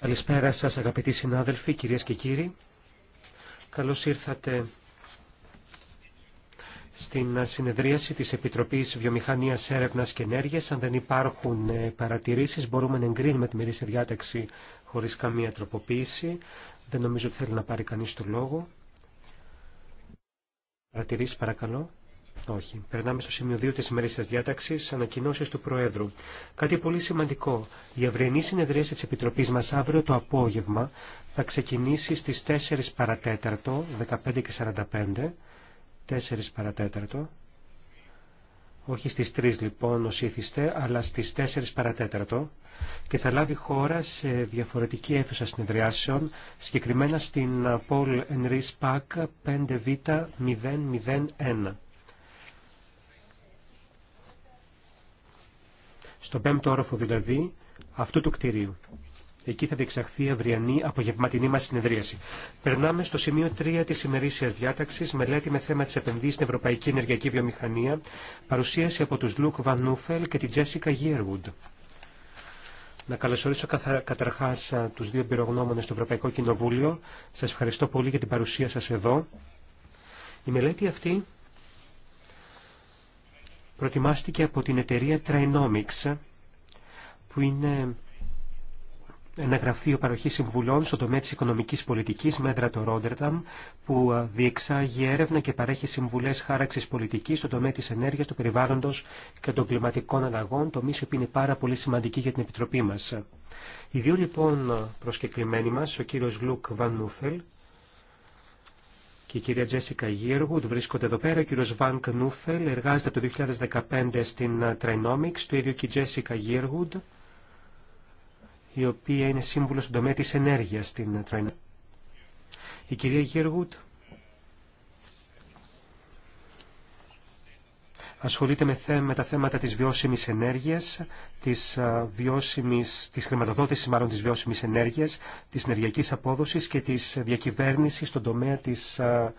Καλησπέρα σας αγαπητοί συνάδελφοι, κυρίες και κύριοι. Καλώς ήρθατε στην συνεδρίαση της Επιτροπής Βιομηχανίας Έρευνας και Ενέργειας. Αν δεν υπάρχουν ε, παρατηρήσεις μπορούμε να εγκρίνουμε τη μερίστη διάταξη χωρίς καμία τροποποίηση. Δεν νομίζω ότι θέλει να πάρει κανείς το λόγο. Παρατηρήσεις παρακαλώ. Όχι. Περνάμε στο σημείο 2 της ημερήσιας διάταξης, ανακοινώσει του Προέδρου. Κάτι πολύ σημαντικό. Η αυριανή συνεδρίαση τη Επιτροπή μα αύριο το απόγευμα θα ξεκινήσει στι 4 παρατέταρτο, 15 και 45. 4 παρατέταρτο. Όχι στι 3 λοιπόν ω ήθιστε, αλλά στι 4 παρατέταρτο και θα λάβει χώρα σε διαφορετική αίθουσα συνεδριάσεων, συγκεκριμένα στην Paul Ενρίς Πακ 5Β001. στον πέμπτο όροφο δηλαδή αυτού του κτηρίου. Εκεί θα διεξαχθεί η αυριανή απογευματινή μα συνεδρίαση. Περνάμε στο σημείο 3 τη ημερήσια διάταξη, μελέτη με θέμα τη επενδύση στην Ευρωπαϊκή Ενεργειακή Βιομηχανία, παρουσίαση από του Λουκ Νούφελ και την Τζέσικα Γιερουντ. Να καλωσορίσω καταρχά του δύο εμπειρογνώμονε στο Ευρωπαϊκό Κοινοβούλιο. Σα ευχαριστώ πολύ για την παρουσία σα εδώ. Η μελέτη αυτή προτιμάστηκε από την εταιρεία Trinomics, που είναι ένα γραφείο παροχής συμβουλών στο τομέα της οικονομικής πολιτικής μέτρα το Ρόντερταμ, που διεξάγει έρευνα και παρέχει συμβουλές χάραξης πολιτικής στο τομέα της ενέργειας, του περιβάλλοντος και των κλιματικών αλλαγών, τομείς που είναι πάρα πολύ σημαντική για την Επιτροπή μας. Οι δύο λοιπόν προσκεκλημένοι μας, ο κύριος Λουκ Βαν Νούφελ η κυρία Τζέσικα Γίργουτ βρίσκονται εδώ πέρα. Ο κύριο Βαν Κνούφελ εργάζεται το 2015 στην ε, Trinomics, το ίδιο και η Τζέσικα Γίργουτ, η οποία είναι σύμβουλο στον τομέα τη ενέργειας στην ε, Trinomics. Η κυρία Γίργουτ ασχολείται με, με τα θέματα της βιώσιμης ενέργειας, της, ε, βιώσιμης, της χρηματοδότησης μάλλον της βιώσιμης ενέργειας, της ενεργειακής απόδοσης και της διακυβέρνησης στον τομέα της ε,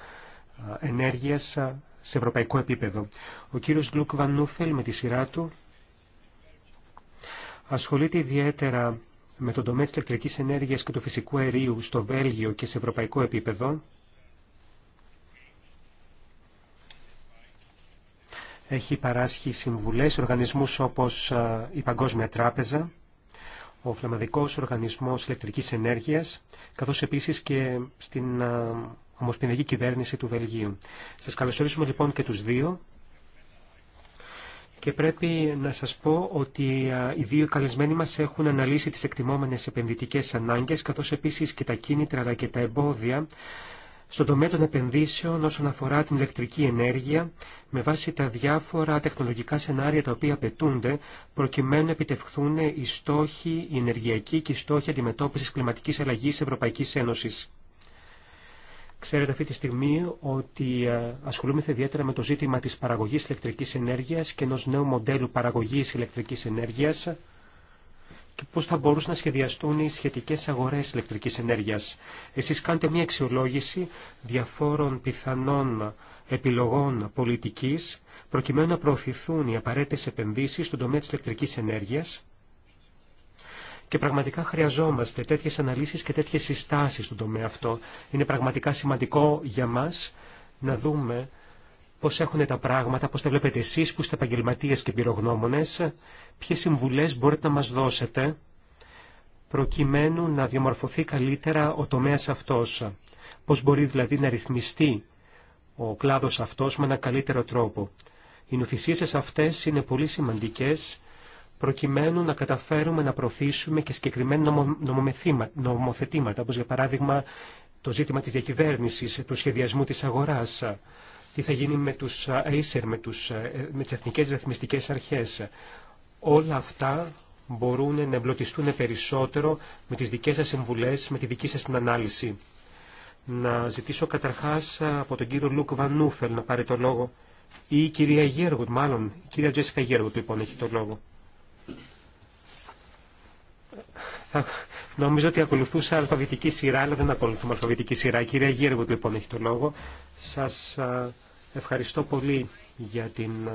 ε, ενέργειας σε ευρωπαϊκό επίπεδο. Ο κύριος Γκλουκ Βανούφελ με τη σειρά του ασχολείται ιδιαίτερα με τον τομέα της ηλεκτρικής ενέργειας και του φυσικού αερίου στο Βέλγιο και σε ευρωπαϊκό επίπεδο Έχει παράσχει συμβουλές σε οργανισμούς όπως ε, η Παγκόσμια Τράπεζα, ο Φλαμαδικός Οργανισμός Ηλεκτρικής Ενέργειας, καθώς επίσης και στην ε, Ομοσπονδιακή Κυβέρνηση του Βελγίου. Σας καλωσορίσουμε λοιπόν και τους δύο. Και πρέπει να σας πω ότι ε, οι δύο καλεσμένοι μας έχουν αναλύσει τις εκτιμόμενες επενδυτικές ανάγκες, καθώς επίσης και τα κίνητρα αλλά και τα εμπόδια στον τομέα των επενδύσεων όσον αφορά την ηλεκτρική ενέργεια με βάση τα διάφορα τεχνολογικά σενάρια τα οποία απαιτούνται προκειμένου να επιτευχθούν οι στόχοι, οι ενεργειακοί και οι στόχοι αντιμετώπισης κλιματικής αλλαγής Ευρωπαϊκής Ένωσης. Ξέρετε αυτή τη στιγμή ότι ε, ασχολούμαστε ιδιαίτερα με το ζήτημα της παραγωγής ηλεκτρικής ενέργειας και ενός νέου μοντέλου παραγωγής ηλεκτρικής ενέργειας και πώς θα μπορούσαν να σχεδιαστούν οι σχετικές αγορές ηλεκτρικής ενέργειας. Εσείς κάνετε μια αξιολόγηση διαφόρων πιθανών επιλογών πολιτικής προκειμένου να προωθηθούν οι απαραίτητες επενδύσεις στον τομέα της ηλεκτρικής ενέργειας και πραγματικά χρειαζόμαστε τέτοιες αναλύσεις και τέτοιες συστάσεις στον τομέα αυτό. Είναι πραγματικά σημαντικό για μας να δούμε Πώ έχουν τα πράγματα, πώ τα βλέπετε εσεί που είστε επαγγελματίε και πυρογνώμονε, ποιε συμβουλέ μπορείτε να μα δώσετε προκειμένου να διαμορφωθεί καλύτερα ο τομέας αυτός. Πώς μπορεί δηλαδή να ρυθμιστεί ο κλάδος αυτός με ένα καλύτερο τρόπο. Οι νουθυσίες αυτές είναι πολύ σημαντικές προκειμένου να καταφέρουμε να προωθήσουμε και συγκεκριμένα νομοθετήματα, όπως για παράδειγμα το ζήτημα της διακυβέρνησης, του σχεδιασμού της αγοράς, τι θα γίνει με τους ε, Acer, με, τους, ε, με τις εθνικές ρυθμιστικές αρχές. Όλα αυτά μπορούν να εμπλωτιστούν περισσότερο με τις δικές σας συμβουλές, με τη δική σας την ανάλυση. Να ζητήσω καταρχάς από τον κύριο Λουκ Βανούφελ να πάρει το λόγο. Ή η κυρία Γέργουτ, μάλλον. Η κυρία Τζέσικα Γέργουτ, λοιπόν, έχει το λόγο. Θα... Νομίζω ότι ακολουθούσα αλφαβητική σειρά, αλλά δεν ακολουθούμε αλφαβητική σειρά. Η κυρία Γέργουτ, λοιπόν, έχει το λόγο. Σας Ευχαριστώ πολύ για, την, ε,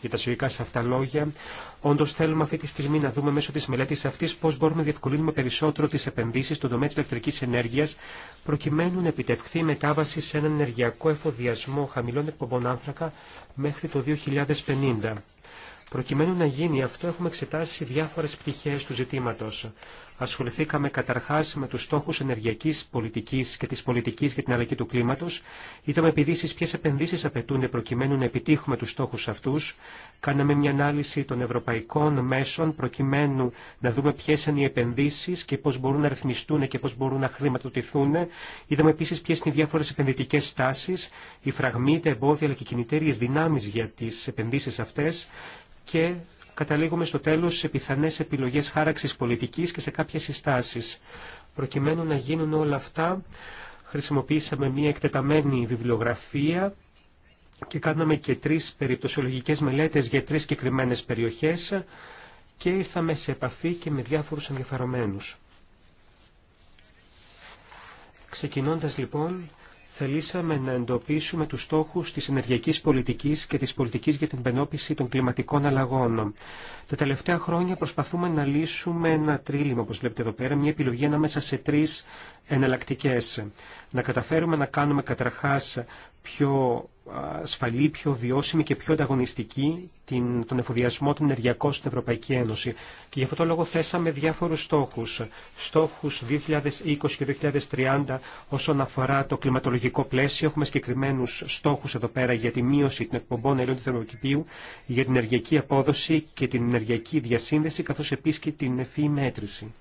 για τα ζωικά σε αυτά λόγια. Όντω θέλουμε αυτή τη στιγμή να δούμε μέσω τη μελέτη αυτή πώ μπορούμε να διευκολύνουμε περισσότερο τι επενδύσει στον τομέα τη ηλεκτρική ενέργεια, προκειμένου να επιτευχθεί η μετάβαση σε έναν ενεργειακό εφοδιασμό χαμηλών εκπομπών άνθρακα μέχρι το 2050. Προκειμένου να γίνει αυτό, έχουμε εξετάσει διάφορε πτυχέ του ζητήματο ασχοληθήκαμε καταρχάς με τους στόχους ενεργειακής πολιτικής και της πολιτικής για την αλλαγή του κλίματος. Είδαμε επιδείσεις ποιες επενδύσεις απαιτούνται προκειμένου να επιτύχουμε τους στόχους αυτούς. Κάναμε μια ανάλυση των ευρωπαϊκών μέσων προκειμένου να δούμε ποιες είναι οι επενδύσεις και πώς μπορούν να ρυθμιστούν και πώς μπορούν να χρηματοδοτηθούν. Είδαμε επίσης ποιε είναι οι διάφορες επενδυτικές τάσει, οι φραγμοί, τα εμπόδια αλλά και οι κινητήριες δυνάμεις για τι επενδύσει αυτέ. και καταλήγουμε στο τέλος σε πιθανές επιλογές χάραξης πολιτικής και σε κάποιες συστάσεις. Προκειμένου να γίνουν όλα αυτά, χρησιμοποίησαμε μια εκτεταμένη βιβλιογραφία και κάναμε και τρεις περιπτωσιολογικές μελέτες για τρεις συγκεκριμένε περιοχές και ήρθαμε σε επαφή και με διάφορους ενδιαφερομένους. Ξεκινώντας λοιπόν θελήσαμε να εντοπίσουμε τους στόχους της ενεργειακής πολιτικής και της πολιτικής για την πενόπιση των κλιματικών αλλαγών. Τα τελευταία χρόνια προσπαθούμε να λύσουμε ένα τρίλημα, όπως βλέπετε εδώ πέρα, μια επιλογή ανάμεσα σε τρεις εναλλακτικέ. Να καταφέρουμε να κάνουμε καταρχάς πιο ασφαλή, πιο βιώσιμη και πιο ανταγωνιστική την, τον εφοδιασμό των ενεργειακών στην Ευρωπαϊκή Ένωση. Και γι' αυτό το λόγο θέσαμε διάφορους στόχους. Στόχους 2020 και 2030 όσον αφορά το κλιματολογικό πλαίσιο. Έχουμε συγκεκριμένους στόχους εδώ πέρα για τη μείωση των εκπομπών αερίων του θερμοκηπίου, για την ενεργειακή απόδοση και την ενεργειακή διασύνδεση, καθώς επίσης και την ευφυή μέτρηση.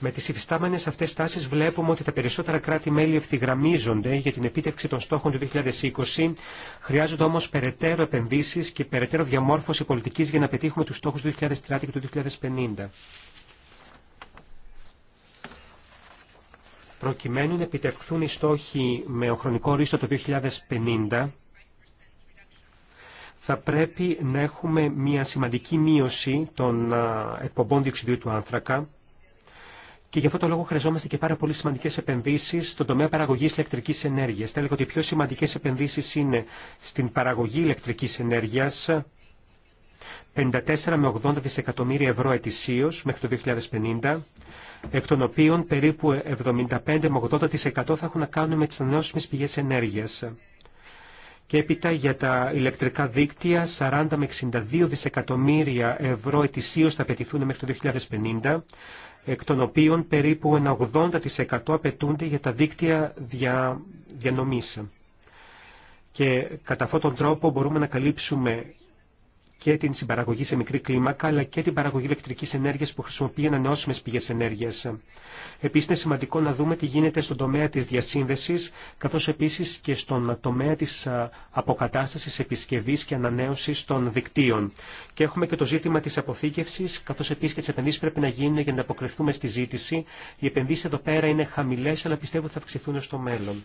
Με τις υφιστάμενες αυτές τάσεις βλέπουμε ότι τα περισσότερα κράτη-μέλη ευθυγραμμίζονται για την επίτευξη των στόχων του 2020, χρειάζονται όμως περαιτέρω επενδύσεις και περαιτέρω διαμόρφωση πολιτικής για να πετύχουμε τους στόχους του 2030 και του 2050. Προκειμένου να επιτευχθούν οι στόχοι με χρονικό ρίστο το 2050, θα πρέπει να έχουμε μια σημαντική μείωση των εκπομπών διοξιδίου του άνθρακα, και γι' αυτό το λόγο χρειαζόμαστε και πάρα πολύ σημαντικέ επενδύσει στον τομέα παραγωγή ηλεκτρική ενέργεια. Θα έλεγα ότι οι πιο σημαντικέ επενδύσει είναι στην παραγωγή ηλεκτρική ενέργεια, 54 με 80 δισεκατομμύρια ευρώ ετησίω μέχρι το 2050, εκ των οποίων περίπου 75 με 80% θα έχουν να κάνουν με τι ανανεώσιμε πηγέ ενέργεια. Και έπειτα για τα ηλεκτρικά δίκτυα 40 με 62 δισεκατομμύρια ευρώ ετησίως θα πετηθούν μέχρι το 2050 εκ των οποίων περίπου ένα 80% απαιτούνται για τα δίκτυα δια... διανομής. Και κατά αυτόν τον τρόπο μπορούμε να καλύψουμε και την συμπαραγωγή σε μικρή κλίμακα, αλλά και την παραγωγή ηλεκτρική ενέργεια που χρησιμοποιεί ανανεώσιμε πηγέ ενέργεια. Επίση, είναι σημαντικό να δούμε τι γίνεται στον τομέα τη διασύνδεση, καθώ επίση και στον τομέα τη αποκατάσταση, επισκευή και ανανέωση των δικτύων. Και έχουμε και το ζήτημα τη αποθήκευση, καθώ επίση και τι επενδύσει πρέπει να γίνουν για να αποκριθούμε στη ζήτηση. Οι επενδύσει εδώ πέρα είναι χαμηλέ, αλλά πιστεύω θα αυξηθούν στο μέλλον.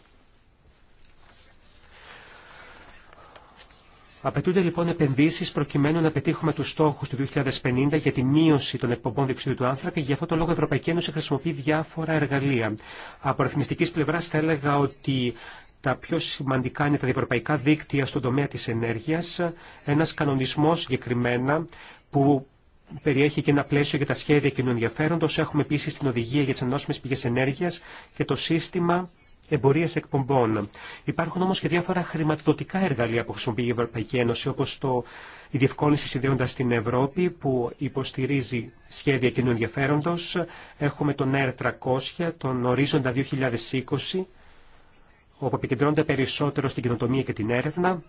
Απαιτούνται λοιπόν επενδύσεις προκειμένου να πετύχουμε τους στόχους του 2050 για τη μείωση των εκπομπών διοξιδίου του άνθρακα και γι' αυτό το λόγο η Ευρωπαϊκή Ένωση χρησιμοποιεί διάφορα εργαλεία. Από ρυθμιστικής πλευρά θα έλεγα ότι τα πιο σημαντικά είναι τα ευρωπαϊκά δίκτυα στον τομέα της ενέργειας, ένας κανονισμός συγκεκριμένα που περιέχει και ένα πλαίσιο για τα σχέδια κοινού ενδιαφέροντος. Έχουμε επίσης την οδηγία για τι ανώσιμες πηγές ενέργειας και το σύστημα Εμπορίε εκπομπών. Υπάρχουν όμω και διάφορα χρηματοδοτικά εργαλεία που χρησιμοποιεί η Ευρωπαϊκή Ένωση, όπω η διευκόλυνση συνδέοντα στην Ευρώπη, που υποστηρίζει σχέδια κοινού ενδιαφέροντο. Έχουμε τον ΕΡ 300, τον Ορίζοντα 2020, όπου επικεντρώνονται περισσότερο στην κοινοτομία και την έρευνα.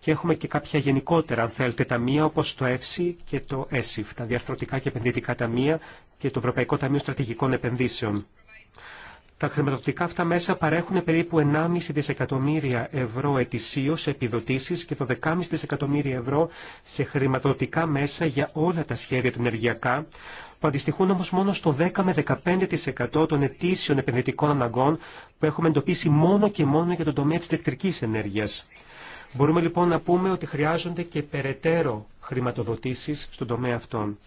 Και έχουμε και κάποια γενικότερα, αν θέλετε, ταμεία, όπω το ΕΦΣΙ και το ΕΣΥΦ, τα διαρθρωτικά και επενδυτικά ταμεία και το Ευρωπαϊκό Ταμείο Στρατηγικών Επενδύσεων. Τα χρηματοδοτικά αυτά μέσα παρέχουν περίπου 1,5 δισεκατομμύρια ευρώ ετησίως σε επιδοτήσεις και 12,5 δισεκατομμύρια ευρώ σε χρηματοδοτικά μέσα για όλα τα σχέδια του ενεργειακά, που αντιστοιχούν όμως μόνο στο 10 με 15% των ετήσιων επενδυτικών αναγκών που έχουμε εντοπίσει μόνο και μόνο για τον τομέα της ηλεκτρικής ενέργειας. Μπορούμε λοιπόν να πούμε ότι χρειάζονται και περαιτέρω χρηματοδοτήσεις στον τομέα αυτών.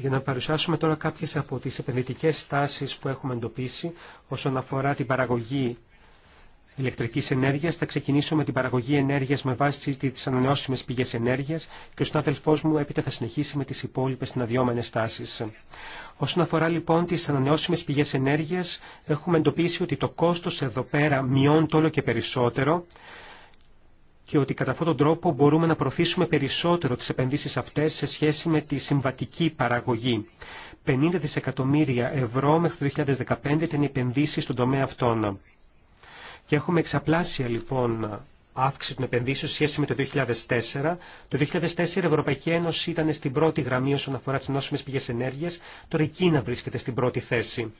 για να παρουσιάσουμε τώρα κάποιες από τις επενδυτικές στάσεις που έχουμε εντοπίσει όσον αφορά την παραγωγή ηλεκτρικής ενέργειας. Θα ξεκινήσω με την παραγωγή ενέργειας με βάση τις ανανεώσιμες πηγές ενέργειας και ο συνάδελφός μου έπειτα θα συνεχίσει με τις υπόλοιπες συναδειόμενες στάσεις. Όσον αφορά λοιπόν τις ανανεώσιμες πηγές ενέργειας, έχουμε εντοπίσει ότι το κόστος εδώ πέρα μειώνει όλο και περισσότερο και ότι κατά αυτόν τον τρόπο μπορούμε να προωθήσουμε περισσότερο τις επενδύσεις αυτές σε σχέση με τη συμβατική παραγωγή. 50 δισεκατομμύρια ευρώ μέχρι το 2015 ήταν οι επενδύσεις στον τομέα αυτών. Και έχουμε εξαπλάσια λοιπόν αύξηση των επενδύσεων σε σχέση με το 2004. Το 2004 η Ευρωπαϊκή Ένωση ήταν στην πρώτη γραμμή όσον αφορά τις νόσιμε πηγές ενέργειας, Τώρα η Κίνα βρίσκεται στην πρώτη θέση.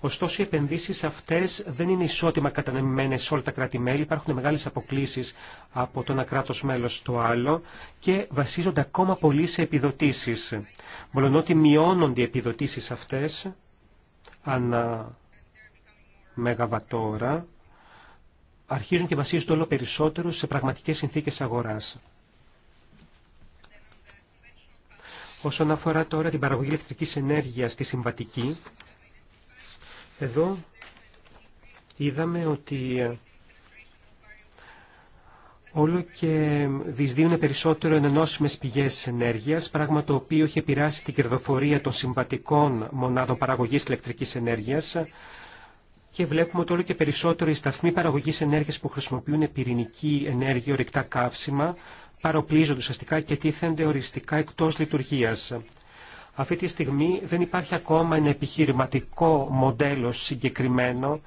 Ωστόσο, οι επενδύσει αυτέ δεν είναι ισότιμα κατανεμημένε σε όλα τα κράτη-μέλη. Υπάρχουν μεγάλε αποκλήσει από το ένα κράτο μέλο στο άλλο και βασίζονται ακόμα πολύ σε επιδοτήσει. Μολονότι μειώνονται οι επιδοτήσει αυτέ ανά μεγαβατόρα, αρχίζουν και βασίζονται όλο περισσότερο σε πραγματικές συνθήκε αγορά. Όσον αφορά τώρα την παραγωγή ηλεκτρικής ενέργειας στη συμβατική, εδώ είδαμε ότι όλο και δυσδύουν περισσότερο ενενώσιμες πηγές ενέργειας, πράγμα το οποίο έχει πειράσει την κερδοφορία των συμβατικών μονάδων παραγωγής ηλεκτρικής ενέργειας και βλέπουμε ότι όλο και περισσότερο οι σταθμοί παραγωγής ενέργειας που χρησιμοποιούν πυρηνική ενέργεια, ορυκτά καύσιμα, παροπλίζονται ουσιαστικά και τίθενται οριστικά εκτός λειτουργίας. Αυτή τη στιγμή δεν υπάρχει ακόμα ένα επιχειρηματικό μοντέλο συγκεκριμένο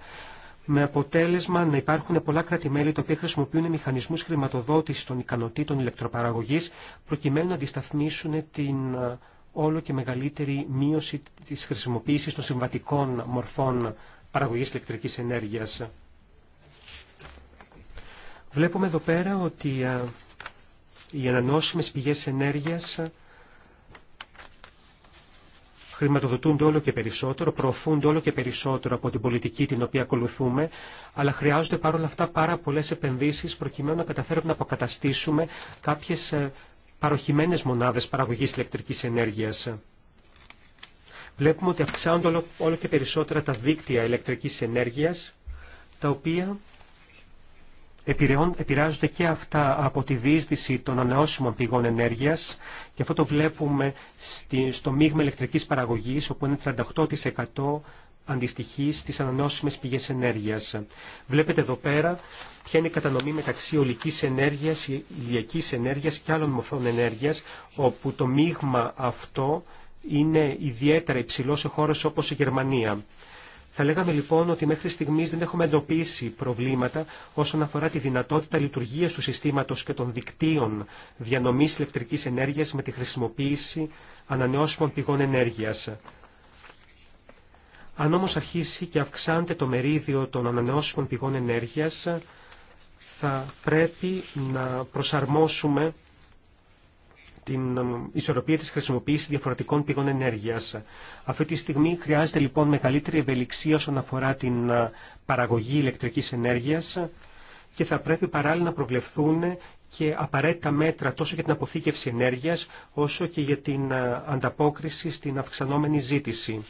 με αποτέλεσμα να υπάρχουν πολλά κράτη-μέλη τα οποία χρησιμοποιούν μηχανισμούς χρηματοδότησης των ικανοτήτων ηλεκτροπαραγωγής προκειμένου να αντισταθμίσουν την ε, όλο και μεγαλύτερη μείωση της χρησιμοποίησης των συμβατικών μορφών παραγωγής ηλεκτρικής ενέργειας. Βλέπουμε εδώ πέρα ότι ε, οι ανανόσιμες πηγές ενέργειας χρηματοδοτούνται όλο και περισσότερο, προωθούνται όλο και περισσότερο από την πολιτική την οποία ακολουθούμε, αλλά χρειάζονται παρόλα αυτά πάρα πολλέ επενδύσει προκειμένου να καταφέρουμε να αποκαταστήσουμε κάποιε παροχημένε μονάδε παραγωγή ηλεκτρική ενέργεια. Βλέπουμε ότι αυξάνονται όλο και περισσότερα τα δίκτυα ηλεκτρικής ενέργειας, τα οποία επηρεάζονται και αυτά από τη διείσδυση των ανανεώσιμων πηγών ενέργειας και αυτό το βλέπουμε στο μείγμα ηλεκτρικής παραγωγής όπου είναι 38% αντιστοιχεί στις ανανεώσιμες πηγές ενέργειας. Βλέπετε εδώ πέρα ποια είναι η κατανομή μεταξύ ολικής ενέργειας, ηλιακής ενέργειας και άλλων μορφών ενέργειας όπου το μείγμα αυτό είναι ιδιαίτερα υψηλό σε χώρες όπως η Γερμανία. Θα λέγαμε λοιπόν ότι μέχρι στιγμή δεν έχουμε εντοπίσει προβλήματα όσον αφορά τη δυνατότητα λειτουργία του συστήματο και των δικτύων διανομή ηλεκτρική ενέργεια με τη χρησιμοποίηση ανανεώσιμων πηγών ενέργεια. Αν όμω αρχίσει και αυξάνεται το μερίδιο των ανανεώσιμων πηγών ενέργεια, θα πρέπει να προσαρμόσουμε την ισορροπία της χρησιμοποίησης διαφορετικών πηγών ενέργειας. Αυτή τη στιγμή χρειάζεται λοιπόν μεγαλύτερη ευελιξία όσον αφορά την ε, παραγωγή ηλεκτρικής ενέργειας και θα πρέπει παράλληλα να προβλεφθούν και απαραίτητα μέτρα τόσο για την αποθήκευση ενέργειας όσο και για την ε, ανταπόκριση στην αυξανόμενη ζήτηση.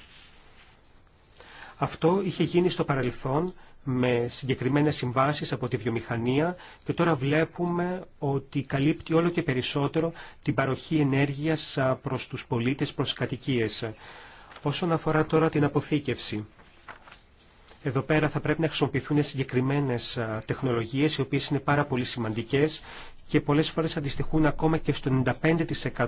Αυτό είχε γίνει στο παρελθόν με συγκεκριμένες συμβάσεις από τη βιομηχανία και τώρα βλέπουμε ότι καλύπτει όλο και περισσότερο την παροχή ενέργειας προς τους πολίτες, προς κατοικίες. Όσον αφορά τώρα την αποθήκευση, εδώ πέρα θα πρέπει να χρησιμοποιηθούν συγκεκριμένες τεχνολογίες οι οποίες είναι πάρα πολύ σημαντικές και πολλές φορές αντιστοιχούν ακόμα και στο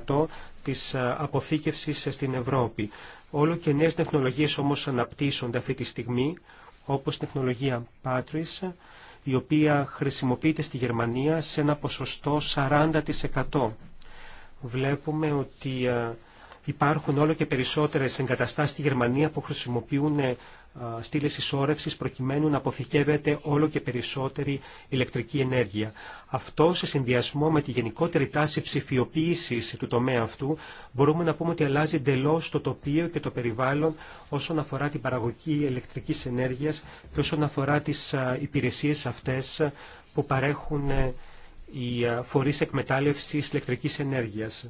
95% της αποθήκευσης στην Ευρώπη. Όλο και νέες τεχνολογίες όμως αναπτύσσονται αυτή τη στιγμή όπως η τεχνολογία Patris, η οποία χρησιμοποιείται στη Γερμανία σε ένα ποσοστό 40%. Βλέπουμε ότι ε, υπάρχουν όλο και περισσότερες εγκαταστάσεις στη Γερμανία που χρησιμοποιούν ε, στήλες εισόρευσης προκειμένου να αποθηκεύεται όλο και περισσότερη ηλεκτρική ενέργεια. Αυτό σε συνδυασμό με τη γενικότερη τάση ψηφιοποίησης του τομέα αυτού μπορούμε να πούμε ότι αλλάζει εντελώ το τοπίο και το περιβάλλον όσον αφορά την παραγωγή ηλεκτρικής ενέργειας και όσον αφορά τις υπηρεσίες αυτές που παρέχουν ε, οι φορείς εκμετάλλευσης ηλεκτρικής ενέργειας.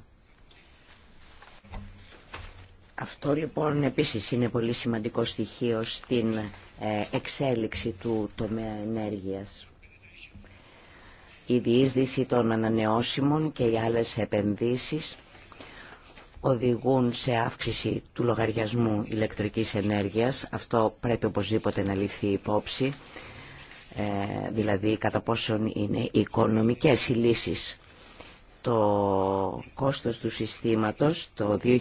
Αυτό λοιπόν επίσης είναι πολύ σημαντικό στοιχείο στην ε, εξέλιξη του τομέα ενέργειας. Η διείσδυση των ανανεώσιμων και οι άλλες επενδύσεις οδηγούν σε αύξηση του λογαριασμού ηλεκτρικής ενέργειας. Αυτό πρέπει οπωσδήποτε να ληφθεί υπόψη, ε, δηλαδή κατά πόσον είναι οι οικονομικές οι λύσεις το κόστος του συστήματος το 2030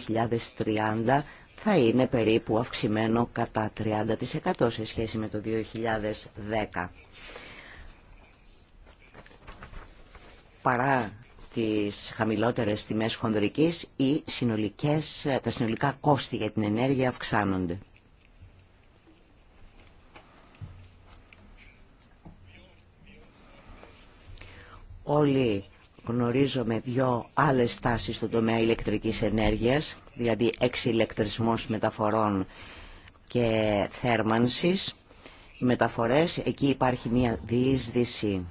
θα είναι περίπου αυξημένο κατά 30% σε σχέση με το 2010. Παρά τις χαμηλότερες τιμές χονδρικής, ή συνολικές, τα συνολικά κόστη για την ενέργεια αυξάνονται. Όλοι γνωρίζομαι δύο άλλες τάσεις στον τομέα ηλεκτρικής ενέργειας, δηλαδή εξηλεκτρισμός μεταφορών και θέρμανσης. μεταφορές, εκεί υπάρχει μια διείσδυση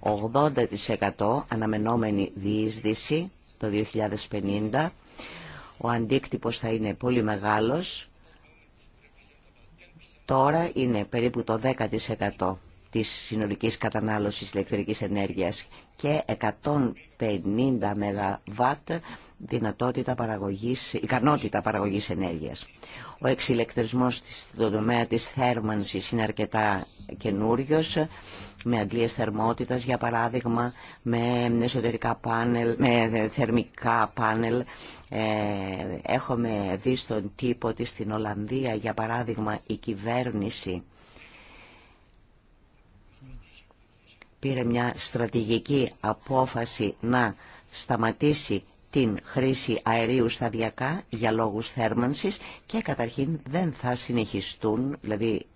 80% αναμενόμενη διείσδυση το 2050. Ο αντίκτυπος θα είναι πολύ μεγάλος. Τώρα είναι περίπου το 10% της συνολικής κατανάλωσης ηλεκτρικής ενέργειας και 150 ΜΒ δυνατότητα παραγωγής, ικανότητα παραγωγής ενέργειας. Ο εξηλεκτρισμός στον τομέα της θέρμανσης είναι αρκετά καινούριο, με αντλίες θερμότητας για παράδειγμα, με εσωτερικά πάνελ, με θερμικά πάνελ. Ε, έχουμε δει στον τύπο ότι στην Ολλανδία για παράδειγμα η κυβέρνηση πήρε μια στρατηγική απόφαση να σταματήσει την χρήση αερίου σταδιακά για λόγους θέρμανσης και καταρχήν δεν θα συνεχιστούν, δηλαδή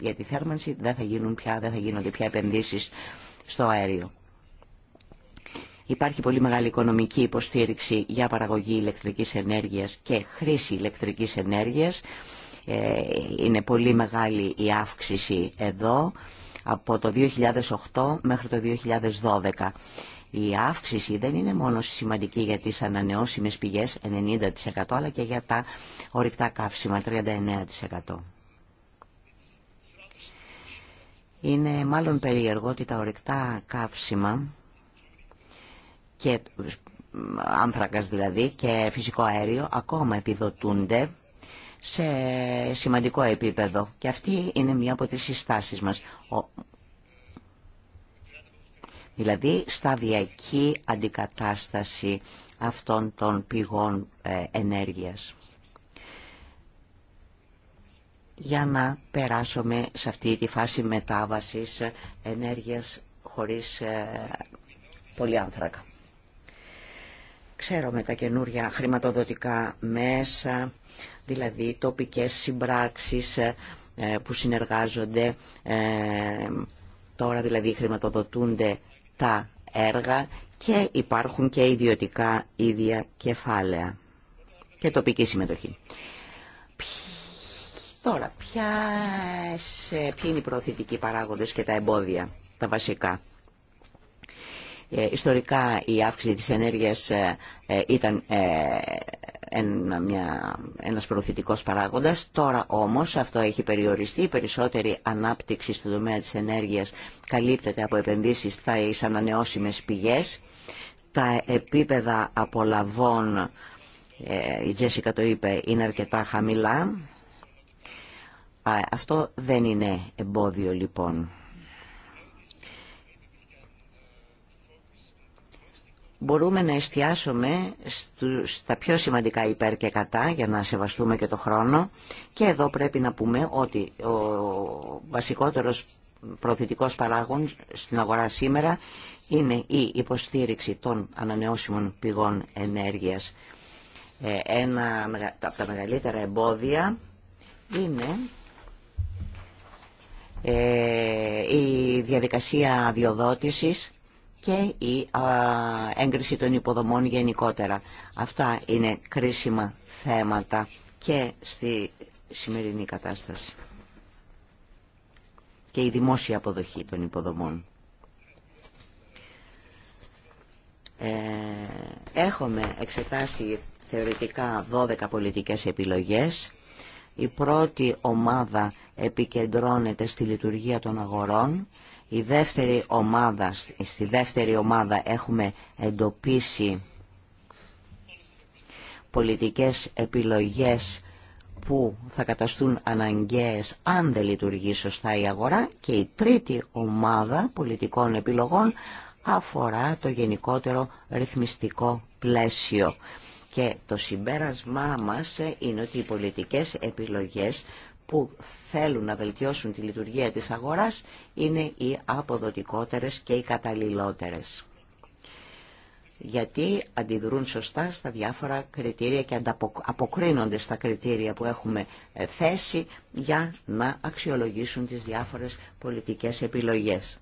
για τη θέρμανση δεν θα, γίνουν πια, δεν θα γίνονται πια επενδύσεις στο αέριο. Υπάρχει πολύ μεγάλη οικονομική υποστήριξη για παραγωγή ηλεκτρικής ενέργειας και χρήση ηλεκτρικής ενέργειας. Ε, είναι πολύ μεγάλη η αύξηση εδώ από το 2008 μέχρι το 2012. Η αύξηση δεν είναι μόνο σημαντική για τις ανανεώσιμες πηγές 90% αλλά και για τα ορυκτά καύσιμα 39%. Είναι μάλλον περίεργο ότι τα ορυκτά καύσιμα και άνθρακας δηλαδή και φυσικό αέριο ακόμα επιδοτούνται σε σημαντικό επίπεδο. Και αυτή είναι μία από τις συστάσεις μας δηλαδή σταδιακή αντικατάσταση αυτών των πηγών ε, ενέργειας. Για να περάσουμε σε αυτή τη φάση μετάβασης ε, ενέργειας χωρίς ε, πολυάνθρακα. Ξέρω τα καινούρια χρηματοδοτικά μέσα, δηλαδή τοπικές συμπράξεις, ε, που συνεργάζονται ε, τώρα δηλαδή χρηματοδοτούνται τα έργα και υπάρχουν και ιδιωτικά ίδια κεφάλαια και τοπική συμμετοχή. Τώρα, ποιες, ε, ποιοι είναι οι προωθητικοί παράγοντες και τα εμπόδια, τα βασικά. ιστορικά η αύξηση της ενέργειας ήταν ένα, μια, ένας προωθητικός παράγοντας. Τώρα όμως αυτό έχει περιοριστεί. Η περισσότερη ανάπτυξη στον τομέα της ενέργειας καλύπτεται από επενδύσεις στα ανανεώσιμες πηγές. Τα επίπεδα απολαβών, ε, η Τζέσικα το είπε, είναι αρκετά χαμηλά. Αυτό δεν είναι εμπόδιο λοιπόν. μπορούμε να εστιάσουμε στα πιο σημαντικά υπέρ και κατά για να σεβαστούμε και το χρόνο και εδώ πρέπει να πούμε ότι ο βασικότερος προθετικός παράγων στην αγορά σήμερα είναι η υποστήριξη των ανανεώσιμων πηγών ενέργειας. Ε, ένα από τα μεγαλύτερα εμπόδια είναι ε, η διαδικασία αδειοδότησης και η έγκριση των υποδομών γενικότερα. Αυτά είναι κρίσιμα θέματα και στη σημερινή κατάσταση. Και η δημόσια αποδοχή των υποδομών. Ε, έχουμε εξετάσει θεωρητικά 12 πολιτικές επιλογές. Η πρώτη ομάδα επικεντρώνεται στη λειτουργία των αγορών η δεύτερη ομάδα, στη δεύτερη ομάδα έχουμε εντοπίσει πολιτικές επιλογές που θα καταστούν αναγκαίες αν δεν λειτουργεί σωστά η αγορά και η τρίτη ομάδα πολιτικών επιλογών αφορά το γενικότερο ρυθμιστικό πλαίσιο. Και το συμπέρασμά μας είναι ότι οι πολιτικές επιλογές που θέλουν να βελτιώσουν τη λειτουργία της αγοράς είναι οι αποδοτικότερες και οι καταλληλότερες. Γιατί αντιδρούν σωστά στα διάφορα κριτήρια και αποκρίνονται στα κριτήρια που έχουμε ε, θέσει για να αξιολογήσουν τις διάφορες πολιτικές επιλογές.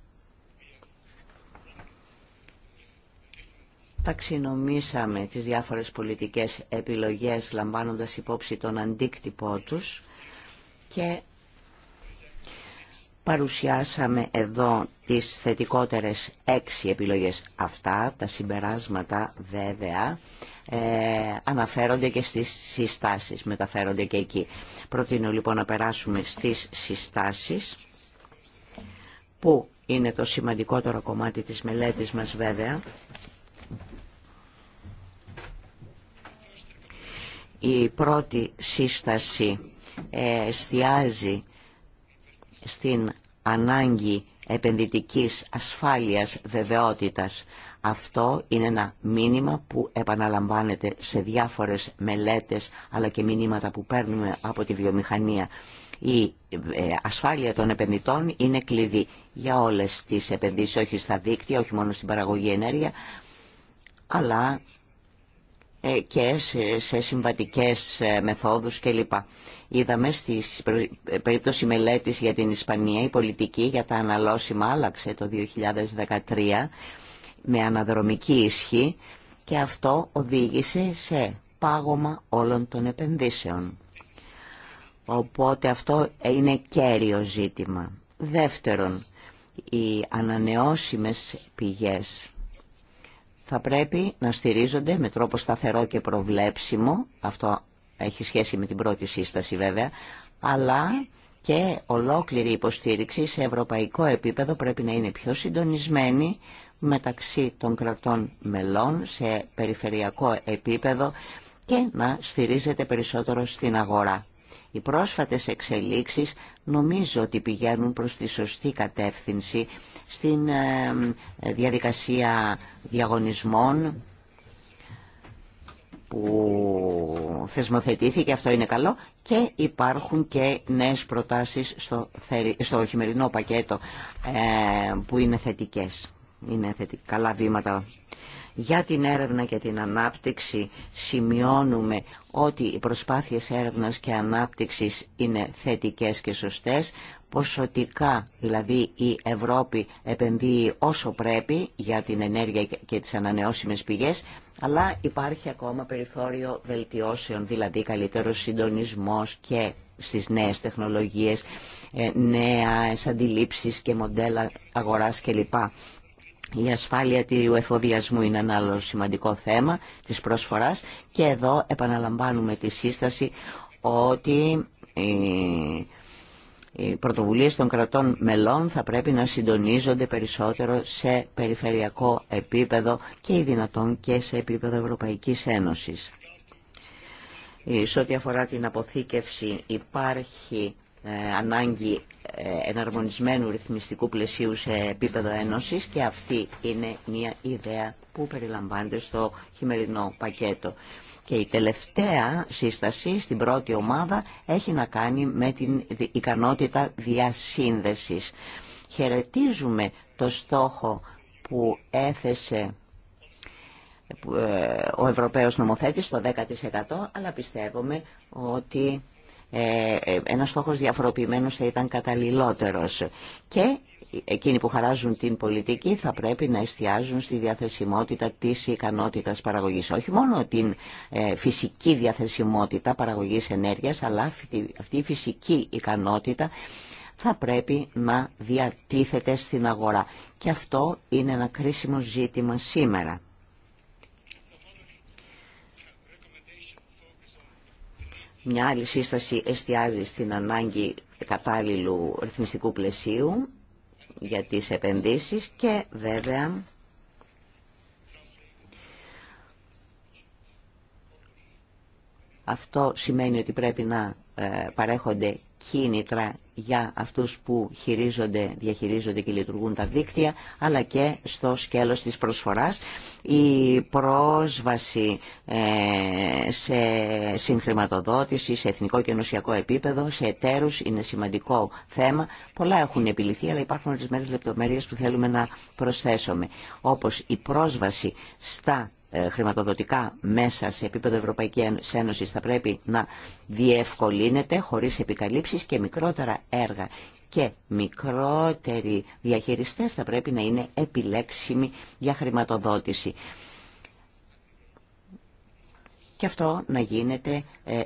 Ταξινομήσαμε τις διάφορες πολιτικές επιλογές λαμβάνοντας υπόψη τον αντίκτυπό τους και παρουσιάσαμε εδώ τις θετικότερες έξι επιλογές. Αυτά τα συμπεράσματα βέβαια ε, αναφέρονται και στις συστάσεις, μεταφέρονται και εκεί. Προτείνω λοιπόν να περάσουμε στις συστάσεις που είναι το σημαντικότερο κομμάτι της μελέτης μας βέβαια. Η πρώτη σύσταση εστιάζει στην ανάγκη επενδυτικής ασφάλειας βεβαιότητας. Αυτό είναι ένα μήνυμα που επαναλαμβάνεται σε διάφορες μελέτες αλλά και μηνύματα που παίρνουμε από τη βιομηχανία. Η ε, ασφάλεια των επενδυτών είναι κλειδί για όλες τις επενδύσεις, όχι στα δίκτυα, όχι μόνο στην παραγωγή ενέργεια, αλλά ε, και σε συμβατικές ε, μεθόδους κλπ. Είδαμε στη ε, περίπτωση μελέτης για την Ισπανία η πολιτική για τα αναλώσιμα άλλαξε το 2013 με αναδρομική ισχύ και αυτό οδήγησε σε πάγωμα όλων των επενδύσεων. Οπότε αυτό είναι κέριο ζήτημα. Δεύτερον, οι ανανεώσιμες πηγές θα πρέπει να στηρίζονται με τρόπο σταθερό και προβλέψιμο, αυτό έχει σχέση με την πρώτη σύσταση βέβαια, αλλά και ολόκληρη υποστήριξη σε ευρωπαϊκό επίπεδο πρέπει να είναι πιο συντονισμένη μεταξύ των κρατών μελών σε περιφερειακό επίπεδο και να στηρίζεται περισσότερο στην αγορά. Οι πρόσφατες εξελίξεις νομίζω ότι πηγαίνουν προς τη σωστή κατεύθυνση στην ε, διαδικασία διαγωνισμών που θεσμοθετήθηκε, αυτό είναι καλό, και υπάρχουν και νέες προτάσεις στο, στο χειμερινό πακέτο ε, που είναι θετικές. Είναι καλά βήματα για την έρευνα και την ανάπτυξη σημειώνουμε ότι οι προσπάθειες έρευνας και ανάπτυξης είναι θετικές και σωστές. Ποσοτικά, δηλαδή η Ευρώπη επενδύει όσο πρέπει για την ενέργεια και τις ανανεώσιμες πηγές, αλλά υπάρχει ακόμα περιθώριο βελτιώσεων, δηλαδή καλύτερος συντονισμός και στις νέες τεχνολογίες, ε, νέα αντιλήψεις και μοντέλα αγοράς κλπ. Η ασφάλεια του εφοδιασμού είναι ένα άλλο σημαντικό θέμα της προσφοράς και εδώ επαναλαμβάνουμε τη σύσταση ότι οι πρωτοβουλίες των κρατών μελών θα πρέπει να συντονίζονται περισσότερο σε περιφερειακό επίπεδο και οι δυνατόν και σε επίπεδο Ευρωπαϊκής Ένωσης. Ε, σε ό,τι αφορά την αποθήκευση υπάρχει ε, ανάγκη ε, εναρμονισμένου ρυθμιστικού πλαισίου σε επίπεδο ένωσης και αυτή είναι μια ιδέα που περιλαμβάνεται στο χειμερινό πακέτο. Και η τελευταία σύσταση στην πρώτη ομάδα έχει να κάνει με την ικανότητα διασύνδεσης. Χαιρετίζουμε το στόχο που έθεσε ε, ο Ευρωπαίος Νομοθέτης το 10% αλλά πιστεύουμε ότι ε, ε, ένας στόχος διαφοροποιημένος θα ήταν καταλληλότερος. Και εκείνοι που χαράζουν την πολιτική θα πρέπει να εστιάζουν στη διαθεσιμότητα της ικανότητας παραγωγής. Όχι μόνο την ε, φυσική διαθεσιμότητα παραγωγής ενέργειας, αλλά αυτή η φυσική ικανότητα θα πρέπει να διατίθεται στην αγορά. Και αυτό είναι ένα κρίσιμο ζήτημα σήμερα. Μια άλλη σύσταση εστιάζει στην ανάγκη κατάλληλου ρυθμιστικού πλαισίου για τις επενδύσεις και βέβαια αυτό σημαίνει ότι πρέπει να ε, παρέχονται κίνητρα για αυτούς που χειρίζονται, διαχειρίζονται και λειτουργούν τα δίκτυα, αλλά και στο σκέλος της προσφοράς. Η πρόσβαση ε, σε συγχρηματοδότηση, σε εθνικό και ενωσιακό επίπεδο, σε εταίρους είναι σημαντικό θέμα. Πολλά έχουν επιληθεί, αλλά υπάρχουν ορισμένε λεπτομέρειες που θέλουμε να προσθέσουμε, όπως η πρόσβαση στα ε, χρηματοδοτικά μέσα σε επίπεδο Ευρωπαϊκής Ένωσης θα πρέπει να διευκολύνεται χωρίς επικαλύψεις και μικρότερα έργα και μικρότεροι διαχειριστές θα πρέπει να είναι επιλέξιμοι για χρηματοδότηση. Και αυτό να γίνεται ε,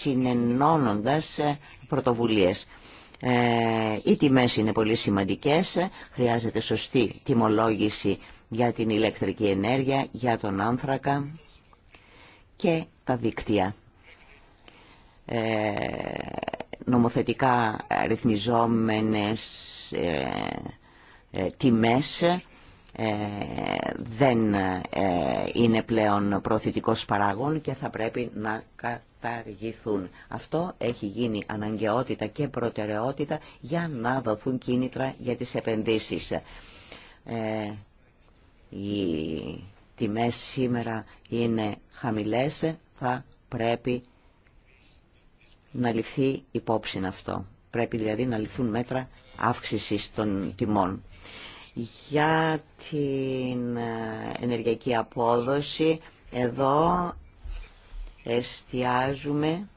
συνενώνοντας ε, πρωτοβουλίες. Οι τιμές είναι πολύ σημαντικές, χρειάζεται σωστή τιμολόγηση για την ηλεκτρική ενέργεια, για τον άνθρακα και τα δίκτυα. Ε, νομοθετικά ρυθμιζόμενες ε, ε τιμές ε, δεν είναι πλέον προωθητικός παράγων και θα πρέπει να καταργηθούν. Αυτό έχει γίνει αναγκαιότητα και προτεραιότητα για να δοθούν κίνητρα για τις επενδύσεις οι τιμές σήμερα είναι χαμηλές, θα πρέπει να ληφθεί υπόψη αυτό. Πρέπει δηλαδή να ληφθούν μέτρα αύξησης των τιμών. Για την ε, ενεργειακή απόδοση, εδώ εστιάζουμε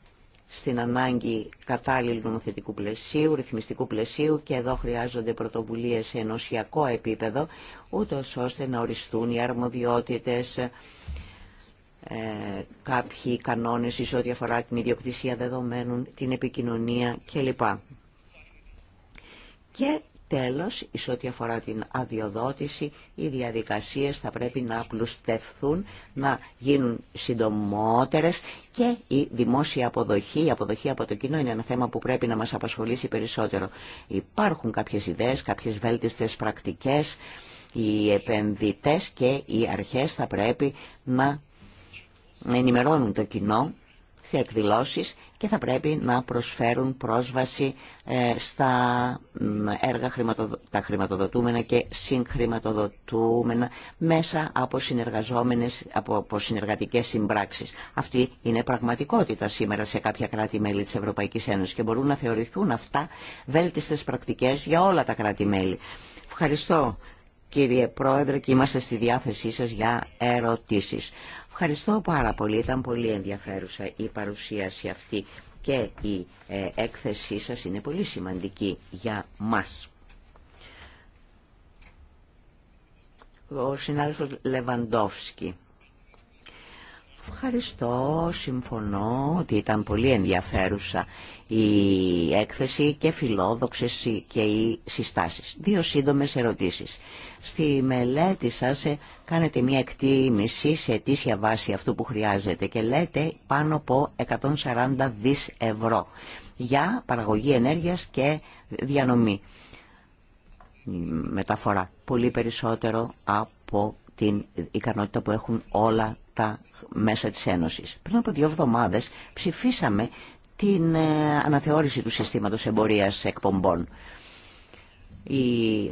στην ανάγκη κατάλληλου νομοθετικού πλαισίου, ρυθμιστικού πλαισίου και εδώ χρειάζονται πρωτοβουλίες σε ενωσιακό επίπεδο, ούτω ώστε να οριστούν οι αρμοδιότητες, ε, κάποιοι κανόνες εις ό,τι αφορά την ιδιοκτησία δεδομένων, την επικοινωνία κλπ. Τέλος, εις ό,τι αφορά την αδειοδότηση, οι διαδικασίες θα πρέπει να απλουστευθούν, να γίνουν συντομότερες και η δημόσια αποδοχή, η αποδοχή από το κοινό είναι ένα θέμα που πρέπει να μας απασχολήσει περισσότερο. Υπάρχουν κάποιες ιδέες, κάποιες βέλτιστες πρακτικές, οι επενδυτές και οι αρχές θα πρέπει να ενημερώνουν το κοινό σε εκδηλώσεις και θα πρέπει να προσφέρουν πρόσβαση ε, στα έργα τα χρηματοδοτούμενα και συγχρηματοδοτούμενα μέσα από, συνεργαζόμενες, από, από συνεργατικές συμπράξεις. Αυτή είναι πραγματικότητα σήμερα σε κάποια κράτη-μέλη της Ευρωπαϊκής Ένωσης και μπορούν να θεωρηθούν αυτά βέλτιστες πρακτικές για όλα τα κράτη-μέλη. Ευχαριστώ κύριε Πρόεδρε και είμαστε στη διάθεσή σας για ερωτήσεις. Ευχαριστώ πάρα πολύ. Ήταν πολύ ενδιαφέρουσα η παρουσίαση αυτή και η ε, έκθεσή σας είναι πολύ σημαντική για μας. Ο συνάδελφος Λεβαντόφσκι. Ευχαριστώ, συμφωνώ ότι ήταν πολύ ενδιαφέρουσα η έκθεση και φιλόδοξες και οι συστάσεις. Δύο σύντομες ερωτήσεις. Στη μελέτη σας ε, Κάνετε μια εκτίμηση σε αιτήσια βάση αυτού που χρειάζεται και λέτε πάνω από 140 δις ευρώ για παραγωγή ενέργειας και διανομή. Μεταφορά. Πολύ περισσότερο από την ικανότητα που έχουν όλα τα μέσα της Ένωσης. Πριν από δύο εβδομάδες ψηφίσαμε την ε, αναθεώρηση του συστήματος εμπορίας εκπομπών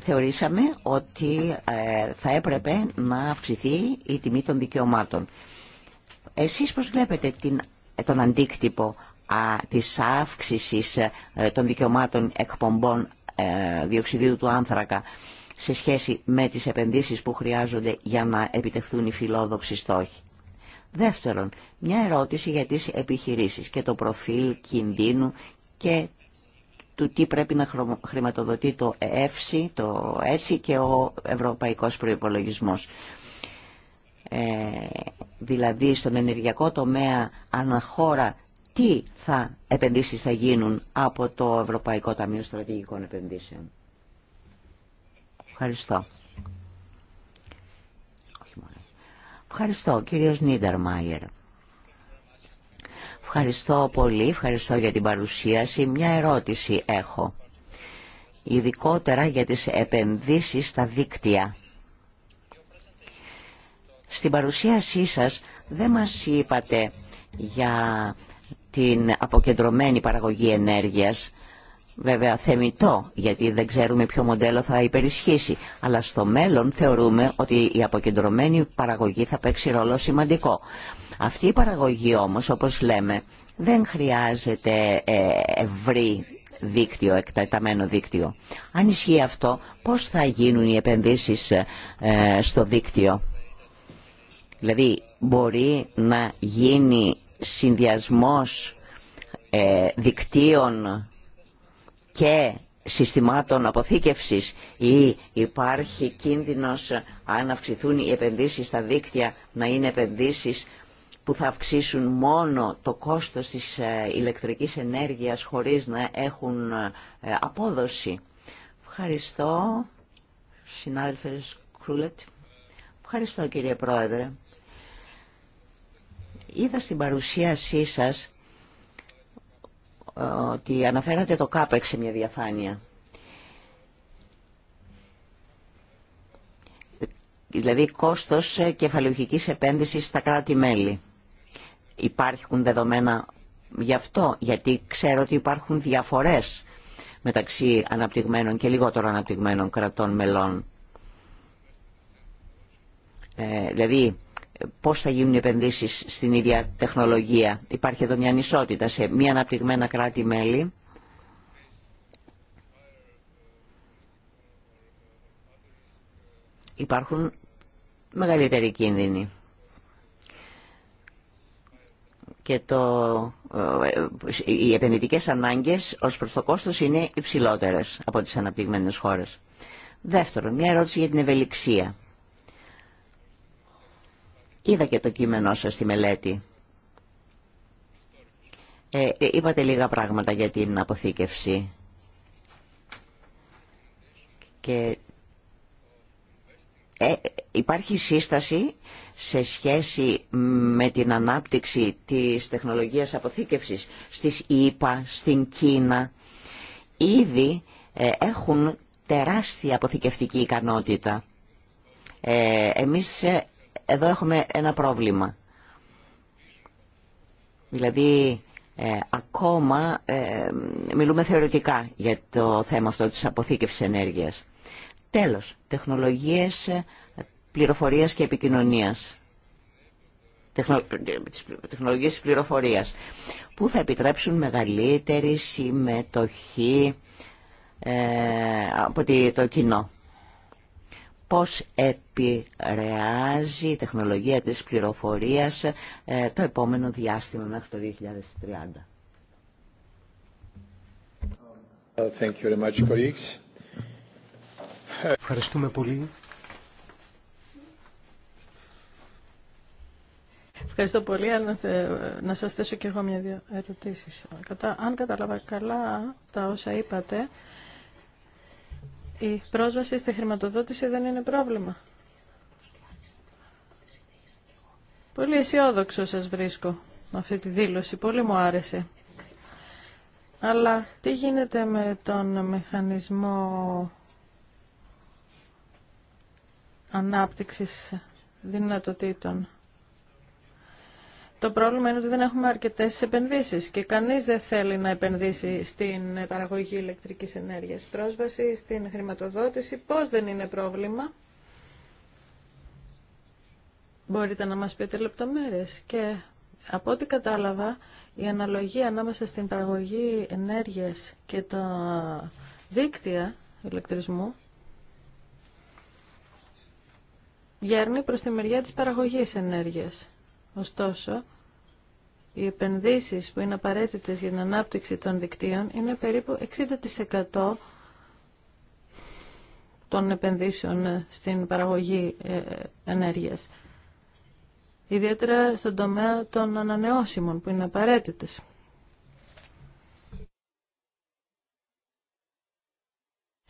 θεωρήσαμε ότι ε, θα έπρεπε να αυξηθεί η τιμή των δικαιωμάτων. Εσείς πώς βλέπετε την, τον αντίκτυπο α, της αύξησης ε, των δικαιωμάτων εκπομπών ε, διοξιδίου του άνθρακα σε σχέση με τις επενδύσεις που χρειάζονται για να επιτευχθούν οι φιλόδοξοι στόχοι. Δεύτερον, μια ερώτηση για τις επιχειρήσεις και το προφίλ κινδύνου και του τι πρέπει να χρηματοδοτεί το ΕΦΣΙ, το έτσι και ο Ευρωπαϊκός Προϋπολογισμός. Ε, δηλαδή στον ενεργειακό τομέα αναχώρα τι θα επενδύσεις θα γίνουν από το Ευρωπαϊκό Ταμείο Στρατηγικών Επενδύσεων. Ευχαριστώ. Ευχαριστώ, κύριος Μάιερ. Ευχαριστώ πολύ, ευχαριστώ για την παρουσίαση. Μια ερώτηση έχω, ειδικότερα για τις επενδύσεις στα δίκτυα. Στην παρουσίασή σας δεν μας είπατε για την αποκεντρωμένη παραγωγή ενέργειας Βέβαια θεμητό, γιατί δεν ξέρουμε ποιο μοντέλο θα υπερισχύσει. Αλλά στο μέλλον θεωρούμε ότι η αποκεντρωμένη παραγωγή θα παίξει ρόλο σημαντικό. Αυτή η παραγωγή όμως, όπως λέμε, δεν χρειάζεται ε, ευρύ δίκτυο, εκταταμένο δίκτυο. Αν ισχύει αυτό, πώς θα γίνουν οι επενδύσεις ε, στο δίκτυο. Δηλαδή, μπορεί να γίνει συνδυασμός ε, δικτύων και συστημάτων αποθήκευσης ή υπάρχει κίνδυνος αν αυξηθούν οι επενδύσεις στα δίκτυα να είναι επενδύσεις που θα αυξήσουν μόνο το κόστος της ε, ηλεκτρικής ενέργειας χωρίς να έχουν ε, απόδοση. Ευχαριστώ, συνάδελφες Κρούλετ. Ευχαριστώ κύριε Πρόεδρε. Είδα στην παρουσίασή σας ότι αναφέρατε το ΚΑΠΕΚ σε μια διαφάνεια. Δηλαδή κόστος κεφαλαιοχικής επένδυσης στα κράτη-μέλη. Υπάρχουν δεδομένα γι' αυτό, γιατί ξέρω ότι υπάρχουν διαφορές μεταξύ αναπτυγμένων και λιγότερο αναπτυγμένων κρατών μελών. Ε, δηλαδή, πώς θα γίνουν οι επενδύσεις στην ίδια τεχνολογία. Υπάρχει εδώ μια ανισότητα σε μη αναπτυγμένα κράτη-μέλη. Υπάρχουν μεγαλύτεροι κίνδυνοι. Και το, ε, οι επενδυτικές ανάγκες ως προς το κόστος είναι υψηλότερες από τις αναπτυγμένες χώρες. Δεύτερον, μια ερώτηση για την ευελιξία. Είδα και το κείμενό σας στη μελέτη. Ε, ε, είπατε λίγα πράγματα για την αποθήκευση και ε, υπάρχει σύσταση σε σχέση με την ανάπτυξη της τεχνολογίας αποθήκευσης στις ΙΠΑ, στην Κίνα. Ήδη ε, έχουν τεράστια αποθηκευτική ικανότητα. Ε, εμείς ε, εδώ έχουμε ένα πρόβλημα. Δηλαδή, ε, ακόμα ε, μιλούμε θεωρητικά για το θέμα αυτό της αποθήκευσης ενέργειας. Τέλος, τεχνολογίες ε, πληροφορίας και επικοινωνίας. Τεχνο, τεχνολογίες πληροφορίας, που θα επιτρέψουν μεγαλύτερη συμμετοχή από το κοινό πώς επηρεάζει η τεχνολογία της πληροφορίας ε, το επόμενο διάστημα μέχρι το 2030. Ευχαριστούμε πολύ. Ευχαριστώ πολύ. να σας θέσω και εγώ μια-δύο ερωτήσεις. αν κατάλαβα καλά τα όσα είπατε, η πρόσβαση στη χρηματοδότηση δεν είναι πρόβλημα. Πολύ αισιόδοξο σας βρίσκω αυτή τη δήλωση. Πολύ μου άρεσε. Αλλά τι γίνεται με τον μηχανισμό ανάπτυξης δυνατοτήτων. Το πρόβλημα είναι ότι δεν έχουμε αρκετές επενδύσεις και κανείς δεν θέλει να επενδύσει στην παραγωγή ηλεκτρικής ενέργειας. Πρόσβαση στην χρηματοδότηση, πώς δεν είναι πρόβλημα. Μπορείτε να μας πείτε λεπτομέρειες. Και από ό,τι κατάλαβα, η αναλογία ανάμεσα στην παραγωγή ενέργειας και τα δίκτυα ηλεκτρισμού γέρνει προς τη μεριά της παραγωγής ενέργειας. Ωστόσο, οι επενδύσεις που είναι απαραίτητες για την ανάπτυξη των δικτύων είναι περίπου 60% των επενδύσεων ε, στην παραγωγή ε, ενέργειας. Ιδιαίτερα στον τομέα των ανανεώσιμων που είναι απαραίτητες.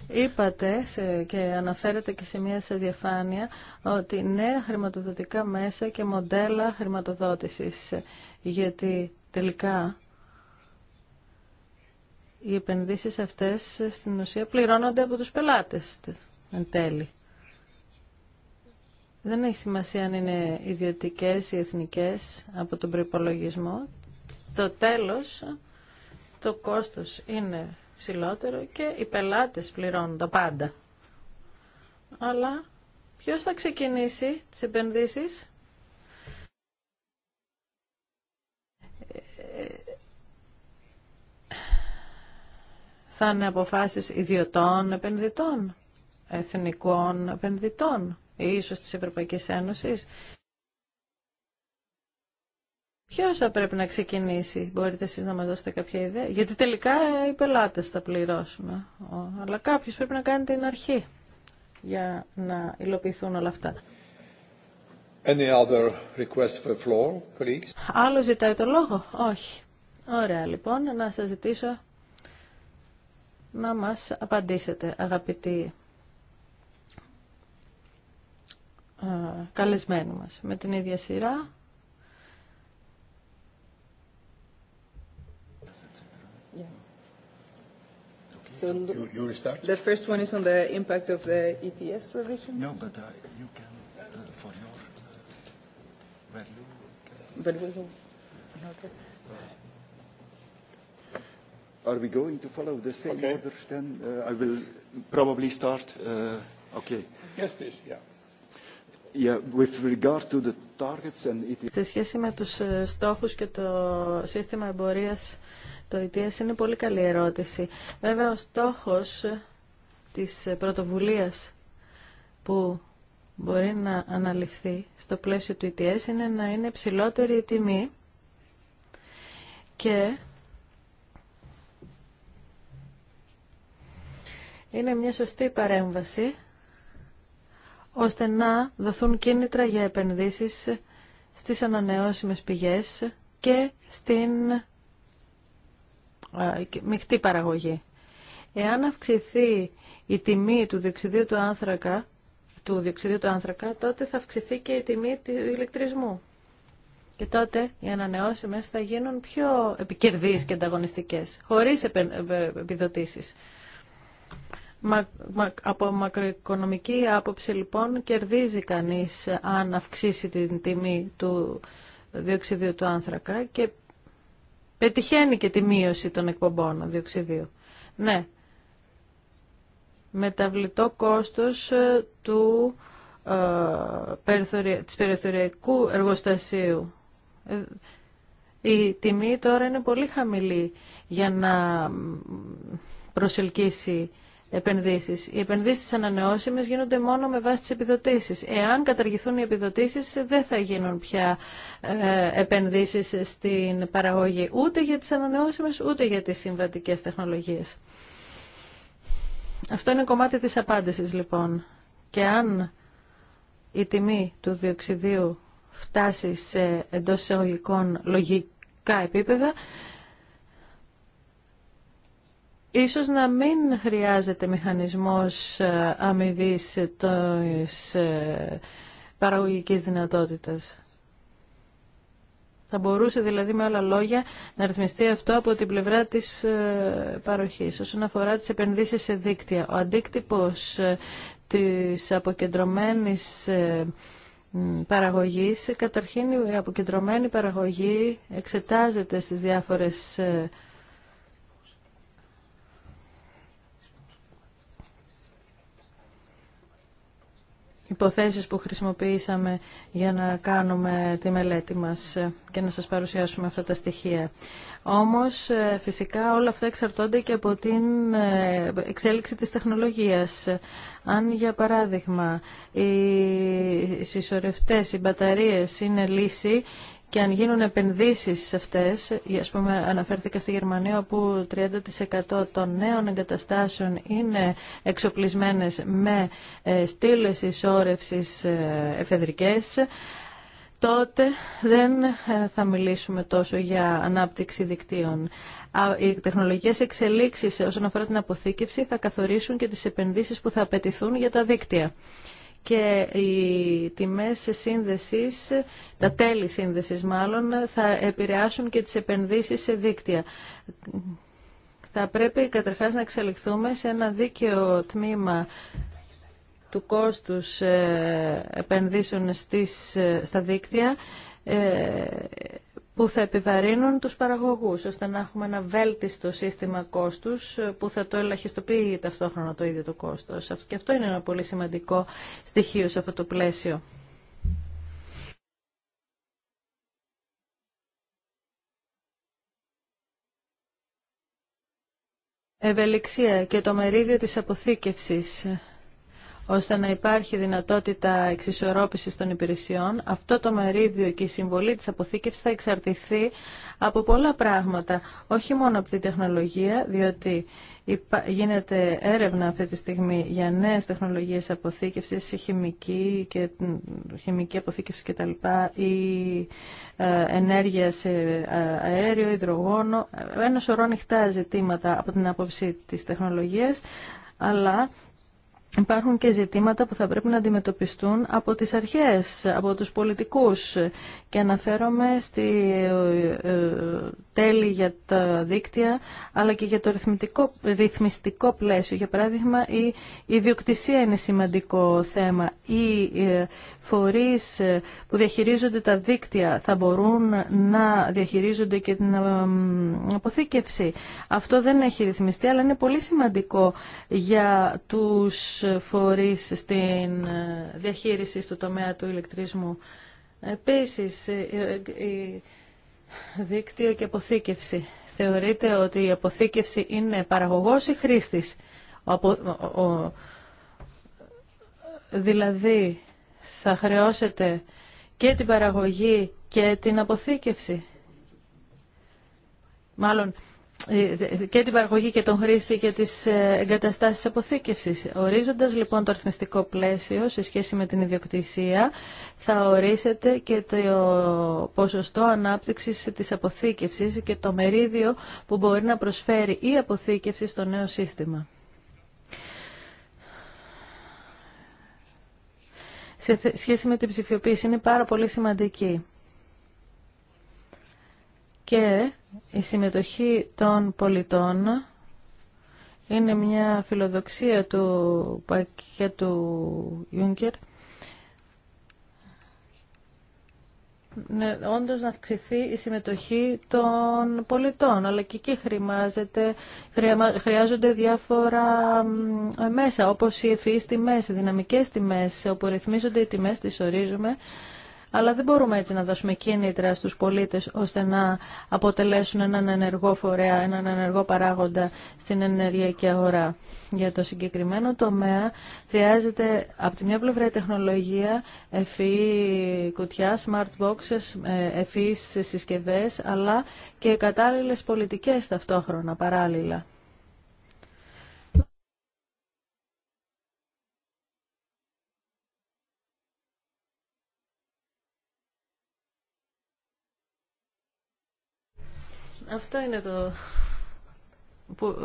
Είπατε και αναφέρετε και σε μία σας διαφάνεια ότι νέα χρηματοδοτικά μέσα και μοντέλα χρηματοδότησης, γιατί τελικά οι επενδύσεις αυτές στην ουσία πληρώνονται από τους πελάτες εν τέλει. Δεν έχει σημασία αν είναι ιδιωτικές ή εθνικές από τον προϋπολογισμό. το τέλος το κόστος είναι ψηλότερο και οι πελάτες πληρώνουν τα πάντα. Αλλά ποιος θα ξεκινήσει τις επενδύσεις? Θα είναι αποφάσεις ιδιωτών επενδυτών, εθνικών επενδυτών ή ίσως της Ευρωπαϊκής Ένωσης Ποιο θα πρέπει να ξεκινήσει, μπορείτε εσεί να μας δώσετε κάποια ιδέα. Γιατί τελικά οι πελάτε θα πληρώσουμε, αλλά κάποιο πρέπει να κάνει την αρχή για να υλοποιηθούν όλα αυτά. Any Άλλο ζητάει το λόγο, όχι. Ωραία λοιπόν, να σας ζητήσω να μας απαντήσετε αγαπητοί ε, καλεσμένοι μας. Με την ίδια σειρά So you, you restart? The first one is on the impact of the ETS revision. No, but uh, you can, uh, for your value. But we will. Okay. Are we going to follow the same okay. order then? Uh, I will probably start. Uh, okay. Yes, please. Yeah. Yeah, with regard to the targets and it... Σε σχέση με τους στόχους και το σύστημα εμπορίας το ETS είναι πολύ καλή ερώτηση. Βέβαια ο στόχος της πρωτοβουλίας που μπορεί να αναλυφθεί στο πλαίσιο του ETS είναι να είναι ψηλότερη η τιμή και είναι μια σωστή παρέμβαση ώστε να δοθούν κίνητρα για επενδύσεις στις ανανεώσιμες πηγές και στην μειχτή παραγωγή. Εάν αυξηθεί η τιμή του διοξιδίου του άνθρακα, του διοξιδίου του άνθρακα, τότε θα αυξηθεί και η τιμή του ηλεκτρισμού. Και τότε οι ανανεώσιμες θα γίνουν πιο επικερδείς και ανταγωνιστικές, χωρίς ε, ε, επιδοτήσεις. Από μακροοικονομική άποψη λοιπόν κερδίζει κανείς αν αυξήσει την τιμή του διοξιδίου του άνθρακα και πετυχαίνει και τη μείωση των εκπομπών διοξιδίου. Ναι, μεταβλητό κόστος ε, του, ε, της περιθωριακού εργοστασίου. Ε, η τιμή τώρα είναι πολύ χαμηλή για να προσελκύσει επενδύσεις. Οι επενδύσεις ανανεώσιμες γίνονται μόνο με βάση τις επιδοτήσεις. Εάν καταργηθούν οι επιδοτήσεις δεν θα γίνουν πια ε, επενδύσεις στην παραγωγή ούτε για τις ανανεώσιμες ούτε για τις συμβατικές τεχνολογίες. Αυτό είναι κομμάτι της απάντησης λοιπόν. Και αν η τιμή του διοξιδίου φτάσει σε εντός εισαγωγικών λογικά επίπεδα, Ίσως να μην χρειάζεται μηχανισμός ε, αμοιβή της ε, παραγωγικής δυνατότητας. Θα μπορούσε δηλαδή με άλλα λόγια να ρυθμιστεί αυτό από την πλευρά της ε, παροχής. Όσον αφορά τις επενδύσεις σε δίκτυα, ο αντίκτυπος της αποκεντρωμένης παραγωγής, καταρχήν η αποκεντρωμένη παραγωγή εξετάζεται στις διάφορες υποθέσεις που χρησιμοποιήσαμε για να κάνουμε τη μελέτη μας και να σας παρουσιάσουμε αυτά τα στοιχεία. Όμως ε, φυσικά όλα αυτά εξαρτώνται και από την ε, εξέλιξη της τεχνολογίας. Αν για παράδειγμα οι συσσωρευτές, οι μπαταρίες είναι λύση, και αν γίνουν επενδύσεις σε αυτές, ας πούμε αναφέρθηκα στη Γερμανία όπου 30% των νέων εγκαταστάσεων είναι εξοπλισμένες με ε, στήλες ισόρευσης ε, εφεδρικές, τότε δεν ε, θα μιλήσουμε τόσο για ανάπτυξη δικτύων. Οι τεχνολογικές εξελίξεις όσον αφορά την αποθήκευση θα καθορίσουν και τις επενδύσεις που θα απαιτηθούν για τα δίκτυα και οι τιμές σύνδεσης, τα τέλη σύνδεσης μάλλον, θα επηρεάσουν και τις επενδύσεις σε δίκτυα. Θα πρέπει καταρχάς να εξελιχθούμε σε ένα δίκαιο τμήμα του κόστους ε, επενδύσεων στις, ε, στα δίκτυα ε, που θα επιβαρύνουν τους παραγωγούς, ώστε να έχουμε ένα βέλτιστο σύστημα κόστους που θα το ελαχιστοποιεί ταυτόχρονα το ίδιο το κόστος. Και αυτό είναι ένα πολύ σημαντικό στοιχείο σε αυτό το πλαίσιο. Ευελιξία και το μερίδιο της αποθήκευσης ώστε να υπάρχει δυνατότητα εξισορρόπησης των υπηρεσιών. Αυτό το μερίδιο και η συμβολή της αποθήκευσης θα εξαρτηθεί από πολλά πράγματα, όχι μόνο από την τεχνολογία, διότι γίνεται έρευνα αυτή τη στιγμή για νέες τεχνολογίες αποθήκευσης, χημική, και, χημική αποθήκευση κτλ. ή ε, ενέργεια σε ε, αέριο, υδρογόνο, ένα σωρό ανοιχτά ζητήματα από την άποψη της τεχνολογίας, αλλά Υπάρχουν και ζητήματα που θα πρέπει να αντιμετωπιστούν από τις αρχές, από τους πολιτικούς και αναφέρομαι στη ε, ε, τέλη για τα δίκτυα αλλά και για το ρυθμιστικό, ρυθμιστικό πλαίσιο. Για παράδειγμα η ιδιοκτησία είναι σημαντικό θέμα. Οι ε, φορείς που διαχειρίζονται τα δίκτυα θα μπορούν να διαχειρίζονται και την αποθήκευση. Αυτό δεν έχει ρυθμιστεί αλλά είναι πολύ σημαντικό για τους φορείς στην διαχείριση στο τομέα του ηλεκτρισμού. Επίσης, η δίκτυο και αποθήκευση. Θεωρείτε ότι η αποθήκευση είναι παραγωγός ή χρήστης. Ο, δηλαδή, θα χρεώσετε και την παραγωγή και την αποθήκευση. Μάλλον, ε, και την παραγωγή και τον χρήστη και τις ε, εγκαταστάσεις αποθήκευσης. Ορίζοντας λοιπόν το αριθμιστικό πλαίσιο σε σχέση με την ιδιοκτησία, θα ορίσετε και το ποσοστό ανάπτυξης της αποθήκευσης και το μερίδιο που μπορεί να προσφέρει η αποθήκευση στο νέο σύστημα. Σε σχέση με την ψηφιοποίηση είναι πάρα πολύ σημαντική και η συμμετοχή των πολιτών είναι μια φιλοδοξία του πακέτου του ναι, όντως να αυξηθεί η συμμετοχή των πολιτών. Αλλά και εκεί χρειάζονται διάφορα μέσα, όπως οι ευφυείς τιμές, οι δυναμικές τιμές, όπου ρυθμίζονται οι τιμές, τις ορίζουμε αλλά δεν μπορούμε έτσι να δώσουμε κίνητρα στους πολίτες ώστε να αποτελέσουν έναν ενεργό φορέα, έναν ενεργό παράγοντα στην ενεργειακή αγορά. Για το συγκεκριμένο τομέα χρειάζεται από τη μια πλευρά η τεχνολογία, ευφυή κουτιά, smart boxes, ευφυείς συσκευές, αλλά και κατάλληλες πολιτικές ταυτόχρονα παράλληλα. Αυτό είναι το που,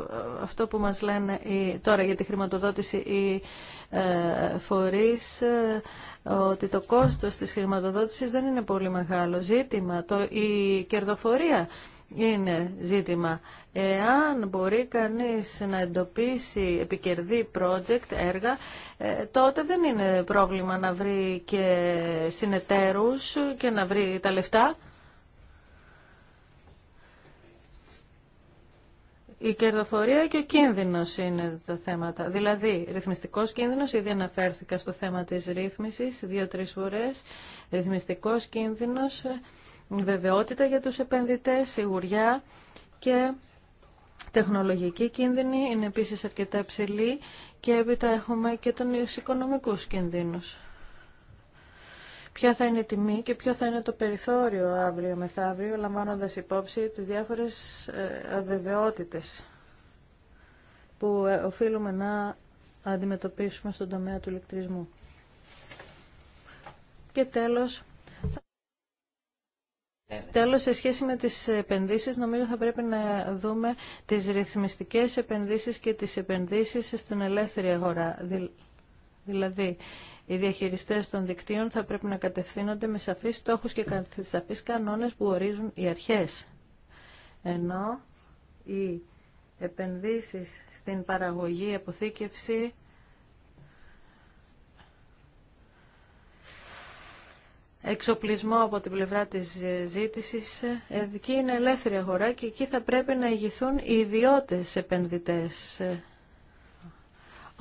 αυτό που μας λένε τώρα για τη χρηματοδότηση οι ε, φορείς ε, ότι το κόστος της χρηματοδότησης δεν είναι πολύ μεγάλο ζήτημα. Το, η κερδοφορία είναι ζήτημα. Εάν μπορεί κανείς να εντοπίσει επικερδή project, έργα, ε, τότε δεν είναι πρόβλημα να βρει και συνεταίρους και να βρει τα λεφτά. Η κερδοφορία και ο κίνδυνος είναι τα θέματα. Δηλαδή, ρυθμιστικός κίνδυνος, ήδη αναφέρθηκα στο θέμα της ρύθμισης δύο-τρεις φορές, ρυθμιστικός κίνδυνος, βεβαιότητα για τους επενδυτές, σιγουριά και τεχνολογική κίνδυνη είναι επίσης αρκετά υψηλή και έπειτα έχουμε και τον οικονομικούς κινδύνους ποια θα είναι η τιμή και ποιο θα είναι το περιθώριο αύριο μεθαύριο, λαμβάνοντας υπόψη τις διάφορες ε, αβεβαιότητες που ε, οφείλουμε να αντιμετωπίσουμε στον τομέα του ηλεκτρισμού. Και τέλος, Τέλος, σε σχέση με τις επενδύσεις, νομίζω θα πρέπει να δούμε τις ρυθμιστικές επενδύσεις και τις επενδύσεις στην ελεύθερη αγορά. Δηλαδή, οι διαχειριστέ των δικτύων θα πρέπει να κατευθύνονται με σαφείς στόχου και σαφείς κανόνε που ορίζουν οι αρχές. Ενώ οι επενδύσεις στην παραγωγή, αποθήκευση, εξοπλισμό από την πλευρά της ζήτησης. Ε, εκεί είναι ελεύθερη αγορά και εκεί θα πρέπει να ηγηθούν οι ιδιώτες επενδυτές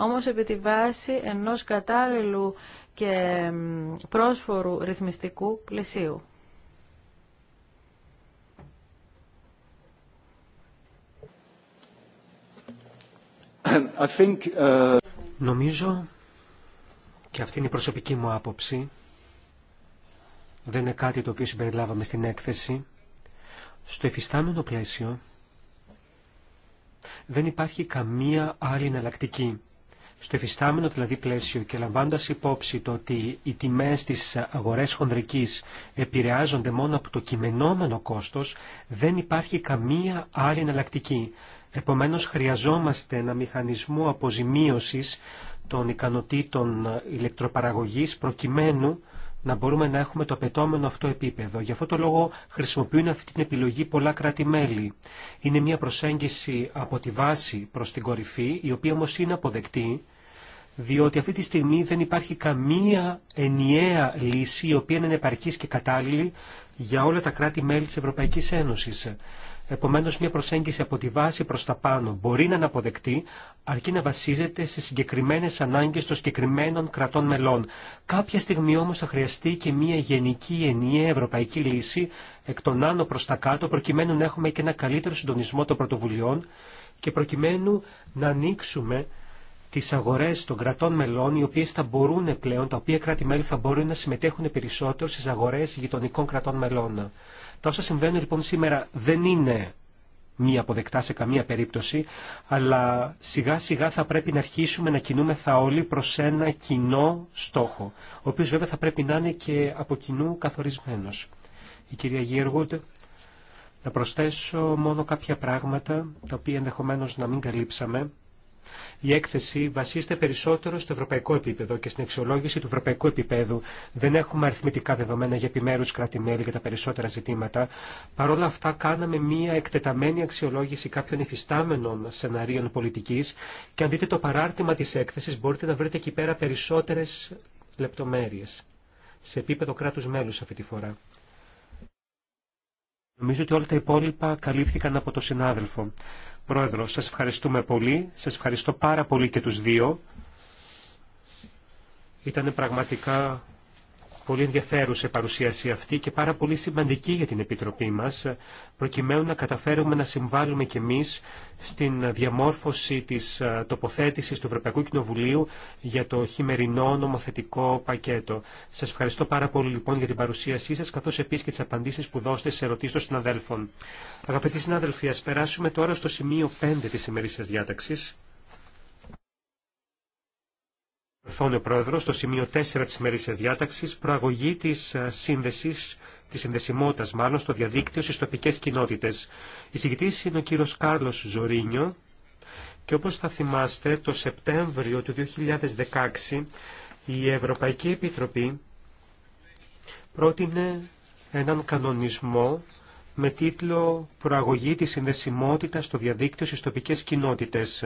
όμως επί τη βάση ενός κατάλληλου και πρόσφορου ρυθμιστικού πλαισίου. Uh, Νομίζω, και αυτή είναι η προσωπική μου άποψη, δεν είναι κάτι το οποίο συμπεριλάβαμε στην έκθεση, στο εφιστάμενο πλαίσιο δεν υπάρχει καμία άλλη εναλλακτική στο εφιστάμενο δηλαδή πλαίσιο και λαμβάνοντας υπόψη το ότι οι τιμές της αγορές χονδρικής επηρεάζονται μόνο από το κειμενόμενο κόστος, δεν υπάρχει καμία άλλη εναλλακτική. Επομένως χρειαζόμαστε ένα μηχανισμό αποζημίωσης των ικανοτήτων ηλεκτροπαραγωγής προκειμένου να μπορούμε να έχουμε το πετώμενο αυτό επίπεδο. Γι' αυτό το λόγο χρησιμοποιούν αυτή την επιλογή πολλά κράτη-μέλη. Είναι μια προσέγγιση από τη βάση προς την κορυφή, η οποία όμως είναι αποδεκτή, διότι αυτή τη στιγμή δεν υπάρχει καμία ενιαία λύση η οποία είναι επαρκής και κατάλληλη για όλα τα κράτη-μέλη της Ευρωπαϊκής Ένωσης. Επομένως, μια προσέγγιση από τη βάση προς τα πάνω μπορεί να αναποδεκτεί αρκεί να βασίζεται σε συγκεκριμένες ανάγκες των συγκεκριμένων κρατών μελών. Κάποια στιγμή όμως θα χρειαστεί και μια γενική ενιαία ευρωπαϊκή λύση, εκ των άνω προς τα κάτω, προκειμένου να έχουμε και ένα καλύτερο συντονισμό των πρωτοβουλειών και προκειμένου να ανοίξουμε τις αγορές των κρατών μελών, οι οποίες θα μπορούν πλέον, τα οποία κράτη-μέλη θα μπορούν να συμμετέχουν περισσότερο στις αγορές γειτονικών κρατών μελών. Τα όσα συμβαίνουν λοιπόν σήμερα δεν είναι μη αποδεκτά σε καμία περίπτωση, αλλά σιγά σιγά θα πρέπει να αρχίσουμε να κινούμεθα όλοι προς ένα κοινό στόχο, ο οποίος βέβαια θα πρέπει να είναι και από κοινού καθορισμένος. Η κυρία Γίεργουτ, να προσθέσω μόνο κάποια πράγματα, τα οποία ενδεχομένως να μην καλύψαμε, η έκθεση βασίζεται περισσότερο στο ευρωπαϊκό επίπεδο και στην αξιολόγηση του ευρωπαϊκού επίπεδου. Δεν έχουμε αριθμητικά δεδομένα για επιμέρου κράτη-μέλη για τα περισσότερα ζητήματα. Παρ' όλα αυτά, κάναμε μία εκτεταμένη αξιολόγηση κάποιων υφιστάμενων σεναρίων πολιτική και αν δείτε το παράρτημα τη έκθεση, μπορείτε να βρείτε εκεί πέρα περισσότερε λεπτομέρειε. Σε επίπεδο κράτου μέλου αυτή τη φορά. Νομίζω ότι όλα τα υπόλοιπα καλύφθηκαν από το συνάδελφο. Πρόεδρο, σας ευχαριστούμε πολύ. Σας ευχαριστώ πάρα πολύ και τους δύο. Ήταν πραγματικά Πολύ ενδιαφέρουσε παρουσίαση αυτή και πάρα πολύ σημαντική για την Επιτροπή μας, προκειμένου να καταφέρουμε να συμβάλλουμε κι εμείς στην διαμόρφωση της ε, τοποθέτησης του Ευρωπαϊκού Κοινοβουλίου για το χειμερινό νομοθετικό πακέτο. Σας ευχαριστώ πάρα πολύ λοιπόν για την παρουσίασή σας, καθώς επίσης και τις απαντήσεις που δώσετε σε ερωτήσεις των συναδέλφων. Αγαπητοί συνάδελφοι, ας περάσουμε τώρα στο σημείο 5 της ημερήσιας διάταξης. Ορθώνει ο Πρόεδρο στο σημείο 4 τη ημερήσια διάταξη, προαγωγή τη ε, σύνδεση, τη συνδεσιμότητα μάλλον στο διαδίκτυο στι τοπικέ κοινότητε. Εισηγητή είναι ο κύριο Κάρλο Ζωρίνιο και όπω θα θυμάστε, το Σεπτέμβριο του 2016 η Ευρωπαϊκή Επιτροπή πρότεινε έναν κανονισμό με τίτλο «Προαγωγή της συνδεσιμότητας στο διαδίκτυο στις τοπικές κοινότητες».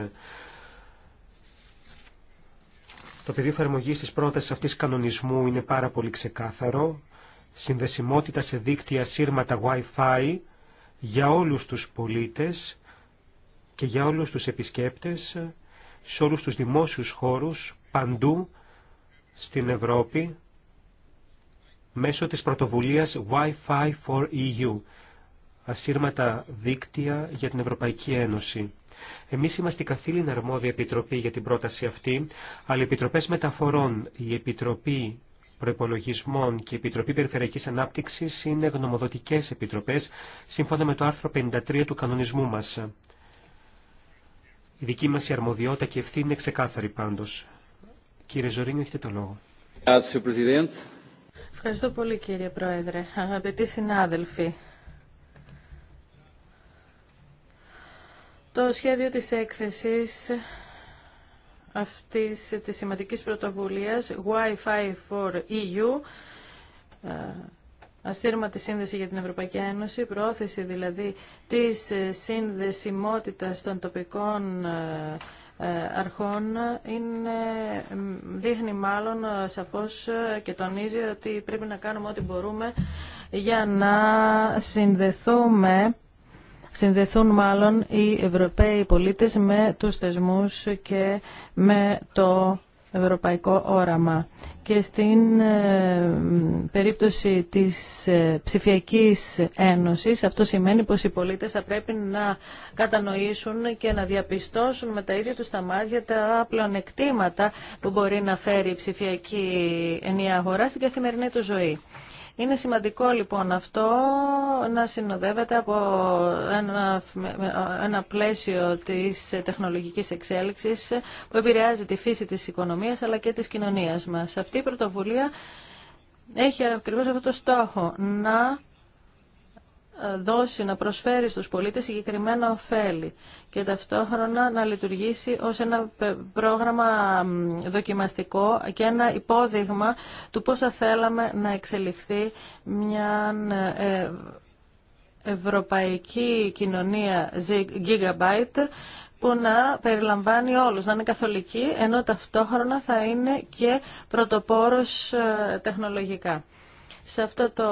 Το πεδίο εφαρμογή τη πρόταση αυτή κανονισμού είναι πάρα πολύ ξεκάθαρο. Συνδεσιμότητα σε δίκτυα σύρματα Wi-Fi για όλους τους πολίτες και για όλους τους επισκέπτες σε όλους τους δημόσιους χώρους παντού στην Ευρώπη μέσω της πρωτοβουλίας Wi-Fi for EU, ασύρματα δίκτυα για την Ευρωπαϊκή Ένωση. Εμείς είμαστε η καθήλυνα αρμόδια επιτροπή για την πρόταση αυτή, αλλά οι επιτροπές μεταφορών, η Επιτροπή Προπολογισμών και η Επιτροπή Περιφερειακής Ανάπτυξης είναι γνωμοδοτικές επιτροπές, σύμφωνα με το άρθρο 53 του κανονισμού μας. Η δική μας αρμοδιότητα και ευθύνη είναι ξεκάθαρη πάντως. Κύριε Ζωρίνιο, έχετε το λόγο. Ευχαριστώ πολύ κύριε Πρόεδρε. Αγαπητοί συνάδελφοι, Το σχέδιο της έκθεσης αυτής της σημαντικής πρωτοβουλίας Wi-Fi for EU ε, ασύρματη σύνδεση για την Ευρωπαϊκή Ένωση, προώθηση δηλαδή της συνδεσιμότητας των τοπικών ε, ε, αρχών είναι, δείχνει μάλλον σαφώς και τονίζει ότι πρέπει να κάνουμε ό,τι μπορούμε για να συνδεθούμε συνδεθούν μάλλον οι Ευρωπαίοι πολίτες με τους θεσμούς και με το ευρωπαϊκό όραμα. Και στην ε, περίπτωση της ε, ψηφιακής ένωσης, αυτό σημαίνει πως οι πολίτες θα πρέπει να κατανοήσουν και να διαπιστώσουν με τα ίδια τους τα μάτια τα πλεονεκτήματα που μπορεί να φέρει η ψηφιακή ενιαία αγορά στην καθημερινή του ζωή. Είναι σημαντικό λοιπόν αυτό να συνοδεύεται από ένα, ένα πλαίσιο της τεχνολογικής εξέλιξης που επηρεάζει τη φύση της οικονομίας αλλά και της κοινωνίας μας. Αυτή η πρωτοβουλία έχει ακριβώς αυτό το στόχο να δώσει, να προσφέρει στους πολίτες συγκεκριμένα ωφέλη και ταυτόχρονα να λειτουργήσει ως ένα πρόγραμμα δοκιμαστικό και ένα υπόδειγμα του πώς θα θέλαμε να εξελιχθεί μια ε, ε, ευρωπαϊκή κοινωνία Gigabyte που να περιλαμβάνει όλους, να είναι καθολική, ενώ ταυτόχρονα θα είναι και πρωτοπόρος ε, τεχνολογικά σε αυτό το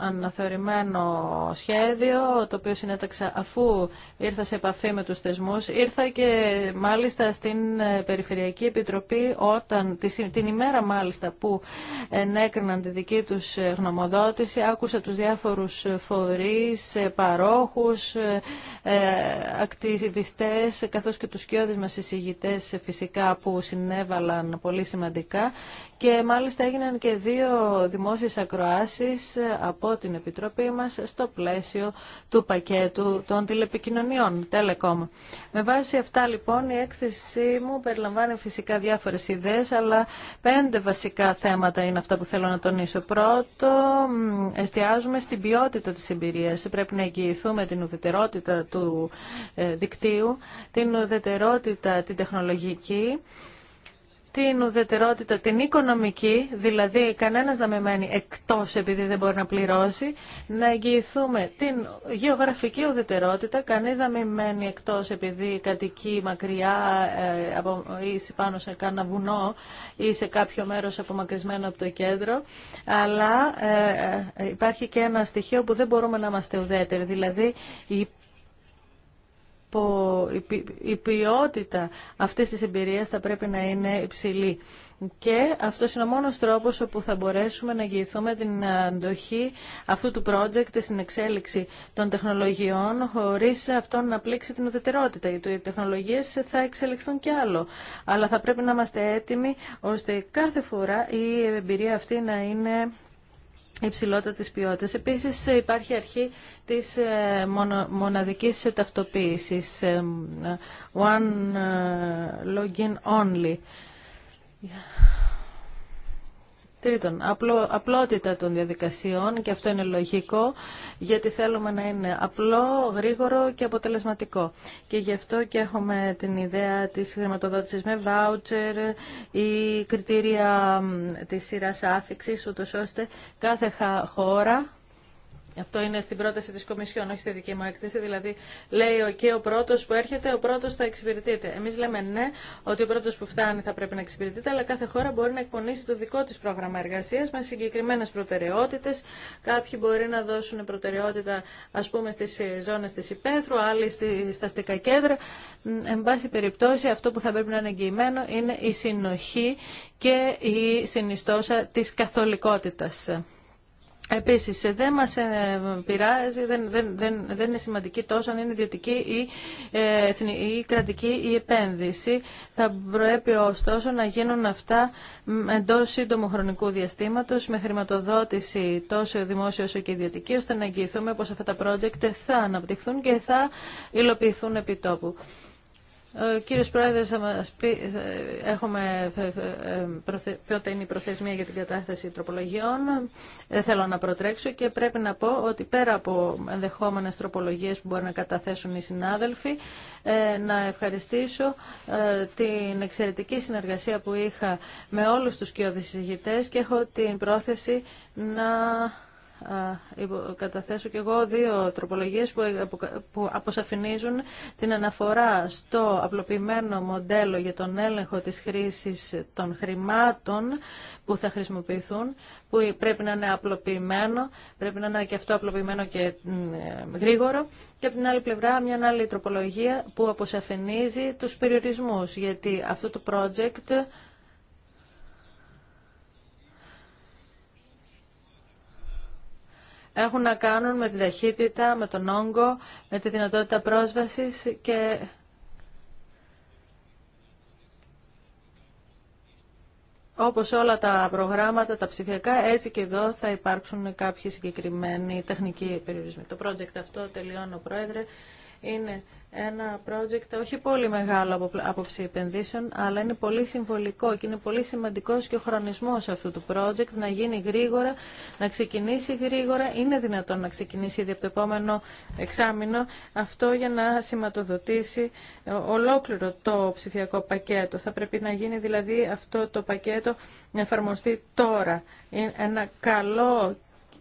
αναθεωρημένο σχέδιο, το οποίο συνέταξα αφού ήρθα σε επαφή με τους θεσμούς, ήρθα και μάλιστα στην ε, Περιφερειακή Επιτροπή όταν, την ημέρα μάλιστα που ενέκριναν τη δική τους ε, γνωμοδότηση, άκουσα τους διάφορους ε, φορείς, παρόχους, ακτιβιστές, καθώς και τους κοιόδης μας εισηγητές φυσικά που συνέβαλαν πολύ σημαντικά και μάλιστα έγιναν και δύο δημόσιες Ακροάσει ε, από την Επιτροπή μας στο πλαίσιο του πακέτου των τηλεπικοινωνιών, Telecom. Με βάση αυτά λοιπόν η έκθεσή μου περιλαμβάνει φυσικά διάφορες ιδέες, αλλά πέντε βασικά θέματα είναι αυτά που θέλω να τονίσω. Πρώτο, εστιάζουμε στην ποιότητα της εμπειρίας. Πρέπει να εγγυηθούμε την ουδετερότητα του ε, δικτύου, την ουδετερότητα την τεχνολογική, την ουδετερότητα, την οικονομική, δηλαδή κανένας να με μένει εκτός επειδή δεν μπορεί να πληρώσει, να εγγυηθούμε την γεωγραφική ουδετερότητα, κανείς να με μένει εκτός επειδή κατοικεί μακριά ε, ή πάνω σε κάνα βουνό ή σε κάποιο μέρος απομακρυσμένο από το κέντρο, αλλά ε, ε, υπάρχει και ένα στοιχείο που δεν μπορούμε να είμαστε ουδέτεροι, δηλαδή η η ποιότητα αυτής της εμπειρίας θα πρέπει να είναι υψηλή. Και αυτός είναι ο μόνος τρόπος όπου θα μπορέσουμε να εγγυηθούμε την αντοχή αυτού του project στην εξέλιξη των τεχνολογιών χωρίς αυτό να πλήξει την ουδετερότητα. Γιατί οι τεχνολογίες θα εξελιχθούν κι άλλο. Αλλά θα πρέπει να είμαστε έτοιμοι ώστε κάθε φορά η εμπειρία αυτή να είναι της ποιότητας. Επίσης υπάρχει αρχή της ε, μοναδικής ταυτοποίησης, ε, ε, one login only. Τρίτον, απλότητα των διαδικασιών και αυτό είναι λογικό γιατί θέλουμε να είναι απλό, γρήγορο και αποτελεσματικό. Και γι' αυτό και έχουμε την ιδέα της χρηματοδότησης με voucher ή κριτήρια της σειράς άφηξης, ούτως ώστε κάθε χώρα αυτό είναι στην πρόταση τη Κομισιόν, όχι στη δική μου έκθεση. Δηλαδή, λέει και ο πρώτο που έρχεται, ο πρώτο θα εξυπηρετείται. Εμεί λέμε ναι, ότι ο πρώτο που φτάνει θα πρέπει να εξυπηρετείται, αλλά κάθε χώρα μπορεί να εκπονήσει το δικό τη πρόγραμμα εργασία με συγκεκριμένε προτεραιότητες. Κάποιοι μπορεί να δώσουν προτεραιότητα, α πούμε, στι ε, ζώνε τη υπαίθρου, άλλοι στα αστικά κέντρα. Εν πάση περιπτώσει, αυτό που θα πρέπει να είναι εγγυημένο είναι η συνοχή και η συνιστόσα τη καθολικότητα. Επίσης, ε, δεν μας ε, πειράζει, δεν, δεν, δεν, δεν είναι σημαντική τόσο αν είναι ιδιωτική ή, ε, ή κρατική ή επένδυση. Θα προέπει ωστόσο να γίνουν αυτά εντό σύντομου χρονικού διαστήματος με χρηματοδότηση τόσο δημόσια όσο και ιδιωτική, ώστε να εγγυηθούμε πως αυτά τα project θα αναπτυχθούν και θα υλοποιηθούν επί τόπου. Ε, Κύριε Πρόεδρε, θα μας πει έχουμε, ε, είναι η προθεσμία για την κατάθεση τροπολογιών. Ε, θέλω να προτρέξω και πρέπει να πω ότι πέρα από ενδεχόμενε τροπολογίες που μπορεί να καταθέσουν οι συνάδελφοι, να ευχαριστήσω την εξαιρετική συνεργασία που είχα με όλους τους κοιόδης και έχω την πρόθεση να ε, καταθέσω και εγώ δύο τροπολογίες ε, που αποσαφηνίζουν την αναφορά στο απλοποιημένο μοντέλο για τον έλεγχο της χρήσης των χρημάτων που θα χρησιμοποιηθούν, που πρέπει να είναι απλοποιημένο, πρέπει να είναι και αυτό απλοποιημένο και ε, γρήγορο. Και από την άλλη πλευρά μια άλλη τροπολογία που αποσαφηνίζει τους περιορισμούς, γιατί αυτό το project έχουν να κάνουν με τη ταχύτητα, με τον όγκο, με τη δυνατότητα πρόσβασης και Όπως όλα τα προγράμματα, τα ψηφιακά, έτσι και εδώ θα υπάρξουν κάποιοι συγκεκριμένοι τεχνικοί περιορισμοί. Το project αυτό, τελειώνω πρόεδρε, είναι ένα project όχι πολύ μεγάλο από άποψη επενδύσεων, αλλά είναι πολύ συμβολικό και είναι πολύ σημαντικός και ο χρονισμός αυτού του project να γίνει γρήγορα, να ξεκινήσει γρήγορα. Είναι δυνατόν να ξεκινήσει ήδη από το επόμενο εξάμεινο αυτό για να σηματοδοτήσει ε, ολόκληρο το ψηφιακό πακέτο. Θα πρέπει να γίνει δηλαδή αυτό το πακέτο να εφαρμοστεί τώρα. Είναι ένα καλό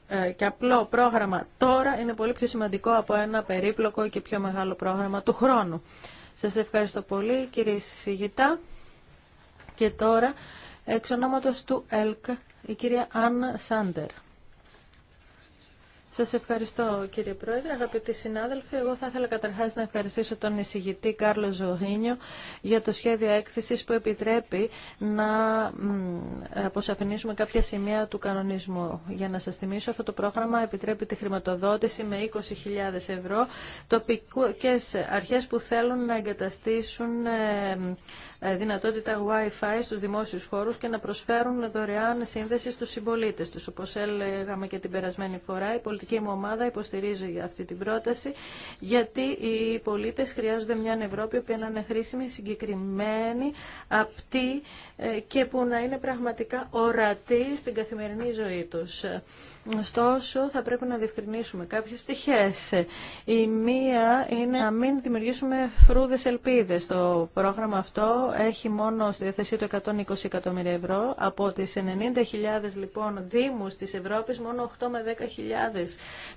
ε, και απλό πρόγραμμα τώρα είναι πολύ πιο σημαντικό από ένα περίπλοκο και πιο μεγάλο πρόγραμμα του χρόνου. Σας ευχαριστώ πολύ κύριε Σιγητά. Και τώρα, εξ του ΕΛΚ, η κυρία Αν Σάντερ. Σα ευχαριστώ κύριε Πρόεδρε, αγαπητοί συνάδελφοι. Εγώ θα ήθελα καταρχάς να ευχαριστήσω τον εισηγητή Κάρλο Ζωγίνιο για το σχέδιο έκθεσης που επιτρέπει να αποσαφηνίσουμε κάποια σημεία του κανονισμού. Για να σα θυμίσω, αυτό το πρόγραμμα επιτρέπει τη χρηματοδότηση με 20.000 ευρώ τοπικέ αρχέ που θέλουν να εγκαταστήσουν ε, ε, δυνατότητα Wi-Fi στους δημόσιους χώρους και να προσφέρουν δωρεάν σύνδεση στους συμπολίτες τους. Όπως έλεγαμε και την περασμένη φορά, η πολιτική μου ομάδα υποστηρίζει αυτή την πρόταση, γιατί οι πολίτες χρειάζονται μια Ευρώπη που να είναι χρήσιμη, συγκεκριμένη, απτή ε, και που να είναι πραγματικά ορατή στην καθημερινή ζωή τους. Ωστόσο, θα πρέπει να διευκρινίσουμε κάποιες πτυχές. Η μία είναι να μην δημιουργήσουμε φρούδες ελπίδες. Το πρόγραμμα αυτό έχει μόνο στη διαθεσία του 120 εκατομμύρια ευρώ. Από τις 90.000 λοιπόν δήμους της Ευρώπης, μόνο 8 με 10.000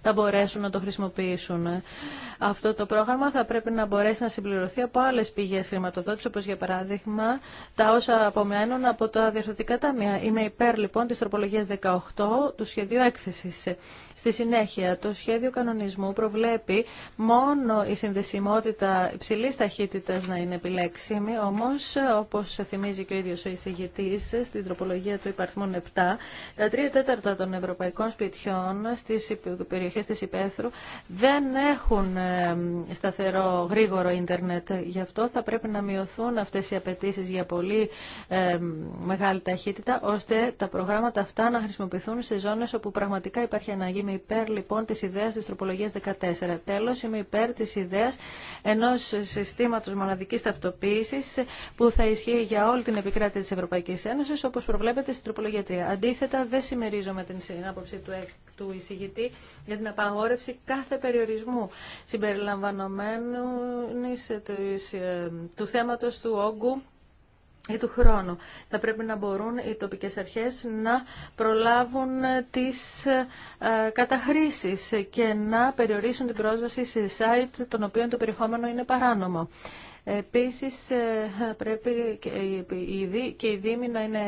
θα μπορέσουν να το χρησιμοποιήσουν. Αυτό το πρόγραμμα θα πρέπει να μπορέσει να συμπληρωθεί από άλλες πηγές χρηματοδότηση, όπως για παράδειγμα τα όσα απομένουν από τα διαρθωτικά ταμεία. Είμαι υπέρ λοιπόν της τροπολογίας 18 του σχεδίου έκθεσης. Στη συνέχεια, το σχέδιο κανονισμού προβλέπει μόνο η συνδεσιμότητα υψηλή ταχύτητα να είναι επιλέξιμη, Όμω, όπω θυμίζει και ο ίδιο ο εισηγητή στην τροπολογία του υπαρθμών 7, τα τρία τέταρτα των ευρωπαϊκών σπιτιών στι περιοχέ τη Υπέθρου δεν έχουν σταθερό γρήγορο ίντερνετ. Γι' αυτό θα πρέπει να μειωθούν αυτέ οι απαιτήσει για πολύ μεγάλη ταχύτητα, ώστε τα προγράμματα αυτά να χρησιμοποιηθούν σε ζώνε όπου πραγματικά υπάρχει ανάγκη με υπέρ λοιπόν της ιδέας της τροπολογίας 14. Τέλος, είμαι υπέρ της ιδέας ενός συστήματος μοναδικής ταυτοποίησης που θα ισχύει για όλη την επικράτεια της Ευρωπαϊκής Ένωσης, όπως προβλέπεται στην τροπολογία 3. Αντίθετα, δεν συμμερίζομαι την άποψη του του εισηγητή για την απαγόρευση κάθε περιορισμού συμπεριλαμβανομένου ε, του θέματος του όγκου ή του χρόνου. Θα πρέπει να μπορούν οι τοπικές αρχές να προλάβουν τις ε, καταχρήσεις και να περιορίσουν την πρόσβαση σε site των οποίων το περιεχόμενο είναι παράνομο. Επίσης ε, πρέπει και οι δήμοι να είναι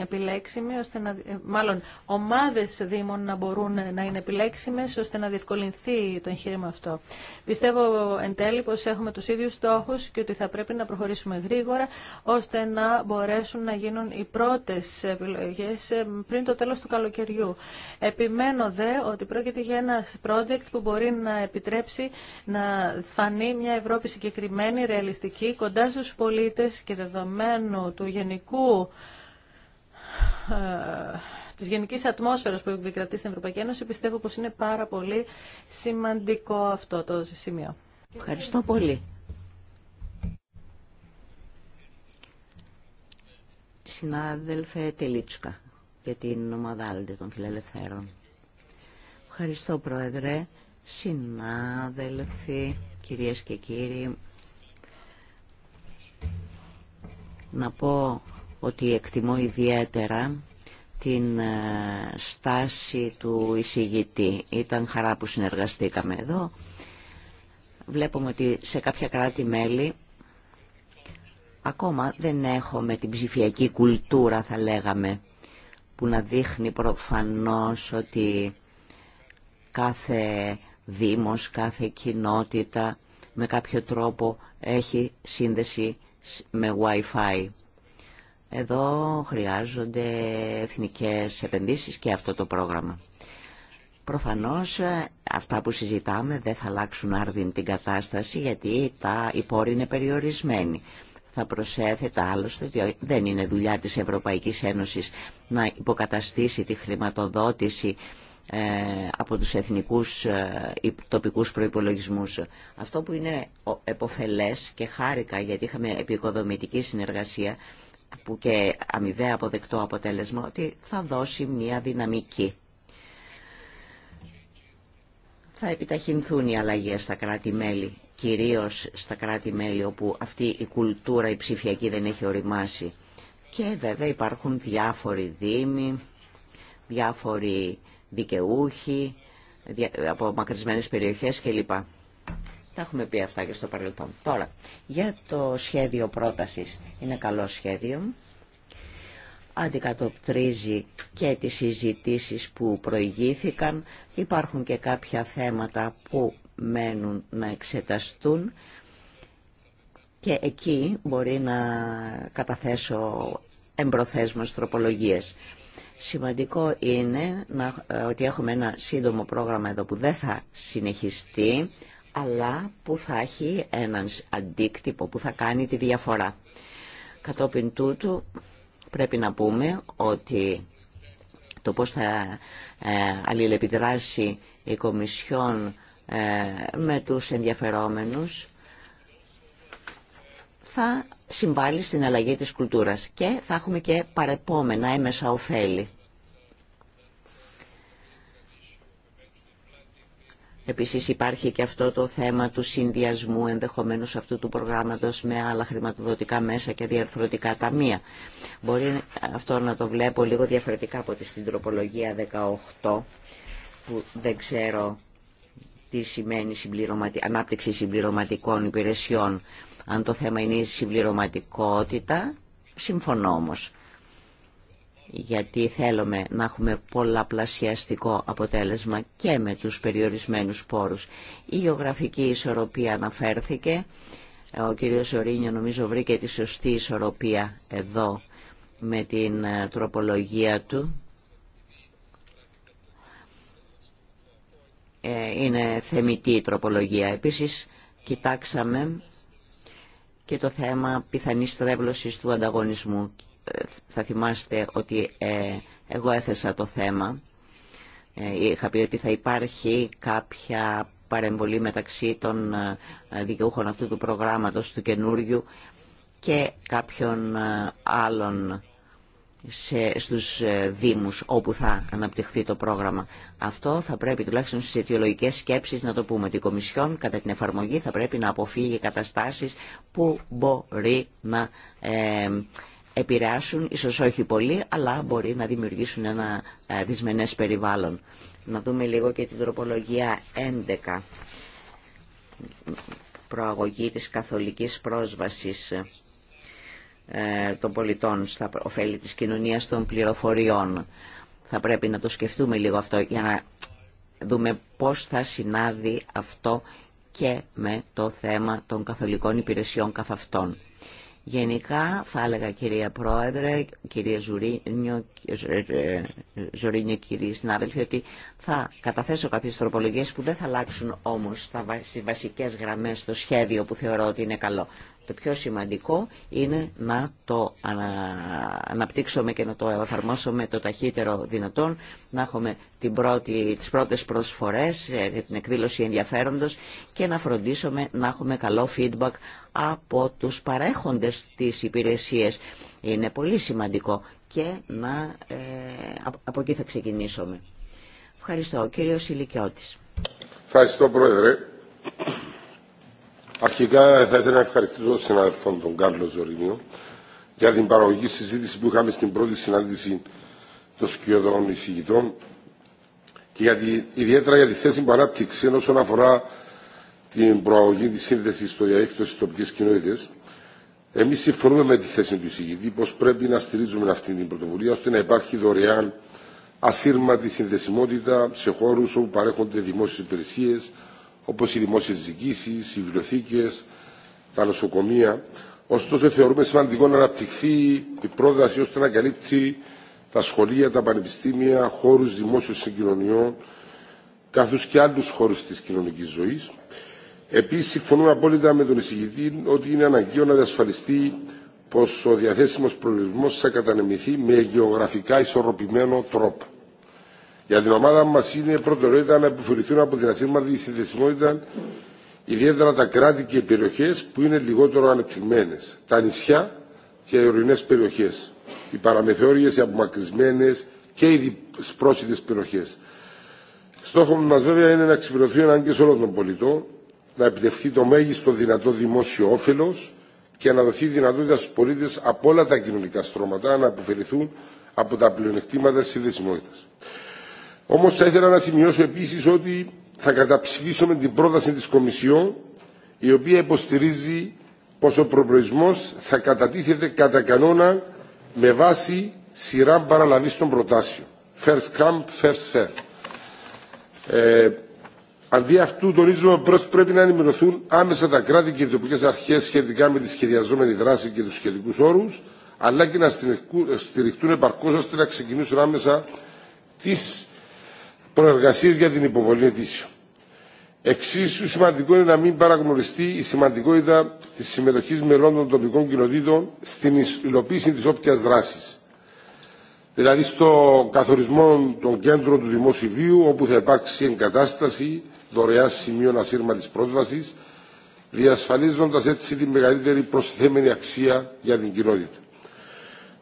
επιλέξιμοι, ώστε να, ε, μάλλον ομάδες δήμων να μπορούν να είναι επιλέξιμες ώστε να διευκολυνθεί το εγχείρημα αυτό. Πιστεύω εν τέλει πως έχουμε τους ίδιους στόχους και ότι θα πρέπει να προχωρήσουμε γρήγορα ώστε να μπορέσουν να γίνουν οι πρώτες επιλογές ε, πριν το τέλος του καλοκαιριού. Επιμένω δε ότι πρόκειται για ένα project που μπορεί να επιτρέψει να φανεί μια Ευρώπη συγκεκριμένη, ρεαλιστική, κοντά στους πολίτες και δεδομένου του γενικού ε, της γενικής ατμόσφαιρας που επικρατεί στην Ευρωπαϊκή Ένωση, πιστεύω πως είναι πάρα πολύ σημαντικό αυτό το σημείο. Ευχαριστώ πολύ. Συνάδελφε Τελίτσκα για την ομάδα των Φιλελευθέρων. Ευχαριστώ Πρόεδρε, συνάδελφοι, κυρίες και κύριοι. να πω ότι εκτιμώ ιδιαίτερα την ε, στάση του εισηγητή. Ήταν χαρά που συνεργαστήκαμε εδώ. Βλέπουμε ότι σε κάποια κράτη-μέλη ακόμα δεν έχουμε την ψηφιακή κουλτούρα, θα λέγαμε, που να δείχνει προφανώς ότι κάθε δήμος, κάθε κοινότητα με κάποιο τρόπο έχει σύνδεση με Wi-Fi. Εδώ χρειάζονται εθνικές επενδύσεις και αυτό το πρόγραμμα. Προφανώς ε, αυτά που συζητάμε δεν θα αλλάξουν άρδιν την κατάσταση γιατί τα, οι πόροι είναι περιορισμένοι. Θα προσέθετα άλλωστε ότι δεν είναι δουλειά της Ευρωπαϊκής Ένωσης να υποκαταστήσει τη χρηματοδότηση ε, από τους εθνικούς ή ε, τοπικούς προϋπολογισμούς. Αυτό που είναι εποφελές και χάρηκα γιατί είχαμε επικοδομητική συνεργασία που και αμοιβαία αποδεκτό αποτέλεσμα ότι θα δώσει μια δυναμική. Θα επιταχυνθούν οι αλλαγές στα κράτη-μέλη, κυρίως στα κράτη-μέλη όπου αυτή η κουλτούρα η ψηφιακή δεν έχει οριμάσει. Και βέβαια υπάρχουν διάφοροι δήμοι, διάφοροι δικαιούχοι από μακρισμένες περιοχές κλπ. Τα έχουμε πει αυτά και στο παρελθόν. Τώρα, για το σχέδιο πρότασης. Είναι καλό σχέδιο. Αντικατοπτρίζει και τις συζητήσεις που προηγήθηκαν. Υπάρχουν και κάποια θέματα που μένουν να εξεταστούν. Και εκεί μπορεί να καταθέσω εμπροθέσμες τροπολογίες. Σημαντικό είναι να, ε, ότι έχουμε ένα σύντομο πρόγραμμα εδώ που δεν θα συνεχιστεί, αλλά που θα έχει έναν αντίκτυπο που θα κάνει τη διαφορά. Κατόπιν τούτου πρέπει να πούμε ότι το πώς θα ε, αλληλεπιδράσει η Κομισιόν ε, με τους ενδιαφερόμενους θα συμβάλλει στην αλλαγή της κουλτούρας και θα έχουμε και παρεπόμενα έμεσα ωφέλη. Επίσης υπάρχει και αυτό το θέμα του συνδυασμού ενδεχομένως αυτού του προγράμματος με άλλα χρηματοδοτικά μέσα και διαρθρωτικά ταμεία. Μπορεί αυτό να το βλέπω λίγο διαφορετικά από τη στην τροπολογία 18 που δεν ξέρω τι σημαίνει ανάπτυξη συμπληρωματικών υπηρεσιών. Αν το θέμα είναι η συμπληρωματικότητα, συμφωνώ όμως. Γιατί θέλουμε να έχουμε πολλαπλασιαστικό αποτέλεσμα και με τους περιορισμένους πόρους. Η γεωγραφική ισορροπία αναφέρθηκε. Ο κύριος Σωρίνιο νομίζω βρήκε τη σωστή ισορροπία εδώ με την ε, τροπολογία του. Ε, είναι θεμητή η τροπολογία. Επίσης, κοιτάξαμε και το θέμα πιθανής στρέβλωσης του ανταγωνισμού. Ε, θα θυμάστε ότι ε, εγώ έθεσα το θέμα. Ε, είχα πει ότι θα υπάρχει κάποια παρεμβολή μεταξύ των δικαιούχων αυτού του προγράμματος του καινούριου και κάποιων άλλων σε, στους ε, Δήμους όπου θα αναπτυχθεί το πρόγραμμα. Αυτό θα πρέπει τουλάχιστον στις αιτιολογικές σκέψεις να το πούμε. Την Κομισιόν κατά την εφαρμογή θα πρέπει να αποφύγει καταστάσεις που μπορεί να ε, επηρεάσουν, ίσως όχι πολύ, αλλά μπορεί να δημιουργήσουν ένα ε, δυσμενές περιβάλλον. Να δούμε λίγο και την τροπολογία 11 προαγωγή της καθολικής πρόσβασης ε, των πολιτών στα ωφέλη της κοινωνίας των πληροφοριών. Θα πρέπει να το σκεφτούμε λίγο αυτό για να δούμε πώς θα συνάδει αυτό και με το θέμα των καθολικών υπηρεσιών καθ' αυτών. Γενικά θα έλεγα κυρία Πρόεδρε, κυρία Ζουρίνιο, Ζουρίνιο κυρία συνάδελφοι, ότι θα καταθέσω κάποιες τροπολογίες που δεν θα αλλάξουν όμως στις βασικές γραμμές το σχέδιο που θεωρώ ότι είναι καλό. Το πιο σημαντικό είναι να το αναπτύξουμε και να το εφαρμόσουμε το ταχύτερο δυνατόν, να έχουμε την πρώτη, τις πρώτες προσφορές, ε, την εκδήλωση ενδιαφέροντος και να φροντίσουμε να έχουμε καλό feedback από τους παρέχοντες της υπηρεσίες. Είναι πολύ σημαντικό και να, ε, από εκεί θα ξεκινήσουμε. Ευχαριστώ. κύριος Ηλικιώτης. Ευχαριστώ, Πρόεδρε. Αρχικά θα ήθελα να ευχαριστήσω τον συναδελφό τον Κάρλο Ζωρινίου για την παραγωγική συζήτηση που είχαμε στην πρώτη συνάντηση των σκιωδών εισηγητών και για ιδιαίτερα για τη θέση που ανάπτυξε όσον αφορά την προαγωγή τη σύνδεση στο διαδίκτυο στι τοπικέ κοινότητε. Εμεί συμφωνούμε με τη θέση του εισηγητή πω πρέπει να στηρίζουμε αυτή την πρωτοβουλία ώστε να υπάρχει δωρεάν ασύρματη συνδεσιμότητα σε χώρου όπου παρέχονται δημόσιε υπηρεσίε, όπως οι δημόσιες διοικήσεις, οι βιβλιοθήκες, τα νοσοκομεία. Ωστόσο, θεωρούμε σημαντικό να αναπτυχθεί η πρόταση ώστε να καλύπτει τα σχολεία, τα πανεπιστήμια, χώρους δημόσιων συγκοινωνιών, καθώς και άλλους χώρους της κοινωνικής ζωής. Επίσης, συμφωνούμε απόλυτα με τον εισηγητή ότι είναι αναγκαίο να διασφαλιστεί πως ο διαθέσιμος προορισμό θα κατανεμηθεί με γεωγραφικά ισορροπημένο τρόπο. Για την ομάδα μα είναι προτεραιότητα να επιφορηθούν από την ασύρματη συνδεσιμότητα ιδιαίτερα τα κράτη και οι περιοχέ που είναι λιγότερο ανεπτυγμένε, τα νησιά και οι ορεινέ περιοχέ, οι παραμεθόριε, οι απομακρυσμένε και οι πρόσιτε περιοχέ. Στόχο μα βέβαια είναι να και ανάγκε όλων των πολιτών, να επιτευχθεί το μέγιστο δυνατό δημόσιο όφελο και να δοθεί δυνατότητα στου πολίτε από όλα τα κοινωνικά στρώματα να αποφεληθούν από τα πλεονεκτήματα τη Όμω θα ήθελα να σημειώσω επίση ότι θα καταψηφίσουμε την πρόταση τη Κομισιόν, η οποία υποστηρίζει πω ο προπολογισμό θα κατατίθεται κατά κανόνα με βάση σειρά παραλαβή των προτάσεων. First come, first serve. Ε, αντί αυτού, τονίζουμε πω πρέπει να ενημερωθούν άμεσα τα κράτη και οι τοπικέ αρχέ σχετικά με τη σχεδιαζόμενη δράση και του σχετικού όρου, αλλά και να στηριχτούν επαρκώ ώστε να ξεκινήσουν άμεσα τις προεργασίες για την υποβολή αιτήσεων. Εξίσου σημαντικό είναι να μην παραγνωριστεί η σημαντικότητα της συμμετοχής μελών των τοπικών κοινοτήτων στην υλοποίηση της όποιας δράσης. Δηλαδή στο καθορισμό των κέντρων του δημόσιου βίου όπου θα υπάρξει εγκατάσταση δωρεά σημείων ασύρματης πρόσβασης διασφαλίζοντας έτσι τη μεγαλύτερη προσθέμενη αξία για την κοινότητα.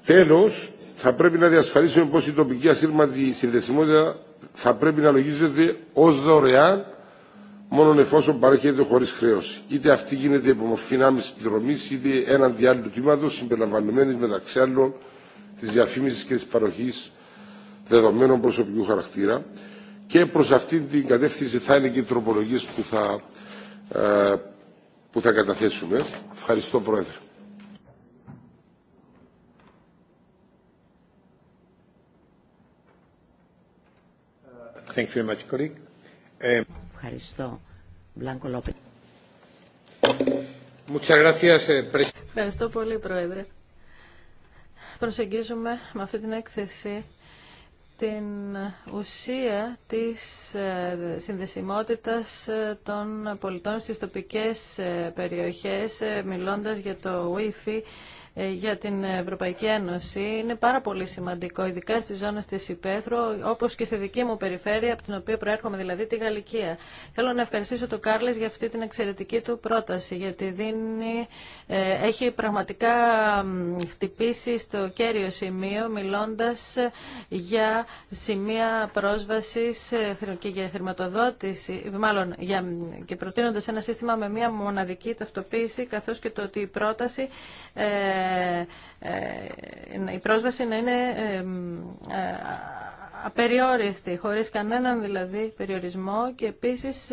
Τέλος, θα πρέπει να διασφαλίσουμε πως η τοπική ασύρματη συνδεσιμότητα θα πρέπει να λογίζεται ω δωρεάν μόνο εφόσον παρέχεται χωρί χρέωση. Είτε αυτή γίνεται υπό μορφή άμεση πληρωμή, είτε έναντι άλλου τμήματο, συμπεριλαμβανομένη μεταξύ άλλων τη διαφήμιση και τη παροχή δεδομένων προσωπικού χαρακτήρα. Και προ αυτή την κατεύθυνση θα είναι και οι τροπολογίε που, ε, που θα καταθέσουμε. Ευχαριστώ, Πρόεδρε. Ευχαριστώ. πολύ, Πρόεδρε. Προσεγγίζουμε με αυτή την έκθεση την ουσία της ε, συνδεσιμότητας ε, των πολιτών στις τοπικές ε, περιοχές, μιλώντας για το Wi-Fi ε, για την Ευρωπαϊκή Ένωση είναι πάρα πολύ σημαντικό, ειδικά στις ζώνες της Υπέθρου, όπως και στη δική μου περιφέρεια, από την οποία προέρχομαι, δηλαδή τη Γαλλικία. Θέλω να ευχαριστήσω τον Κάρλες για αυτή την εξαιρετική του πρόταση, γιατί δίνει, ε, έχει πραγματικά χτυπήσει στο κέριο σημείο, μιλώντας για σημεία πρόσβασης ε, και για χρηματοδότηση, μάλλον για, και προτείνοντας ένα σύστημα με μία μοναδική ταυτοποίηση, καθώς και το ότι η πρόταση ε, ε, η πρόσβαση να είναι ε, απεριόριστη, χωρίς κανέναν δηλαδή περιορισμό και επίσης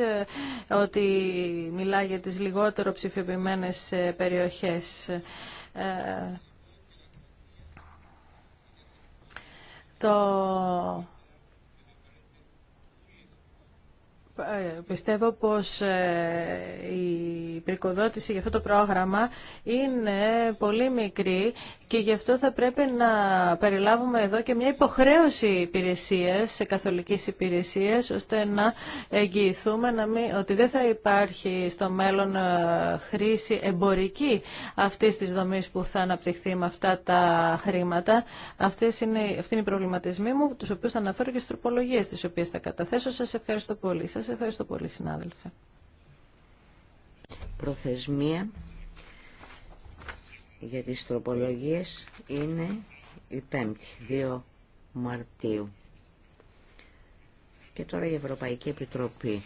ότι μιλά για τις λιγότερο ψηφιοποιημένες περιοχές. Το Ε, πιστεύω πως ε, η πρικοδότηση για αυτό το πρόγραμμα είναι πολύ μικρή και γι' αυτό θα πρέπει να περιλάβουμε εδώ και μια υποχρέωση υπηρεσίας, καθολικής υπηρεσίας, ώστε να εγγυηθούμε να μην, ότι δεν θα υπάρχει στο μέλλον ε, χρήση εμπορική αυτής της δομής που θα αναπτυχθεί με αυτά τα χρήματα. Αυτές είναι, αυτοί είναι οι προβληματισμοί μου, τους οποίους θα αναφέρω και στις τροπολογίες τις οποίες θα καταθέσω. Σας ευχαριστώ πολύ. Σας ευχαριστώ πολύ, συνάδελφε. Προθεσμία για τις τροπολογίες είναι η 5η, 2 Μαρτίου. Και τώρα η Ευρωπαϊκή Επιτροπή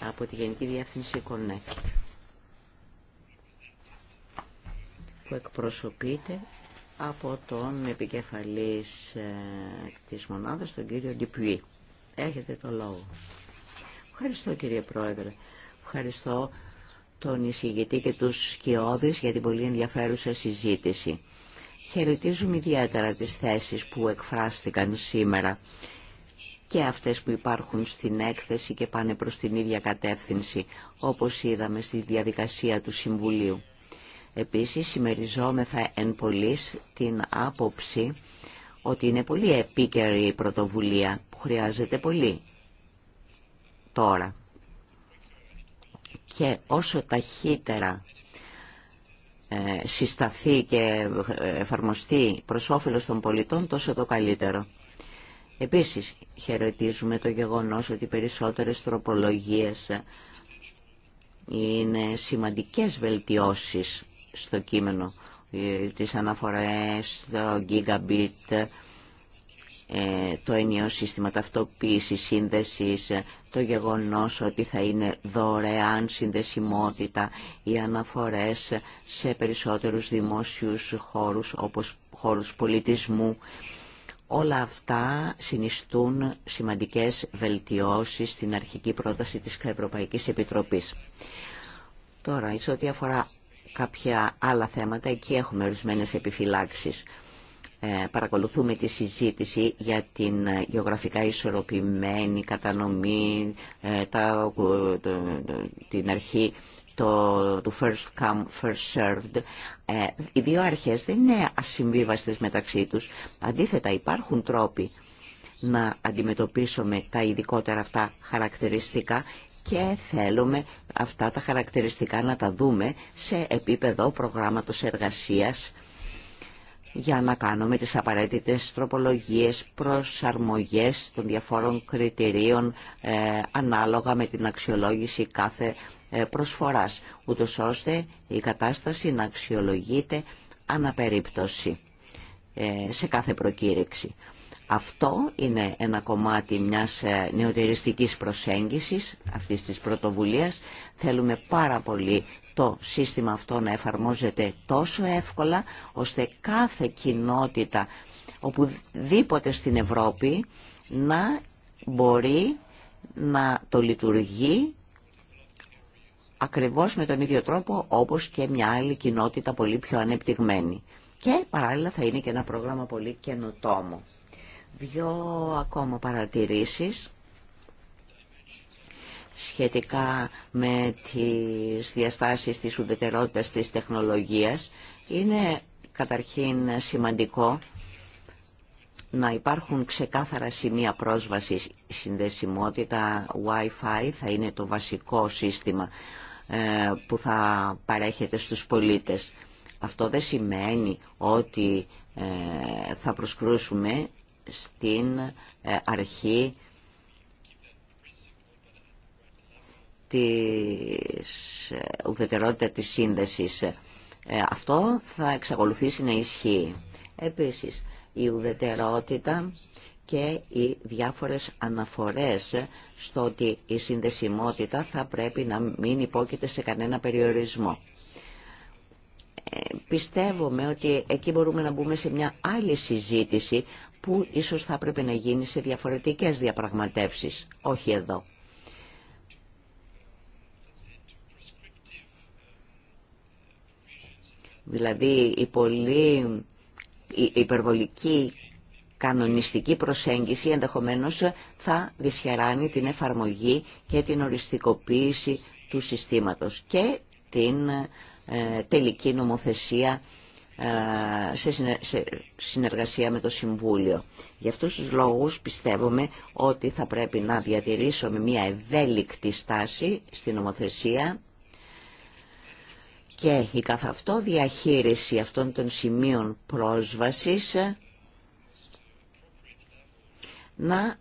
από τη Γενική Διεύθυνση Connect που εκπροσωπείται από τον επικεφαλής ε, της μονάδας, τον κύριο Ντιπουή. Έχετε το λόγο. Ευχαριστώ κύριε Πρόεδρε. Ευχαριστώ τον εισηγητή και τους σκιώδες για την πολύ ενδιαφέρουσα συζήτηση. Χαιρετίζουμε ιδιαίτερα τις θέσεις που εκφράστηκαν σήμερα και αυτές που υπάρχουν στην έκθεση και πάνε προς την ίδια κατεύθυνση, όπως είδαμε στη διαδικασία του Συμβουλίου. Επίσης, σημεριζόμεθα εν πολλής την άποψη ότι είναι πολύ επίκαιρη η πρωτοβουλία που χρειάζεται πολύ τώρα και όσο ταχύτερα ε, συσταθεί και ε, εφαρμοστεί προς όφελος των πολιτών, τόσο το καλύτερο. Επίσης, χαιρετίζουμε το γεγονός ότι περισσότερες τροπολογίες είναι σημαντικές βελτιώσεις στο κείμενο, ε, τις αναφορές στο gigabit, ε, το ενιαίο σύστημα ταυτοποίησης, σύνδεσης, το γεγονός ότι θα είναι δωρεάν συνδεσιμότητα, οι αναφορές σε περισσότερους δημόσιους χώρους όπως χώρους πολιτισμού. Όλα αυτά συνιστούν σημαντικές βελτιώσεις στην αρχική πρόταση της Ευρωπαϊκής Επιτροπής. Τώρα, σε ό,τι αφορά κάποια άλλα θέματα, εκεί έχουμε ορισμένε επιφυλάξεις. Ε, παρακολουθούμε τη συζήτηση για την ε, γεωγραφικά ισορροπημένη κατανομή, ε, τα, την αρχή το, του first come, first served. οι δύο αρχές δεν είναι ασυμβίβαστες μεταξύ τους. Αντίθετα υπάρχουν τρόποι να αντιμετωπίσουμε τα ειδικότερα αυτά χαρακτηριστικά και θέλουμε αυτά τα χαρακτηριστικά να τα δούμε σε επίπεδο προγράμματος εργασίας για να κάνουμε τις απαραίτητες τροπολογίες, προσαρμογές των διαφόρων κριτηρίων ε, ανάλογα με την αξιολόγηση κάθε ε, προσφοράς, ούτως ώστε η κατάσταση να αξιολογείται αναπερίπτωση ε, σε κάθε προκήρυξη. Αυτό είναι ένα κομμάτι μιας νεωτεριστικής προσέγγισης αυτής της πρωτοβουλίας. Θέλουμε πάρα πολύ το σύστημα αυτό να εφαρμόζεται τόσο εύκολα, ώστε κάθε κοινότητα οπουδήποτε στην Ευρώπη να μπορεί να το λειτουργεί ακριβώς με τον ίδιο τρόπο όπως και μια άλλη κοινότητα πολύ πιο ανεπτυγμένη. Και παράλληλα θα είναι και ένα πρόγραμμα πολύ καινοτόμο. Δύο ακόμα παρατηρήσεις σχετικά με τις διαστάσεις της ουδετερότητας της τεχνολογίας είναι καταρχήν σημαντικό να υπάρχουν ξεκάθαρα σημεία πρόσβασης, συνδεσιμότητα, Wi-Fi θα είναι το βασικό σύστημα ε, που θα παρέχεται στους πολίτες. Αυτό δεν σημαίνει ότι ε, θα προσκρούσουμε στην ε, αρχή της ε, ουδετερότητα της σύνδεσης. Ε, αυτό θα εξακολουθήσει να ισχύει. Επίσης, η ουδετερότητα και οι διάφορες αναφορές στο ότι η συνδεσιμότητα θα πρέπει να μην υπόκειται σε κανένα περιορισμό. Ε, πιστεύουμε ότι εκεί μπορούμε να μπούμε σε μια άλλη συζήτηση που ίσως θα πρέπει να γίνει σε διαφορετικές διαπραγματεύσεις, όχι εδώ. Δηλαδή η πολύ υπερβολική κανονιστική προσέγγιση ενδεχομένως θα δυσχεράνει την εφαρμογή και την οριστικοποίηση του συστήματος και την ε, τελική νομοθεσία ε, σε, συνεργασία με το Συμβούλιο. Γι' αυτούς τους λόγους πιστεύουμε ότι θα πρέπει να διατηρήσουμε μια ευέλικτη στάση στην νομοθεσία και η καθαυτό διαχείριση αυτών των σημείων πρόσβασης να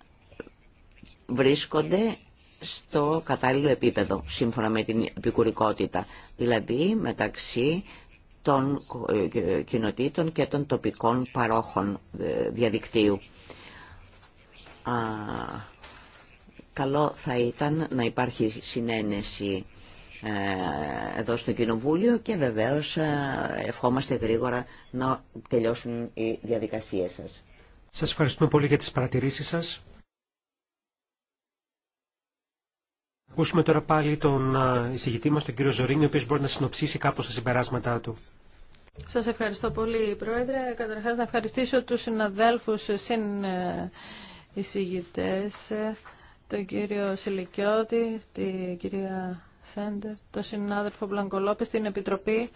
βρίσκονται στο κατάλληλο επίπεδο, σύμφωνα με την επικουρικότητα, δηλαδή μεταξύ των κοινοτήτων και των τοπικών παρόχων ε, διαδικτύου. καλό θα ήταν να υπάρχει συνένεση ε, εδώ στο Κοινοβούλιο και βεβαίως ε, ευχόμαστε γρήγορα να τελειώσουν οι διαδικασίες σας. Σας ευχαριστούμε πολύ για τις παρατηρήσεις σας. Ακούσουμε τώρα πάλι τον ε, εισηγητή μας, τον κύριο Ζωρίνη, ο οποίος μπορεί να συνοψίσει κάπως τα συμπεράσματά του. Σας ευχαριστώ πολύ, Πρόεδρε. Καταρχάς, να ευχαριστήσω τους συναδέλφους συν εισηγητές, τον κύριο Σιλικιώτη, την κυρία το τον συνάδελφο Μπλανκολόπη, στην Επιτροπή,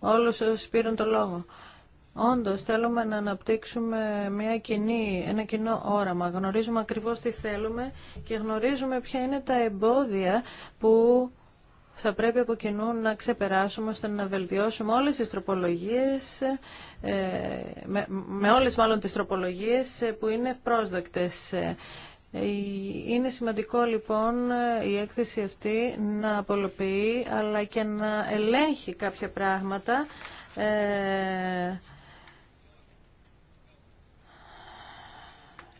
όλου όσοι πήραν το λόγο. Όντως θέλουμε να αναπτύξουμε μια κοινή, ένα κοινό όραμα. Γνωρίζουμε ακριβώς τι θέλουμε και γνωρίζουμε ποια είναι τα εμπόδια που θα πρέπει από κοινού να ξεπεράσουμε ώστε να βελτιώσουμε όλες τις τροπολογίες, ε, με, με όλες μάλλον τις τροπολογίες ε, που είναι πρόσδεκτες. Ε, είναι σημαντικό λοιπόν η έκθεση αυτή να απολοποιεί αλλά και να ελέγχει κάποια πράγματα ε,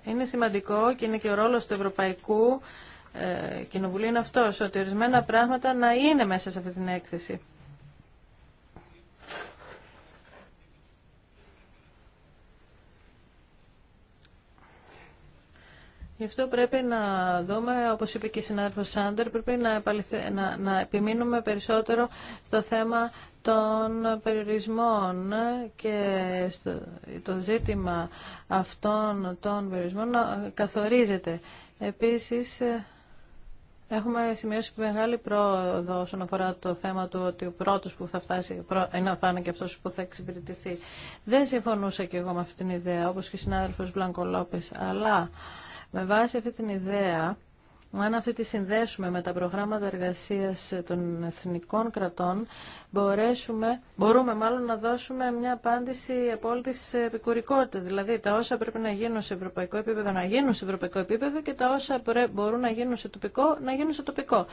είναι σημαντικό και είναι και ο ρόλος του Ευρωπαϊκού ε, Κοινοβουλίου είναι αυτός, ότι ορισμένα πράγματα να είναι μέσα σε αυτή την έκθεση. Γι' αυτό πρέπει να δούμε, όπως είπε και η συνάδελφος Σάντερ, πρέπει να, να, να επιμείνουμε περισσότερο στο θέμα των περιορισμών και το ζήτημα αυτών των περιορισμών να καθορίζεται. Επίσης, Έχουμε σημειώσει μεγάλη πρόοδο όσον αφορά το θέμα του ότι ο πρώτος που θα φτάσει να είναι και αυτός που θα εξυπηρετηθεί. Δεν συμφωνούσα και εγώ με αυτήν την ιδέα, όπω και ο συνάδελφο Μπλανκολόπης, αλλά με βάση αυτή την ιδέα, αν αυτή τη συνδέσουμε με τα προγράμματα εργασίας των εθνικών κρατών, μπορέσουμε, μπορούμε μάλλον να δώσουμε μια απάντηση απόλυτης επικουρικότητας. Δηλαδή τα όσα πρέπει να γίνουν σε ευρωπαϊκό επίπεδο να γίνουν σε ευρωπαϊκό επίπεδο και τα όσα μπορούν να γίνουν σε τοπικό να γίνουν σε τοπικό.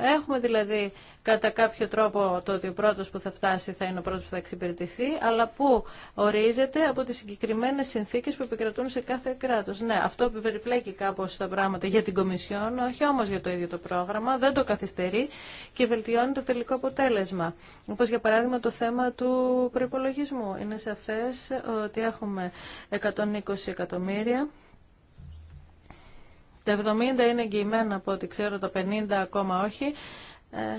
Έχουμε δηλαδή κατά κάποιο τρόπο το ότι ο πρώτος που θα φτάσει θα είναι ο πρώτος που θα εξυπηρετηθεί, αλλά που ορίζεται από τις συγκεκριμένες συνθήκες που επικρατούν σε κάθε κράτος. Ναι, αυτό περιπλέκει κάπως τα πράγματα για την Κομισιόν, όχι όμως για το ίδιο το πρόγραμμα, δεν το καθυστερεί και βελτιώνει το τελικό αποτέλεσμα. Όπως για παράδειγμα το θέμα του προπολογισμού. Είναι σαφές ότι έχουμε 120 εκατομμύρια τα 70 είναι εγγυημένα από ό,τι ξέρω, τα 50 ακόμα όχι. Ε,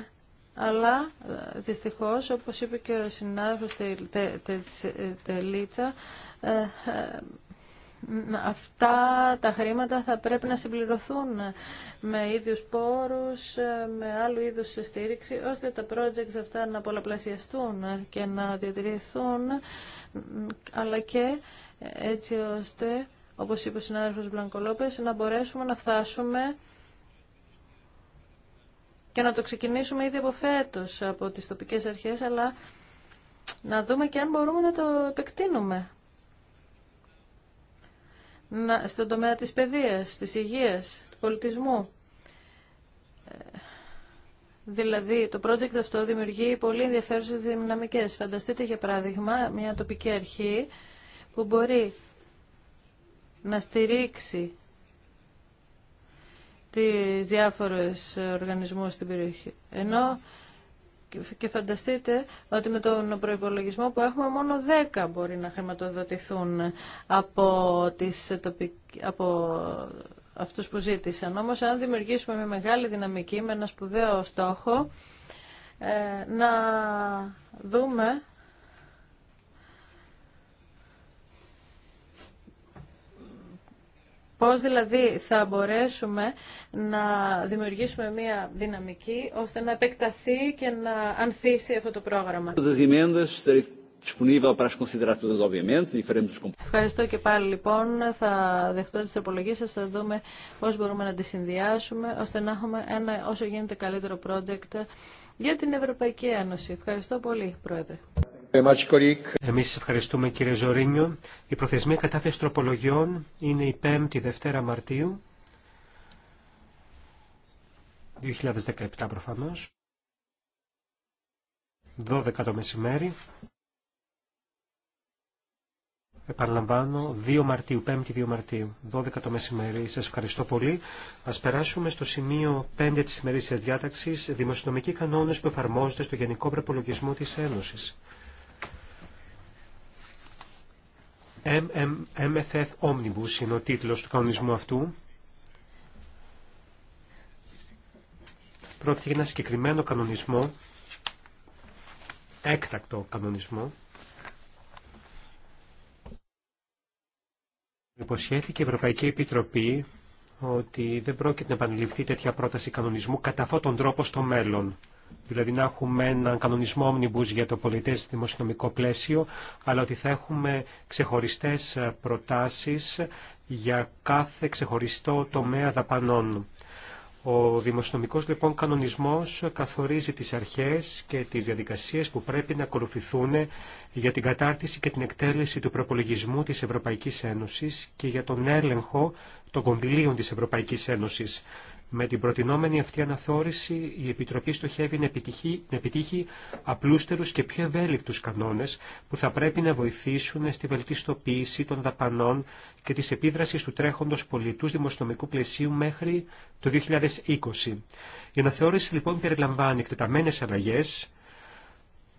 αλλά ε, δυστυχώς, όπως είπε και ο συνάδελφος ε, Τελίτσα, ε, αυτά τα χρήματα θα πρέπει να συμπληρωθούν με ίδιους πόρους, με άλλου είδους στήριξη, ώστε τα project αυτά να πολλαπλασιαστούν και να διατηρηθούν, αλλά και έτσι ώστε όπως είπε ο συνάδελφος Μπλανκολόπες, να μπορέσουμε να φτάσουμε και να το ξεκινήσουμε ήδη από φέτος από τις τοπικές αρχές, αλλά να δούμε και αν μπορούμε να το επεκτείνουμε. Να, στον τομέα της παιδείας, της υγείας, του πολιτισμού. Δηλαδή, το project αυτό δημιουργεί πολύ ενδιαφέρουσες δυναμικές. Φανταστείτε, για παράδειγμα, μια τοπική αρχή που μπορεί να στηρίξει τι διάφορες οργανισμούς στην περιοχή. Ενώ και φανταστείτε ότι με τον προϋπολογισμό που έχουμε μόνο 10 μπορεί να χρηματοδοτηθούν από, τις, από αυτούς που ζήτησαν. Όμως αν δημιουργήσουμε με μεγάλη δυναμική με ένα σπουδαίο στόχο ε, να δούμε Πώς δηλαδή θα μπορέσουμε να δημιουργήσουμε μια δυναμική ώστε να επεκταθεί και να ανθίσει αυτό το πρόγραμμα. Ευχαριστώ και πάλι λοιπόν. Θα δεχτώ τι τροπολογίε σα, θα δούμε πώ μπορούμε να τι συνδυάσουμε ώστε να έχουμε ένα όσο γίνεται καλύτερο project για την Ευρωπαϊκή Ένωση. Ευχαριστώ πολύ, Πρόεδρε. Εμείς ευχαριστούμε κύριε Ζωρίνιο. Η προθεσμία κατάθεση τροπολογιών είναι η 5η Δευτέρα Μαρτίου 2017 προφανώς. 12 το μεσημέρι. Επαναλαμβάνω, 2 Μαρτίου, 5η 2 Μαρτίου, 12 το μεσημέρι. Σας ευχαριστώ πολύ. Ας περάσουμε στο σημείο 5 της ημερήσιας διάταξης, δημοσιονομικοί κανόνες που εφαρμόζονται στο Γενικό Προπολογισμό της Ένωσης. MMMFF Omnibus είναι ο τίτλος του κανονισμού αυτού. Πρόκειται για ένα συγκεκριμένο κανονισμό, έκτακτο κανονισμό, Υποσχέθηκε η Ευρωπαϊκή Επιτροπή ότι δεν πρόκειται να επαναληφθεί τέτοια πρόταση κανονισμού κατά αυτόν τον τρόπο στο μέλλον δηλαδή να έχουμε έναν κανονισμό όμνιμπους για το πολιτές δημοσιονομικό πλαίσιο, αλλά ότι θα έχουμε ξεχωριστές ε, προτάσεις για κάθε ξεχωριστό τομέα δαπανών. Ο δημοσιονομικός λοιπόν κανονισμός καθορίζει τις αρχές και τις διαδικασίες που πρέπει να ακολουθηθούν για την κατάρτιση και την εκτέλεση του προπολογισμού της Ευρωπαϊκής Ένωσης και για τον έλεγχο των κονδυλίων της Ευρωπαϊκής Ένωσης. Με την προτινόμενη αυτή αναθόρηση, η Επιτροπή στοχεύει να επιτύχει, να επιτύχει απλούστερους και πιο ευέλικτους κανόνες που θα πρέπει να βοηθήσουν στη βελτιστοποίηση των δαπανών και της επίδρασης του τρέχοντος πολιτούς δημοσιονομικού πλαισίου μέχρι το 2020. Η αναθεώρηση λοιπόν περιλαμβάνει εκτεταμένες αλλαγές,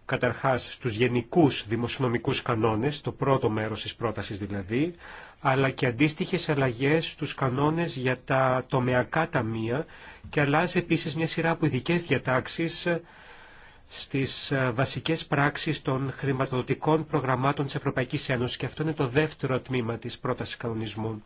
καταρχάς στους γενικούς δημοσιονομικούς κανόνες, το πρώτο μέρος της πρότασης δηλαδή, αλλά και αντίστοιχες αλλαγές στους κανόνες για τα τομεακά ταμεία και αλλάζει επίσης μια σειρά από ειδικέ διατάξεις στις ε, βασικές πράξεις των χρηματοδοτικών προγραμμάτων της Ευρωπαϊκή ενωση και αυτό είναι το δεύτερο τμήμα της πρότασης κανονισμού.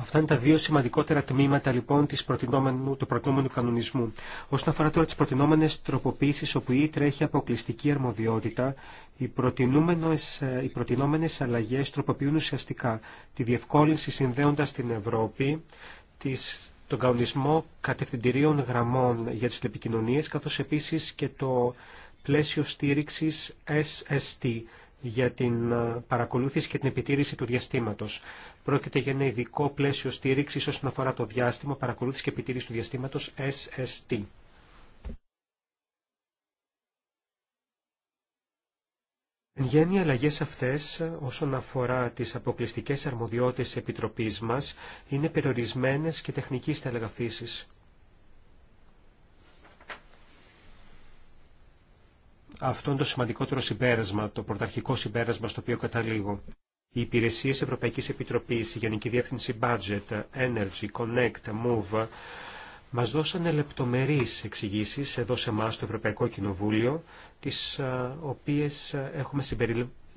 Αυτά είναι τα δύο σημαντικότερα τμήματα λοιπόν της προτινόμενου, του προτινόμενου κανονισμού. Όσον αφορά τώρα τις προτινόμενες τροποποίησεις όπου η ΙΤΡΑ έχει αποκλειστική αρμοδιότητα, οι, προτινόμενες, ε, οι προτινόμενες αλλαγές τροποποιούν ουσιαστικά τη διευκόλυνση συνδέοντας την Ευρώπη, τον κανονισμό κατευθυντηρίων γραμμών για τις τηλεπικοινωνίες, καθώς επίσης και το πλαίσιο στήριξης SST για την ε, παρακολούθηση και την επιτήρηση του διαστήματος. Πρόκειται για ένα ειδικό πλαίσιο στήριξης όσον αφορά το διάστημα παρακολούθηση και επιτήρηση του διαστήματο SST. Εν γέννη, οι αλλαγές αυτές όσον αφορά τις αποκλειστικές αρμοδιότητες Επιτροπής μας είναι περιορισμένες και τεχνικής θα έλεγα Αυτό είναι το σημαντικότερο συμπέρασμα, το πρωταρχικό συμπέρασμα στο οποίο καταλήγω. Οι υπηρεσίε Ευρωπαϊκή Επιτροπή, η Γενική Διεύθυνση Budget, Energy, Connect, Move, μα δώσανε λεπτομερεί εξηγήσει εδώ σε εμά, στο Ευρωπαϊκό Κοινοβούλιο, τι ε, οποίε ε, έχουμε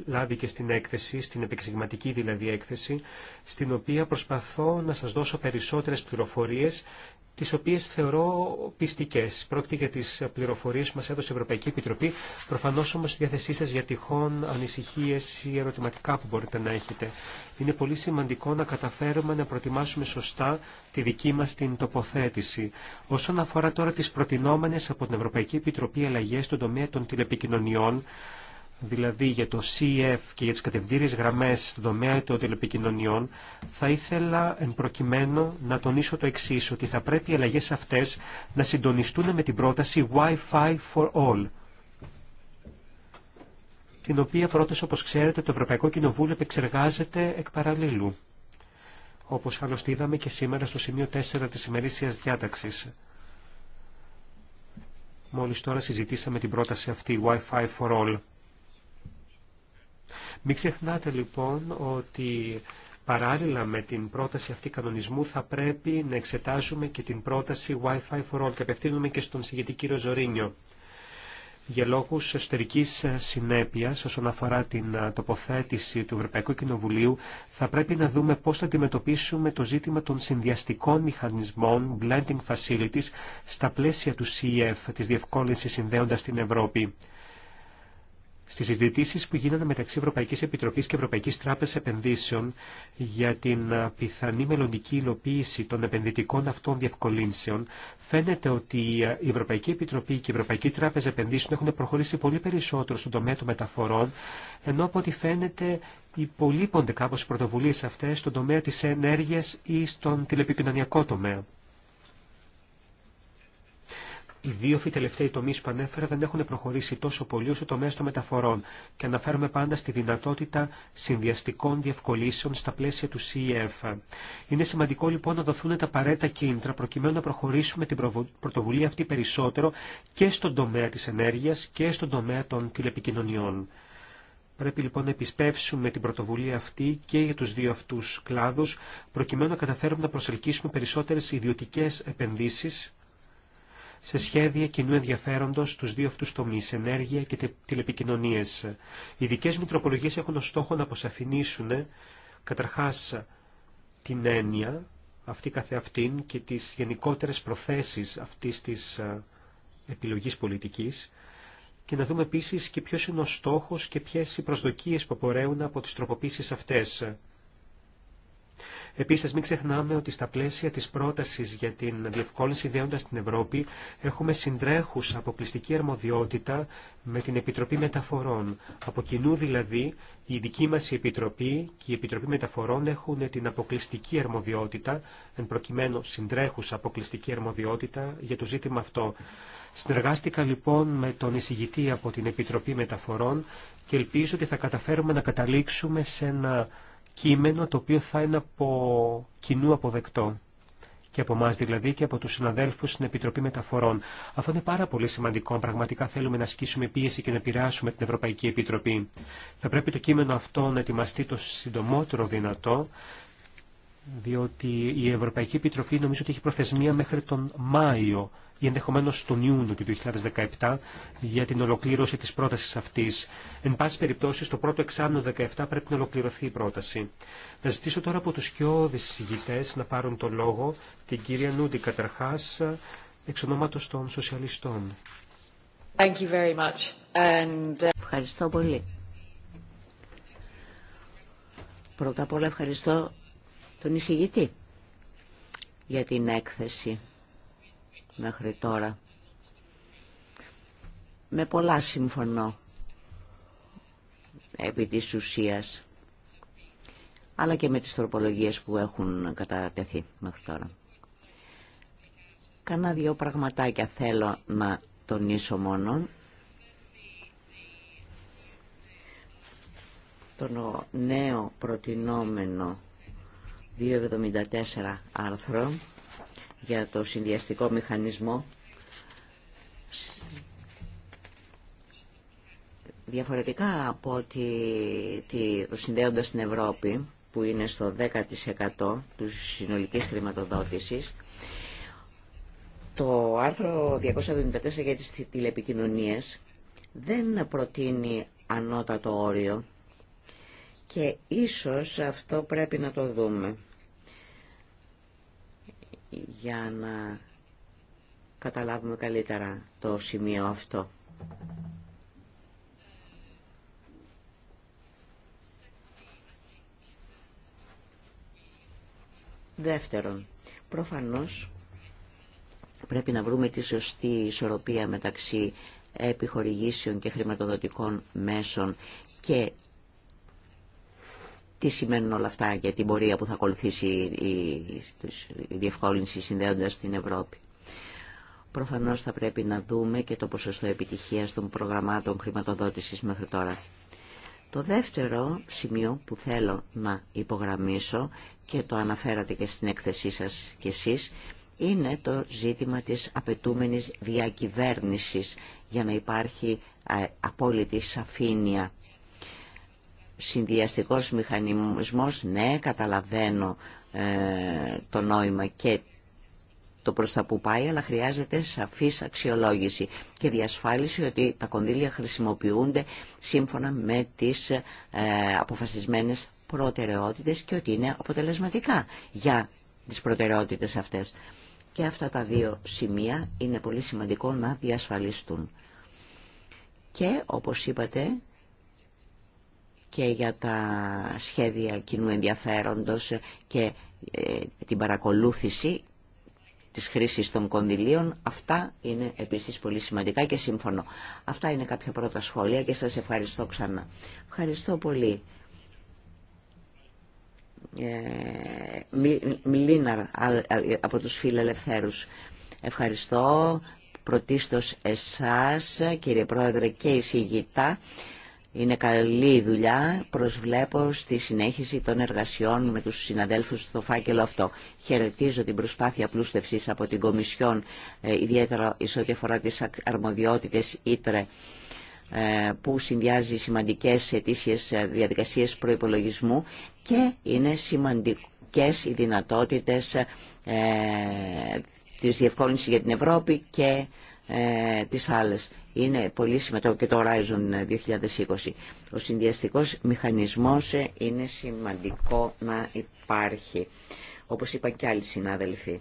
λάβει και στην έκθεση, στην επεξηγηματική δηλαδή έκθεση, στην οποία προσπαθώ να σας δώσω περισσότερες πληροφορίες, τις οποίες θεωρώ πιστικές. Πρόκειται για τις πληροφορίες που μας έδωσε η Ευρωπαϊκή Επιτροπή, προφανώς όμως στη διάθεσή σας για τυχόν ανησυχίες ή ερωτηματικά που μπορείτε να έχετε. Είναι πολύ σημαντικό να καταφέρουμε να προετοιμάσουμε σωστά τη δική μας την τοποθέτηση. Όσον αφορά τώρα τις προτινόμενες από την Ευρωπαϊκή Επιτροπή αλλαγές στον τομέα των τηλεπικοινωνιών, δηλαδή για το CF και για τις κατευθύνες γραμμές στον τομέα των τηλεπικοινωνιών, θα ήθελα εν προκειμένου να τονίσω το εξή ότι θα πρέπει οι αλλαγές αυτές να συντονιστούν με την πρόταση Wi-Fi for All, την οποία πρώτος, όπως ξέρετε, το Ευρωπαϊκό Κοινοβούλιο επεξεργάζεται εκ παραλλήλου, όπως άλλωστε είδαμε και σήμερα στο σημείο 4 της ημερήσιας διάταξης. Μόλις τώρα συζητήσαμε την πρόταση αυτή Wi-Fi for All. Μην ξεχνάτε λοιπόν ότι Παράλληλα με την πρόταση αυτή κανονισμού θα πρέπει να εξετάζουμε και την πρόταση Wi-Fi for All και απευθύνουμε και στον Συγγετή κύριο Ζωρίνιο για λόγους εσωτερικής ε, συνέπειας όσον αφορά την ε, τοποθέτηση του Ευρωπαϊκού Κοινοβουλίου θα πρέπει να δούμε πώς θα αντιμετωπίσουμε το ζήτημα των συνδυαστικών μηχανισμών blending facilities στα πλαίσια του CEF της διευκόλυνσης συνδέοντας την Ευρώπη στις συζητήσει που γίνανε μεταξύ Ευρωπαϊκής Επιτροπής και Ευρωπαϊκής Τράπεζας Επενδύσεων για την ε, πιθανή μελλοντική υλοποίηση των επενδυτικών αυτών διευκολύνσεων, φαίνεται ότι ε, η Ευρωπαϊκή Επιτροπή και η Ευρωπαϊκή Τράπεζα Επενδύσεων έχουν προχωρήσει πολύ περισσότερο στον τομέα των μεταφορών, ενώ από ό,τι φαίνεται υπολείπονται κάπως οι πρωτοβουλίες αυτές στον τομέα της ενέργειας ή στον τηλεπικοινωνιακό τομέα. Οι δύο τελευταίοι τομεί που ανέφερα δεν έχουν προχωρήσει τόσο πολύ όσο το μέσο των μεταφορών και αναφέρομαι πάντα στη δυνατότητα συνδυαστικών διευκολύσεων στα πλαίσια του CEF. Είναι σημαντικό λοιπόν να δοθούν τα παρέτα κίνητρα προκειμένου να προχωρήσουμε την πρωτοβουλία αυτή περισσότερο και στον τομέα τη ενέργεια και στον τομέα των τηλεπικοινωνιών. Πρέπει λοιπόν να επισπεύσουμε την πρωτοβουλία αυτή και για τους δύο αυτούς κλάδους, προκειμένου να καταφέρουμε να προσελκύσουμε περισσότερες ιδιωτικές επενδύσεις σε σχέδια κοινού ενδιαφέροντο στου δύο αυτού τομεί, ενέργεια και τηλεπικοινωνίε. Οι δικέ μου έχουν ως στόχο να αποσαφηνίσουν ε, καταρχά την έννοια αυτή καθεαυτήν και τι γενικότερε προθέσεις αυτής της ε, επιλογής πολιτικής και να δούμε επίση και ποιο είναι ο στόχο και ποιες οι προσδοκίε που απορρέουν από τι τροποποίησει αυτέ. Επίσης, μην ξεχνάμε ότι στα πλαίσια της πρότασης για την διευκόλυνση ιδέοντα στην Ευρώπη έχουμε συντρέχους αποκλειστική αρμοδιότητα με την Επιτροπή Μεταφορών. Από κοινού δηλαδή, η δική μας Επιτροπή και η Επιτροπή Μεταφορών έχουν την αποκλειστική αρμοδιότητα, εν προκειμένου συντρέχους αποκλειστική αρμοδιότητα για το ζήτημα αυτό. Συνεργάστηκα λοιπόν με τον εισηγητή από την Επιτροπή Μεταφορών και ελπίζω ότι θα καταφέρουμε να καταλήξουμε σε ένα κείμενο το οποίο θα είναι από κοινού αποδεκτό και από εμά δηλαδή και από τους συναδέλφους στην Επιτροπή Μεταφορών. Αυτό είναι πάρα πολύ σημαντικό. Πραγματικά θέλουμε να ασκήσουμε πίεση και να επηρεάσουμε την Ευρωπαϊκή Επιτροπή. Θα πρέπει το κείμενο αυτό να ετοιμαστεί το συντομότερο δυνατό, διότι η Ευρωπαϊκή Επιτροπή νομίζω ότι έχει προθεσμία μέχρι τον Μάιο ή ενδεχομένως τον Ιούνιο του 2017 για την ολοκλήρωση της πρότασης αυτής. Εν πάση περιπτώσει, στο πρώτο εξάμεινο 2017 πρέπει να ολοκληρωθεί η πρόταση. Θα ζητήσω τώρα από τους σκιώδεις συζητητές να πάρουν το λόγο, την κυρία Νούντι καταρχάς, εξ ονόματος των σοσιαλιστών. Thank you very much. Uh, ευχαριστώ πολύ. Πρώτα απ' όλα ευχαριστώ τον εισηγητή για την έκθεση μέχρι τώρα. Με πολλά συμφωνώ επί της ουσίας, αλλά και με τις τροπολογίες που έχουν κατατεθεί μέχρι τώρα. Κάνα δύο πραγματάκια θέλω να τονίσω μόνο. Το νέο προτινόμενο 274 άρθρο για το συνδυαστικό μηχανισμό. Διαφορετικά από ότι το συνδέοντας στην Ευρώπη, που είναι στο 10% του συνολικής χρηματοδότησης, το άρθρο 274 για τις τηλεπικοινωνίες δεν προτείνει ανώτατο όριο και ίσως αυτό πρέπει να το δούμε για να καταλάβουμε καλύτερα το σημείο αυτό. Δεύτερον, προφανώς πρέπει να βρούμε τη σωστή ισορροπία μεταξύ επιχορηγήσεων και χρηματοδοτικών μέσων και τι σημαίνουν όλα αυτά για την πορεία που θα ακολουθήσει η διευκόλυνση συνδέοντας την Ευρώπη. Προφανώς θα πρέπει να δούμε και το ποσοστό επιτυχίας των προγραμμάτων χρηματοδότησης μέχρι τώρα. Το δεύτερο σημείο που θέλω να υπογραμμίσω και το αναφέρατε και στην έκθεσή σας κι εσείς είναι το ζήτημα της απαιτούμενης διακυβέρνησης για να υπάρχει ε, απόλυτη σαφήνεια Συνδυαστικός μηχανισμός, ναι, καταλαβαίνω ε, το νόημα και το προς τα που πάει, αλλά χρειάζεται σαφής αξιολόγηση και διασφάλιση ότι τα κονδύλια χρησιμοποιούνται σύμφωνα με τις ε, αποφασισμένες προτεραιότητες και ότι είναι αποτελεσματικά για τις προτεραιότητες αυτές. Και αυτά τα δύο σημεία είναι πολύ σημαντικό να διασφαλιστούν. Και, όπως είπατε, και για τα σχέδια κοινού ενδιαφέροντος και ε, την παρακολούθηση της χρήσης των κονδυλίων. Αυτά είναι επίσης πολύ σημαντικά και σύμφωνο. Αυτά είναι κάποια πρώτα σχόλια και σας ευχαριστώ ξανά. Ευχαριστώ πολύ. Ε, Μιλίναρ από τους φιλελευθέρους. Ευχαριστώ πρωτίστως εσάς κύριε Πρόεδρε και εισηγητά είναι καλή δουλειά. Προσβλέπω στη συνέχιση των εργασιών με τους συναδέλφους στο φάκελο αυτό. Χαιρετίζω την προσπάθεια πλούστευσης από την Κομισιόν, ε, ιδιαίτερα σε ό,τι αφορά τις αρμοδιότητες Ήτρε, ε, που συνδυάζει σημαντικές αιτήσιες ε, διαδικασίες προϋπολογισμού και είναι σημαντικές οι δυνατότητες της διευκόλυνσης για την Ευρώπη και τις άλλες είναι πολύ σημαντικό και το Horizon 2020. Ο συνδυαστικός μηχανισμός είναι σημαντικό να υπάρχει, όπως είπαν και άλλοι συνάδελφοι.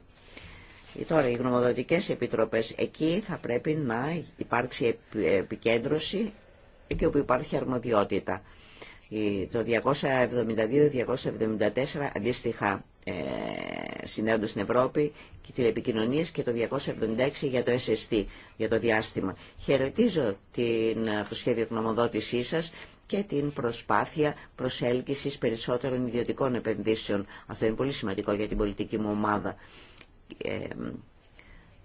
Ε, τώρα, οι γνωμοδοτικές επιτροπές, εκεί θα πρέπει να υπάρξει επικέντρωση εκεί όπου υπάρχει αρμοδιότητα. Ε, το 272-274 αντίστοιχα ε, συνέδριο στην Ευρώπη και τηλεπικοινωνίες και το 276 για το SST, για το διάστημα. Χαιρετίζω την, ε, το σχέδιο γνωμοδότησή σας και την προσπάθεια προσέλκυσης περισσότερων ιδιωτικών επενδύσεων. Αυτό είναι πολύ σημαντικό για την πολιτική μου ομάδα. Ε,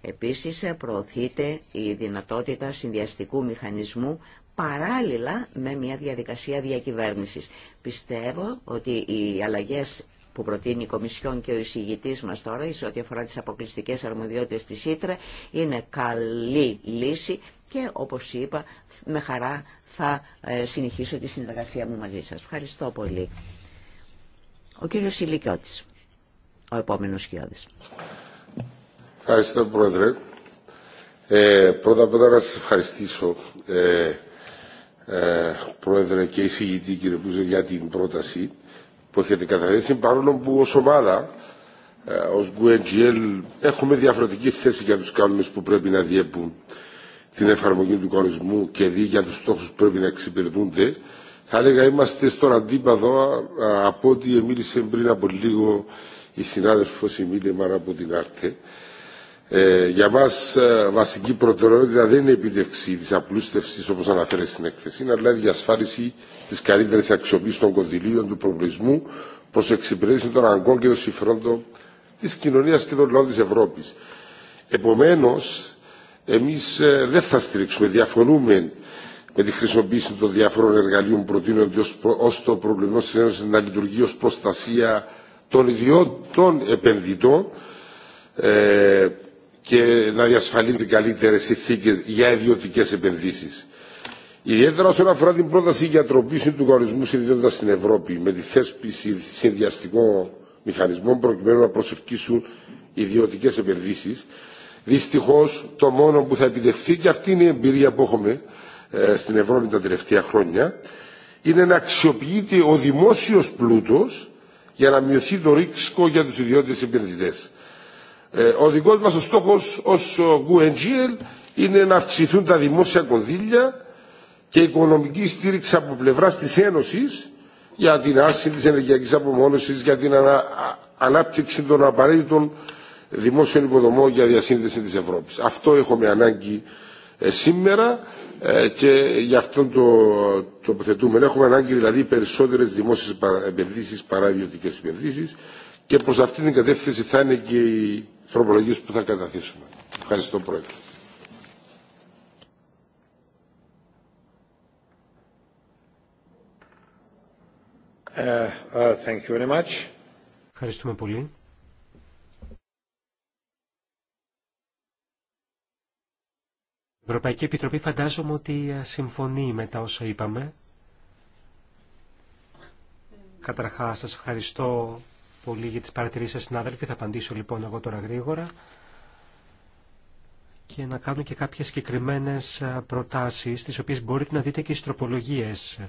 επίσης προωθείται η δυνατότητα συνδυαστικού μηχανισμού παράλληλα με μια διαδικασία διακυβέρνησης. Πιστεύω ότι οι αλλαγές που προτείνει η Κομισιόν και ο εισηγητή μας τώρα σε ό,τι αφορά τι αποκλειστικέ αρμοδιότητες της ΣΥΤΡΑ, είναι καλή λύση και όπως είπα με χαρά θα ε, συνεχίσω τη συνεργασία μου μαζί σας. Ευχαριστώ πολύ. Ο κύριος Σιλικιώτης, ο επόμενο Σκιώδης. Ευχαριστώ Πρόεδρε. Ε, πρώτα απ' όλα να σας ευχαριστήσω ε, ε, Πρόεδρε και εισηγητή κύριε Πούζο για την πρόταση που έχετε καταθέσει, παρόλο που ω ομάδα, ε, ως GUNGL, έχουμε διαφορετική θέση για τους κανόνε που πρέπει να διέπουν την εφαρμογή του κανονισμού και δι για τους στόχους που πρέπει να εξυπηρετούνται. Θα έλεγα είμαστε στον αντίπαδο από ό,τι μίλησε πριν από λίγο η συνάδελφος η Μίλη Μάρα από την Άρτε. Ε, για μα, ε, βασική προτεραιότητα δεν είναι η επίτευξη τη απλούστευση όπω αναφέρεται στην έκθεση, αλλά δηλαδή η διασφάλιση τη καλύτερη αξιοποίηση των κονδυλίων του προβλησμού προς εξυπηρέτηση των αγκών και των συμφερόντων τη κοινωνία και των λαών της Ευρώπης. Επομένως, εμείς ε, δεν θα στηρίξουμε, διαφωνούμε με τη χρησιμοποίηση των διαφορών εργαλείων προτείνονται ω το προβλημό τη Ένωση να λειτουργεί ω προστασία των ιδιών των επενδυτών και να διασφαλίζει καλύτερε ηθίκε για ιδιωτικέ επενδύσει. Ιδιαίτερα όσον αφορά την πρόταση για τροπήση του κανονισμού συνδέοντα στην Ευρώπη με τη θέσπιση συνδυαστικών μηχανισμών προκειμένου να προσευχήσουν ιδιωτικέ επενδύσει, δυστυχώ το μόνο που θα επιτευχθεί, και αυτή είναι η εμπειρία που έχουμε ε, στην Ευρώπη τα τελευταία χρόνια, είναι να αξιοποιείται ο δημόσιο πλούτο για να μειωθεί το ρίξκο για του ιδιώτε επενδυτέ. Ε, ο δικός μας ο στόχος ως GUNGL είναι να αυξηθούν τα δημόσια κονδύλια και η οικονομική στήριξη από πλευρά της Ένωσης για την άσκηση της ενεργειακής απομόνωσης, για την ανάπτυξη των απαραίτητων δημόσιων υποδομών για διασύνδεση της Ευρώπης. Αυτό έχουμε ανάγκη ε, σήμερα ε, και γι' αυτό το τοποθετούμε. Έχουμε ανάγκη δηλαδή περισσότερες δημόσιες επενδύσει, παρά ιδιωτικέ επενδύσει και προς αυτήν την κατεύθυνση θα είναι και η τροπολογίες που θα καταθήσουμε. Ευχαριστώ Πρόεδρε. Ε, ε, Ευχαριστούμε πολύ. Η Ευρωπαϊκή Επιτροπή φαντάζομαι ότι ε, συμφωνεί με τα όσα είπαμε. Καταρχάς σας ευχαριστώ πολύ για τις παρατηρήσεις σας συνάδελφοι. Θα απαντήσω λοιπόν εγώ τώρα γρήγορα και να κάνω και κάποιες συγκεκριμένε προτάσεις, τις οποίες μπορείτε να δείτε και στις τροπολογίες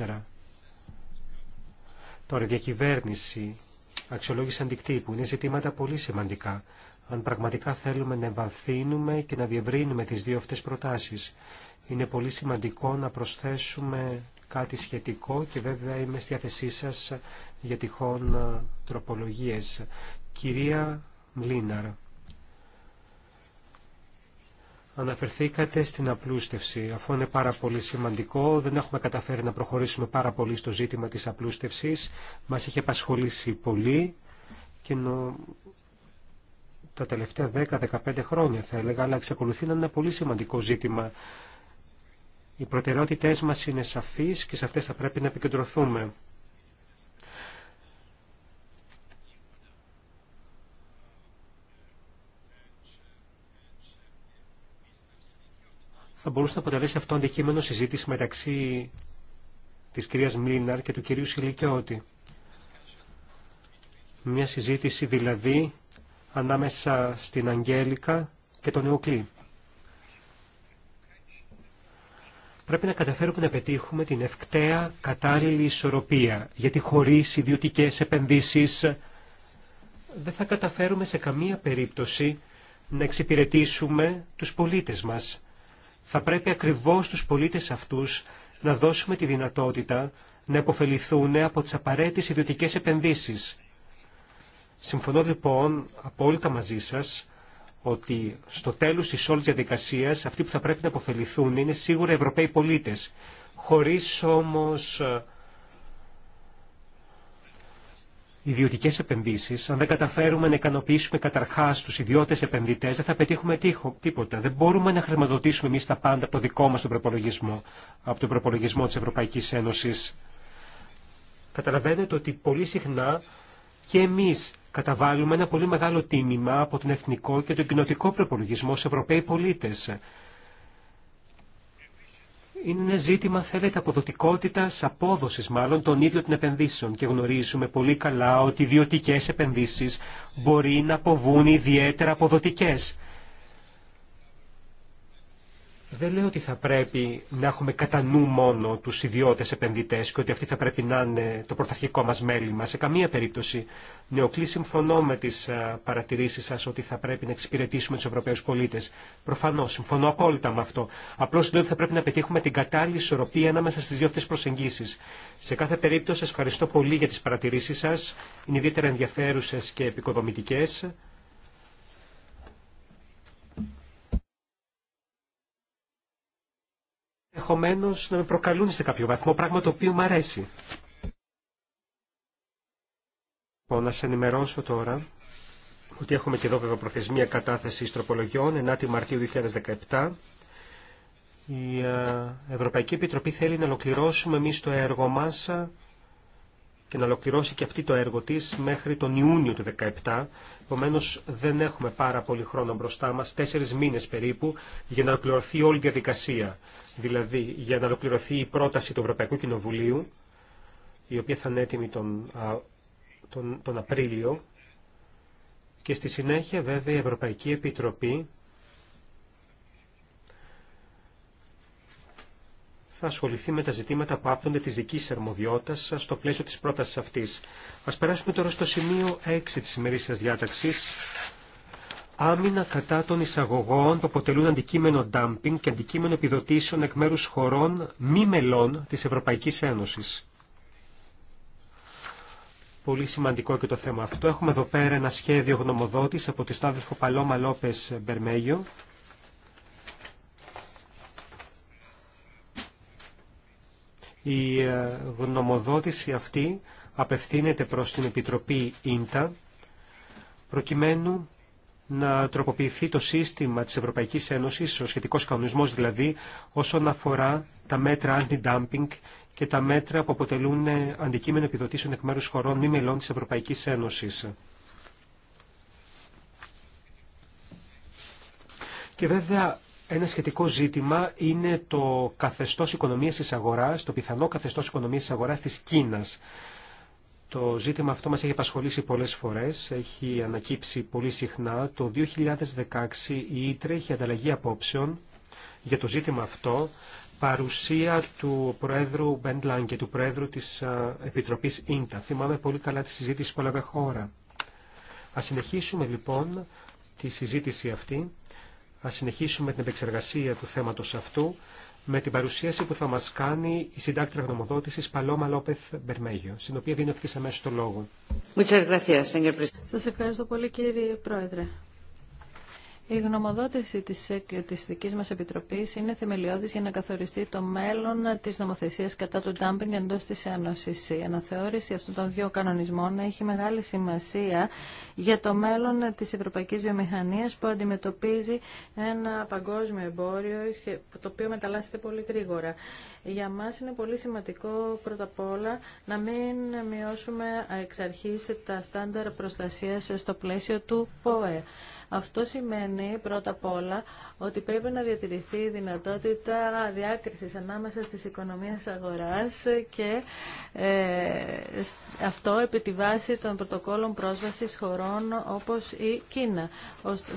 272-274. Τώρα, διακυβέρνηση, αξιολόγηση αντικτύπου, είναι ζητήματα πολύ σημαντικά. Αν πραγματικά θέλουμε να εμβαθύνουμε και να διευρύνουμε τις δύο αυτές προτάσεις, είναι πολύ σημαντικό να προσθέσουμε κάτι σχετικό και βέβαια είμαι στη διάθεσή σας για τυχόν ε, τροπολογίες. Κυρία Μλίναρ, αναφερθήκατε στην απλούστευση. Αφού είναι πάρα πολύ σημαντικό, δεν έχουμε καταφέρει να προχωρήσουμε πάρα πολύ στο ζήτημα της απλούστευσης. Μας έχει απασχολήσει πολύ και νο... τα τελευταία 10-15 χρόνια θα έλεγα, αλλά εξακολουθεί να είναι ένα πολύ σημαντικό ζήτημα οι προτεραιότητές μας είναι σαφείς και σε αυτές θα πρέπει να επικεντρωθούμε. Θα μπορούσε να αποτελέσει αυτό αντικείμενο συζήτηση μεταξύ της κυρίας Μλίναρ και του κυρίου Σιλικιώτη. Μια συζήτηση δηλαδή ανάμεσα στην Αγγέλικα και τον Ιωκλή. Πρέπει να καταφέρουμε να πετύχουμε την ευκταία κατάλληλη ισορροπία, γιατί χωρίς ιδιωτικές επενδύσεις δεν θα καταφέρουμε σε καμία περίπτωση να εξυπηρετήσουμε τους πολίτες μας. Θα πρέπει ακριβώς τους πολίτες αυτούς να δώσουμε τη δυνατότητα να υποφεληθούν από τις απαραίτητες ιδιωτικές επενδύσεις. Συμφωνώ λοιπόν απόλυτα μαζί σας ότι στο τέλος της όλης διαδικασίας αυτοί που θα πρέπει να αποφεληθούν είναι σίγουρα Ευρωπαίοι πολίτες, χωρίς όμως ε, ιδιωτικέ επενδύσει, αν δεν καταφέρουμε να ικανοποιήσουμε καταρχά του ιδιώτε επενδυτέ, δεν θα πετύχουμε τίποτα. Δεν μπορούμε να χρηματοδοτήσουμε εμεί τα πάντα από το δικό μα τον προπολογισμό, από τον προπολογισμό τη Ευρωπαϊκή Ένωση. Καταλαβαίνετε ότι πολύ συχνά και εμείς καταβάλουμε ένα πολύ μεγάλο τίμημα από τον εθνικό και τον κοινοτικό προπολογισμό σε Ευρωπαίοι πολίτες. Είναι ζήτημα, θέλετε, αποδοτικότητα, απόδοση μάλλον των ίδιων των επενδύσεων. Και γνωρίζουμε πολύ καλά ότι ιδιωτικέ επενδύσει μπορεί να αποβούν ιδιαίτερα αποδοτικές. Δεν λέω ότι θα πρέπει να έχουμε κατά νου μόνο του ιδιώτε επενδυτέ και ότι αυτοί θα πρέπει να είναι το πρωταρχικό μας μέλημα. Σε καμία περίπτωση νεοκλή συμφωνώ με τι ε, παρατηρήσει σα ότι θα πρέπει να εξυπηρετήσουμε του Ευρωπαίου πολίτε. Προφανώ, συμφωνώ απόλυτα με αυτό. Απλώ λέω ότι θα πρέπει να πετύχουμε την κατάλληλη ισορροπία ανάμεσα στι δύο αυτέ προσεγγίσεις. Σε κάθε περίπτωση σας ευχαριστώ πολύ για τι παρατηρήσει σα, Είναι ιδιαίτερα ενδιαφέρουσε και επικοδομητικέ. ενδεχομένω να με προκαλούν σε κάποιο βαθμό, πράγμα το οποίο μου αρέσει. Λοιπόν, να σε ενημερώσω τώρα ότι έχουμε και εδώ βέβαια προθεσμία κατάθεση τροπολογιών 9η Μαρτίου 2017. Η ε, Ευρωπαϊκή Επιτροπή θέλει να ολοκληρώσουμε εμεί το έργο μας και να ολοκληρώσει και αυτή το έργο της μέχρι τον Ιούνιο του 2017. Επομένω δεν έχουμε πάρα πολύ χρόνο μπροστά μας, τέσσερις μήνες περίπου, για να ολοκληρωθεί όλη η διαδικασία. Δηλαδή για να ολοκληρωθεί η πρόταση του Ευρωπαϊκού Κοινοβουλίου, η οποία θα είναι έτοιμη τον, τον, τον Απρίλιο. Και στη συνέχεια βέβαια η Ευρωπαϊκή Επιτροπή θα ασχοληθεί με τα ζητήματα που άπτονται τη δική αρμοδιότητα στο πλαίσιο τη πρόταση αυτή. Α περάσουμε τώρα στο σημείο 6 τη ημερήσια διάταξη. Άμυνα κατά των εισαγωγών που αποτελούν αντικείμενο dumping και αντικείμενο επιδοτήσεων εκ μέρου χωρών μη μελών τη Ευρωπαϊκή Ένωση. Πολύ σημαντικό και το θέμα αυτό. Έχουμε εδώ πέρα ένα σχέδιο γνωμοδότης από τη Στάδελφο Παλώμα Λόπες Μπερμέγιο. Η ε, γνωμοδότηση αυτή απευθύνεται προς την Επιτροπή ΙΝΤΑ προκειμένου να τροποποιηθεί το σύστημα της Ευρωπαϊκής Ένωσης, ο σχετικός κανονισμός δηλαδή, όσον αφορά τα μέτρα anti-dumping και τα μέτρα που αποτελούν αντικείμενο επιδοτήσεων εκ μέρους χωρών μη μελών της Ευρωπαϊκής Ένωσης. Και βέβαια ένα σχετικό ζήτημα είναι το καθεστώς οικονομίας της αγοράς, το πιθανό καθεστώς οικονομίας της αγοράς της Κίνας. Το ζήτημα αυτό μας έχει απασχολήσει πολλές φορές, έχει ανακύψει πολύ συχνά. Το 2016 η Ήτρε έχει ανταλλαγή απόψεων για το ζήτημα αυτό, παρουσία του Προέδρου Μπεντλάν και του Προέδρου της Επιτροπής Ίντα. Θυμάμαι πολύ καλά τη συζήτηση που έλαβε χώρα. Ας συνεχίσουμε λοιπόν τη συζήτηση αυτή Ας συνεχίσουμε την επεξεργασία του θέματος αυτού με την παρουσίαση που θα μας κάνει η συντάκτρια γνωμοδότησης Παλώμα Λόπεθ Μπερμέγιο, στην οποία δίνω ευθύ αμέσως το λόγο. Σας ευχαριστώ πολύ κύριε Πρόεδρε. Η γνωμοδότηση της, της δικής μας Επιτροπής είναι θεμελιώδης για να καθοριστεί το μέλλον της νομοθεσίας κατά του ντάμπινγκ εντός της Ένωσης. Η αναθεώρηση αυτών των δύο κανονισμών έχει μεγάλη σημασία για το μέλλον της ευρωπαϊκής βιομηχανίας που αντιμετωπίζει ένα παγκόσμιο εμπόριο το οποίο μεταλλάσσεται πολύ γρήγορα. Για μας είναι πολύ σημαντικό πρώτα απ' όλα να μην μειώσουμε εξ αρχής τα στάνταρ προστασίας στο πλαίσιο του ΠΟΕ. Αυτό σημαίνει πρώτα απ' όλα ότι πρέπει να διατηρηθεί η δυνατότητα διάκρισης ανάμεσα στις οικονομίες αγοράς και ε, αυτό επί τη βάση των πρωτοκόλων πρόσβασης χωρών όπως η Κίνα.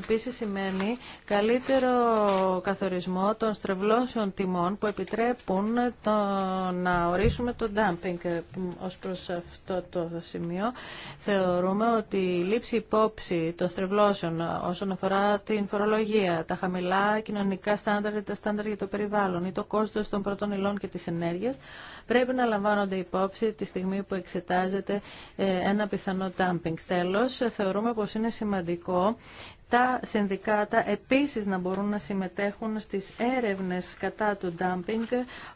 Επίσης σημαίνει καλύτερο καθορισμό των στρεβλώσεων τιμών που επιτρέπουν το, να ορίσουμε το dumping ως προς αυτό το σημείο. Θεωρούμε ότι η λήψη υπόψη των στρεβλώσεων όσον αφορά την φορολογία, τα χαμηλά κοινωνικά στάνταρ ή τα στάνταρ για το περιβάλλον ή το κόστος των πρώτων υλών και της ενέργειας πρέπει να λαμβάνονται υπόψη τη στιγμή που εξετάζεται ε, ένα πιθανό τάμπινγκ. Τέλος, θεωρούμε πως είναι σημαντικό τα συνδικάτα επίσης να μπορούν να συμμετέχουν στις έρευνες κατά του ντάμπινγκ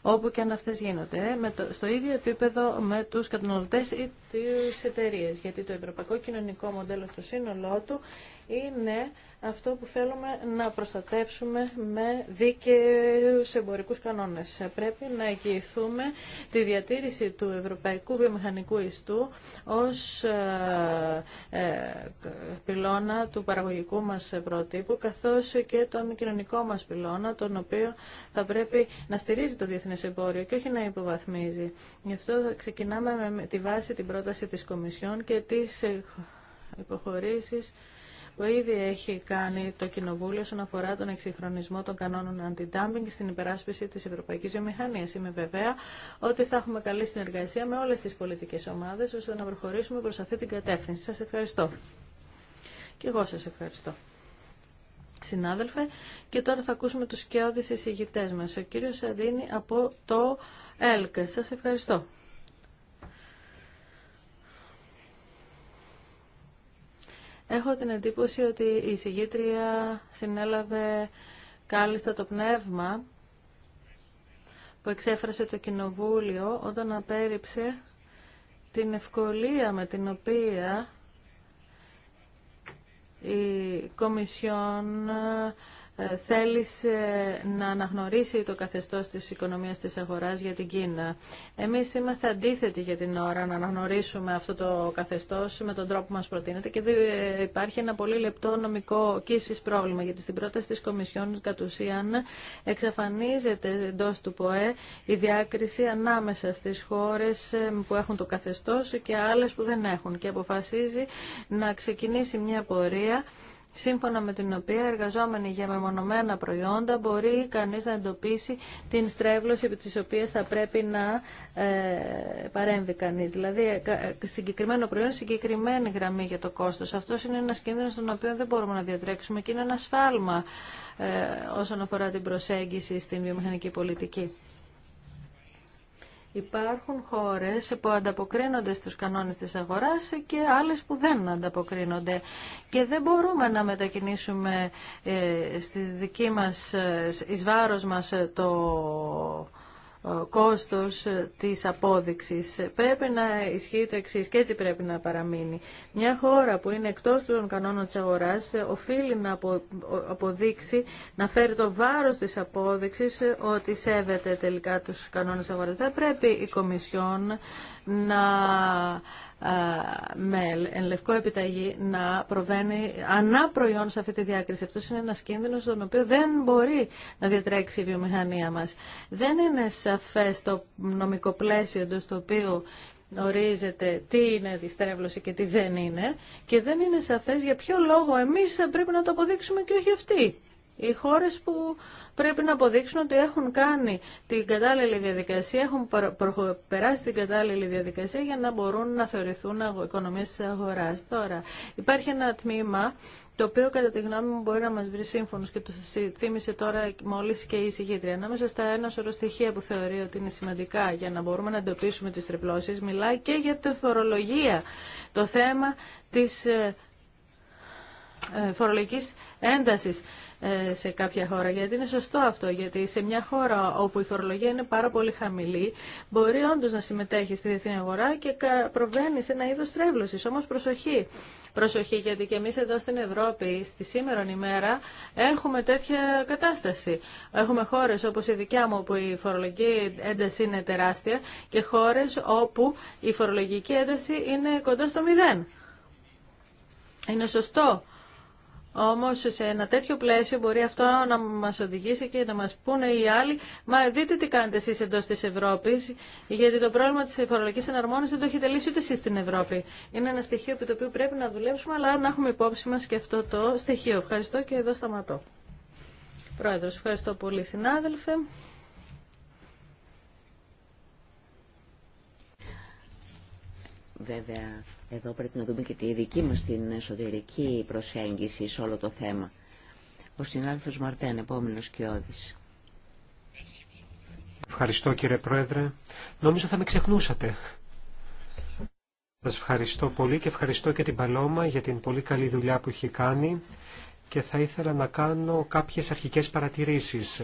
όπου και αν αυτές γίνονται ε, με το, στο ίδιο επίπεδο με τους καταναλωτές ή τις εταιρείε, γιατί το ευρωπαϊκό κοινωνικό μοντέλο στο σύνολό του είναι αυτό που θέλουμε να προστατεύσουμε με δίκαιους εμπορικούς κανόνες. Πρέπει να εγγυηθούμε τη διατήρηση του ευρωπαϊκού βιομηχανικού ιστού ως ε, ε, πυλώνα του παραγωγικού μας προτύπου, καθώς και τον κοινωνικό μας πυλώνα, τον οποίο θα πρέπει να στηρίζει το διεθνές εμπόριο και όχι να υποβαθμίζει. Γι' αυτό θα ξεκινάμε με τη βάση την πρόταση της Κομισιόν και τις ε, υποχωρήσεις που ήδη έχει κάνει το Κοινοβούλιο όσον αφορά τον εξυγχρονισμό των κανόνων αντι-dumping στην υπεράσπιση τη ευρωπαϊκή βιομηχανία. Είμαι βεβαία ότι θα έχουμε καλή συνεργασία με όλε τι πολιτικέ ομάδε ώστε να προχωρήσουμε προ αυτή την κατεύθυνση. Σα ευχαριστώ. Και εγώ σα ευχαριστώ. Συνάδελφε, και τώρα θα ακούσουμε του σκιώδεις εισηγητές μα, Ο κύριο Σαρίνη από το ΕΛΚ. Σα ευχαριστώ. Έχω την εντύπωση ότι η συγγήτρια συνέλαβε κάλλιστα το πνεύμα που εξέφρασε το Κοινοβούλιο όταν απέριψε την ευκολία με την οποία η Κομισιόν ε, θέλησε να αναγνωρίσει το καθεστώς της οικονομίας της αγοράς για την Κίνα. Εμείς είμαστε αντίθετοι για την ώρα να αναγνωρίσουμε αυτό το καθεστώς με τον τρόπο που μας προτείνεται και υπάρχει ένα πολύ λεπτό νομικό κίσης πρόβλημα γιατί στην πρόταση της Κομισιόν κατ' ουσίαν εξαφανίζεται εντό του ΠΟΕ η διάκριση ανάμεσα στις χώρες ε, που έχουν το καθεστώς και άλλες που δεν έχουν και αποφασίζει να ξεκινήσει μια πορεία σύμφωνα με την οποία εργαζόμενοι για μεμονωμένα προϊόντα μπορεί κανείς να εντοπίσει την στρέβλωση τη οποία θα πρέπει να ε, παρέμβει κανείς. Δηλαδή, ε, ε, συγκεκριμένο προϊόν, συγκεκριμένη γραμμή για το κόστος. Αυτός είναι ένας κίνδυνος τον οποίο δεν μπορούμε να διατρέξουμε και είναι ένα σφάλμα όσον αφορά την προσέγγιση στην βιομηχανική πολιτική. Υπάρχουν χώρες που ανταποκρίνονται στους κανόνες της αγοράς και άλλες που δεν ανταποκρίνονται. Και δεν μπορούμε να μετακινήσουμε ε, στις δική μας, ε, εις μας ε, το κόστος της απόδειξης. Πρέπει να ισχύει το εξής και έτσι πρέπει να παραμείνει. Μια χώρα που είναι εκτός των κανόνων της αγοράς οφείλει να αποδείξει, να φέρει το βάρος της απόδειξης ότι σέβεται τελικά τους κανόνες αγοράς. Δεν πρέπει η Κομισιόν να με λευκό επιταγή να προβαίνει ανά προϊόν σε αυτή τη διάκριση. Αυτό είναι ένα κίνδυνο στον οποίο δεν μπορεί να διατρέξει η βιομηχανία μα. Δεν είναι σαφές το νομικό πλαίσιο εντό το οποίο ορίζεται τι είναι διστρέβλωση και τι δεν είναι και δεν είναι σαφές για ποιο λόγο εμείς πρέπει να το αποδείξουμε και όχι αυτοί. Οι χώρες που πρέπει να αποδείξουν ότι έχουν κάνει την κατάλληλη διαδικασία, έχουν περάσει την κατάλληλη διαδικασία για να μπορούν να θεωρηθούν οικονομίες της αγοράς. Τώρα, υπάρχει ένα τμήμα το οποίο κατά τη γνώμη μου μπορεί να μας βρει σύμφωνος και το θύμισε τώρα μόλις και η συγχύτρια. Ανάμεσα στα ένα σωρό στοιχεία που θεωρεί ότι είναι σημαντικά για να μπορούμε να εντοπίσουμε τις τριπλώσεις, μιλάει και για τη φορολογία, το θέμα της ε, ε, φορολογικής έντασης ε, σε κάποια χώρα. Γιατί είναι σωστό αυτό, γιατί σε μια χώρα όπου η φορολογία είναι πάρα πολύ χαμηλή, μπορεί όντω να συμμετέχει στη διεθνή αγορά και προβαίνει σε ένα είδο τρέβλωση. Όμω προσοχή. Προσοχή, γιατί και εμεί εδώ στην Ευρώπη, στη σήμερα ημέρα, έχουμε τέτοια κατάσταση. Έχουμε χώρε όπω η δικιά μου, όπου η φορολογική ένταση είναι τεράστια, και χώρε όπου η φορολογική ένταση είναι κοντά στο μηδέν. Είναι σωστό όμως σε ένα τέτοιο πλαίσιο μπορεί αυτό να μας οδηγήσει και να μας πούνε οι άλλοι «Μα δείτε τι κάνετε εσείς εντός της Ευρώπης, γιατί το πρόβλημα της φορολογικής εναρμόνισης δεν το έχετε λύσει ούτε εσείς στην Ευρώπη». Είναι ένα στοιχείο επί το οποίο πρέπει να δουλέψουμε, αλλά να έχουμε υπόψη μας και αυτό το στοιχείο. Ευχαριστώ και εδώ σταματώ. Πρόεδρος, ευχαριστώ πολύ συνάδελφε. Βέβαια, εδώ πρέπει να δούμε και τη δική μας την εσωτερική προσέγγιση σε όλο το θέμα. Ο συνάδελφος Μαρτέν, επόμενος Κιώδης. Ευχαριστώ κύριε Πρόεδρε. Νομίζω θα με ξεχνούσατε. Σας ευχαριστώ πολύ και ευχαριστώ και την Παλώμα για την πολύ καλή δουλειά που έχει κάνει και θα ήθελα να κάνω κάποιες αρχικές παρατηρήσεις.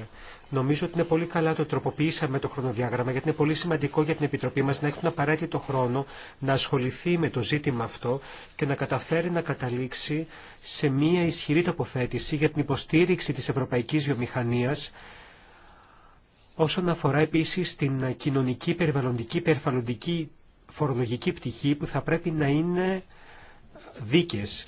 Νομίζω ότι είναι πολύ καλά το τροποποιήσαμε το χρονοδιάγραμμα, γιατί είναι πολύ σημαντικό για την Επιτροπή μας να έχει τον απαραίτητο χρόνο να ασχοληθεί με το ζήτημα αυτό και να καταφέρει να καταλήξει σε μία ισχυρή τοποθέτηση για την υποστήριξη της ευρωπαϊκής βιομηχανίας, όσον αφορά επίσης την κοινωνική, περιβαλλοντική, περιβαλλοντική, φορολογική πτυχή που θα πρέπει να είναι δίκες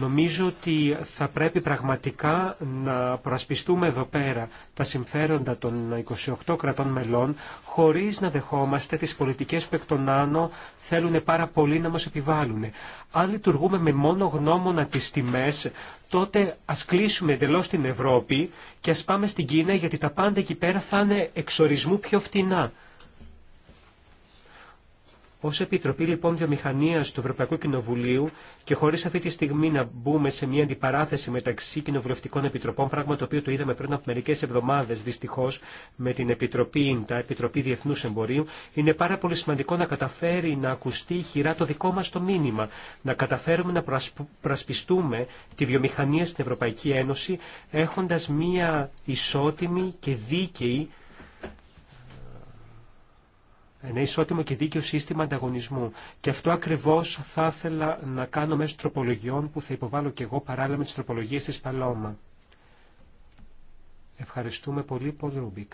Νομίζω ότι θα πρέπει πραγματικά να προασπιστούμε εδώ πέρα τα συμφέροντα των 28 κρατών μελών χωρίς να δεχόμαστε τις πολιτικές που εκ των άνω θέλουν πάρα πολύ να μας επιβάλλουν. Αν λειτουργούμε με μόνο γνώμονα τις τιμές, τότε ας κλείσουμε εντελώ την Ευρώπη και ας πάμε στην Κίνα γιατί τα πάντα εκεί πέρα θα είναι εξορισμού πιο φτηνά. Ω Επιτροπή λοιπόν Βιομηχανία του Ευρωπαϊκού Κοινοβουλίου και χωρί αυτή τη στιγμή να μπούμε σε μια αντιπαράθεση μεταξύ κοινοβουλευτικών επιτροπών, πράγμα το οποίο το είδαμε πριν από μερικέ εβδομάδε δυστυχώ με την Επιτροπή ΙΝΤΑ, Επιτροπή Διεθνού Εμπορίου, είναι πάρα πολύ σημαντικό να καταφέρει να ακουστεί χειρά το δικό μα το μήνυμα. Να καταφέρουμε να προασπιστούμε τη βιομηχανία στην Ευρωπαϊκή Ένωση έχοντα μια ισότιμη και δίκαιη ένα ισότιμο και δίκαιο σύστημα ανταγωνισμού. Και αυτό ακριβώ θα ήθελα να κάνω μέσω τροπολογιών που θα υποβάλω και εγώ παράλληλα με τι τροπολογίε τη Παλώμα. Ευχαριστούμε πολύ, Πολ Ρούμπικ.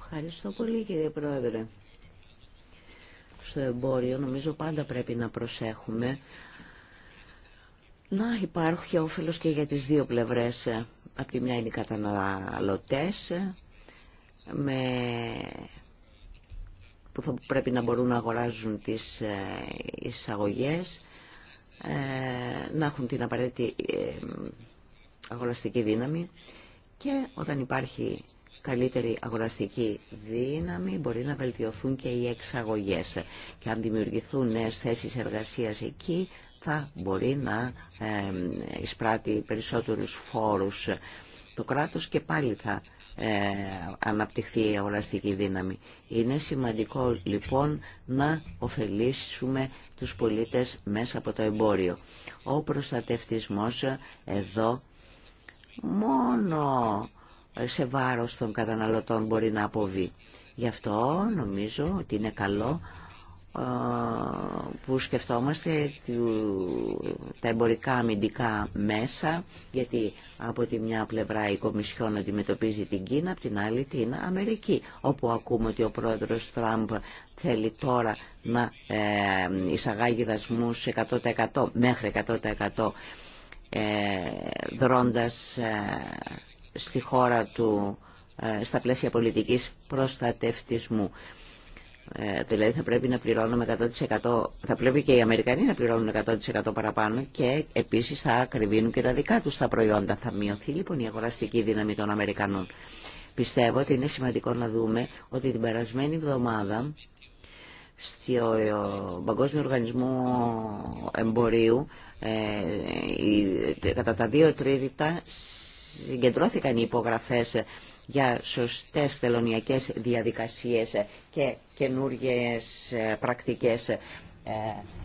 Ευχαριστώ πολύ, κύριε Πρόεδρε. Στο εμπόριο νομίζω πάντα πρέπει να προσέχουμε να υπάρχει όφελος και για τις δύο πλευρές. Απ' τη μια είναι οι καταναλωτές με που θα πρέπει να μπορούν να αγοράζουν τις ε, εισαγωγές, ε, να έχουν την απαραίτητη ε, αγοραστική δύναμη και όταν υπάρχει καλύτερη αγοραστική δύναμη μπορεί να βελτιωθούν και οι εξαγωγές και αν δημιουργηθούν νέες θέσεις εργασίας εκεί θα μπορεί να εισπράττει περισσότερους φόρους το κράτος και πάλι θα ε, αναπτυχθεί η αγοραστική δύναμη. Είναι σημαντικό λοιπόν να ωφελήσουμε τους πολίτες μέσα από το εμπόριο. Ο προστατευτισμός ε, εδώ μόνο σε βάρος των καταναλωτών μπορεί να αποβεί. Γι' αυτό νομίζω ότι είναι καλό που σκεφτόμαστε τα εμπορικά αμυντικά μέσα γιατί από τη μια πλευρά η Κομισιόν αντιμετωπίζει την Κίνα από την άλλη την Αμερική όπου ακούμε ότι ο πρόεδρος Τραμπ θέλει τώρα να ε, εισαγάγει δασμούς 100% μέχρι 100% ε, δρώντας ε, στη χώρα του στα πλαίσια πολιτικής προστατευτισμού. Ε, δηλαδή θα πρέπει να πληρώνουμε 100%, θα πρέπει και οι Αμερικανοί να πληρώνουν 100% παραπάνω και επίσης θα ακριβίνουν και τα δικά τους τα προϊόντα. Θα μειωθεί λοιπόν η αγοραστική δύναμη των Αμερικανών. Πιστεύω ότι είναι σημαντικό να δούμε ότι την περασμένη εβδομάδα στο ε, Παγκόσμιο Οργανισμό Εμπορίου ε, κατά τα δύο τρίτητα συγκεντρώθηκαν οι υπογραφές για σωστές θελωνιακές διαδικασίες και καινούργιες ε, πρακτικές ε,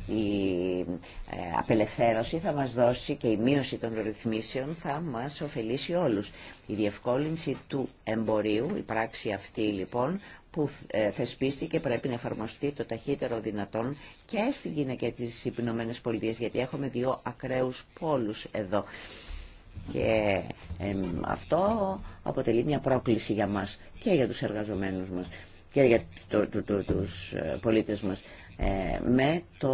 η ε, απελευθέρωση θα μας δώσει και η μείωση των ρυθμίσεων θα μας ωφελήσει όλους. Η διευκόλυνση του εμπορίου, η πράξη αυτή λοιπόν που θεσπίστηκε πρέπει να εφαρμοστεί το ταχύτερο δυνατόν και στην Κίνα και τις Ηνωμένε Πολιτείες γιατί έχουμε δύο ακραίους πόλους εδώ αυτό αποτελεί μια πρόκληση για μας και για τους εργαζομένους μας και για το, το, το, τους ε, πολίτες μας. Ε, με το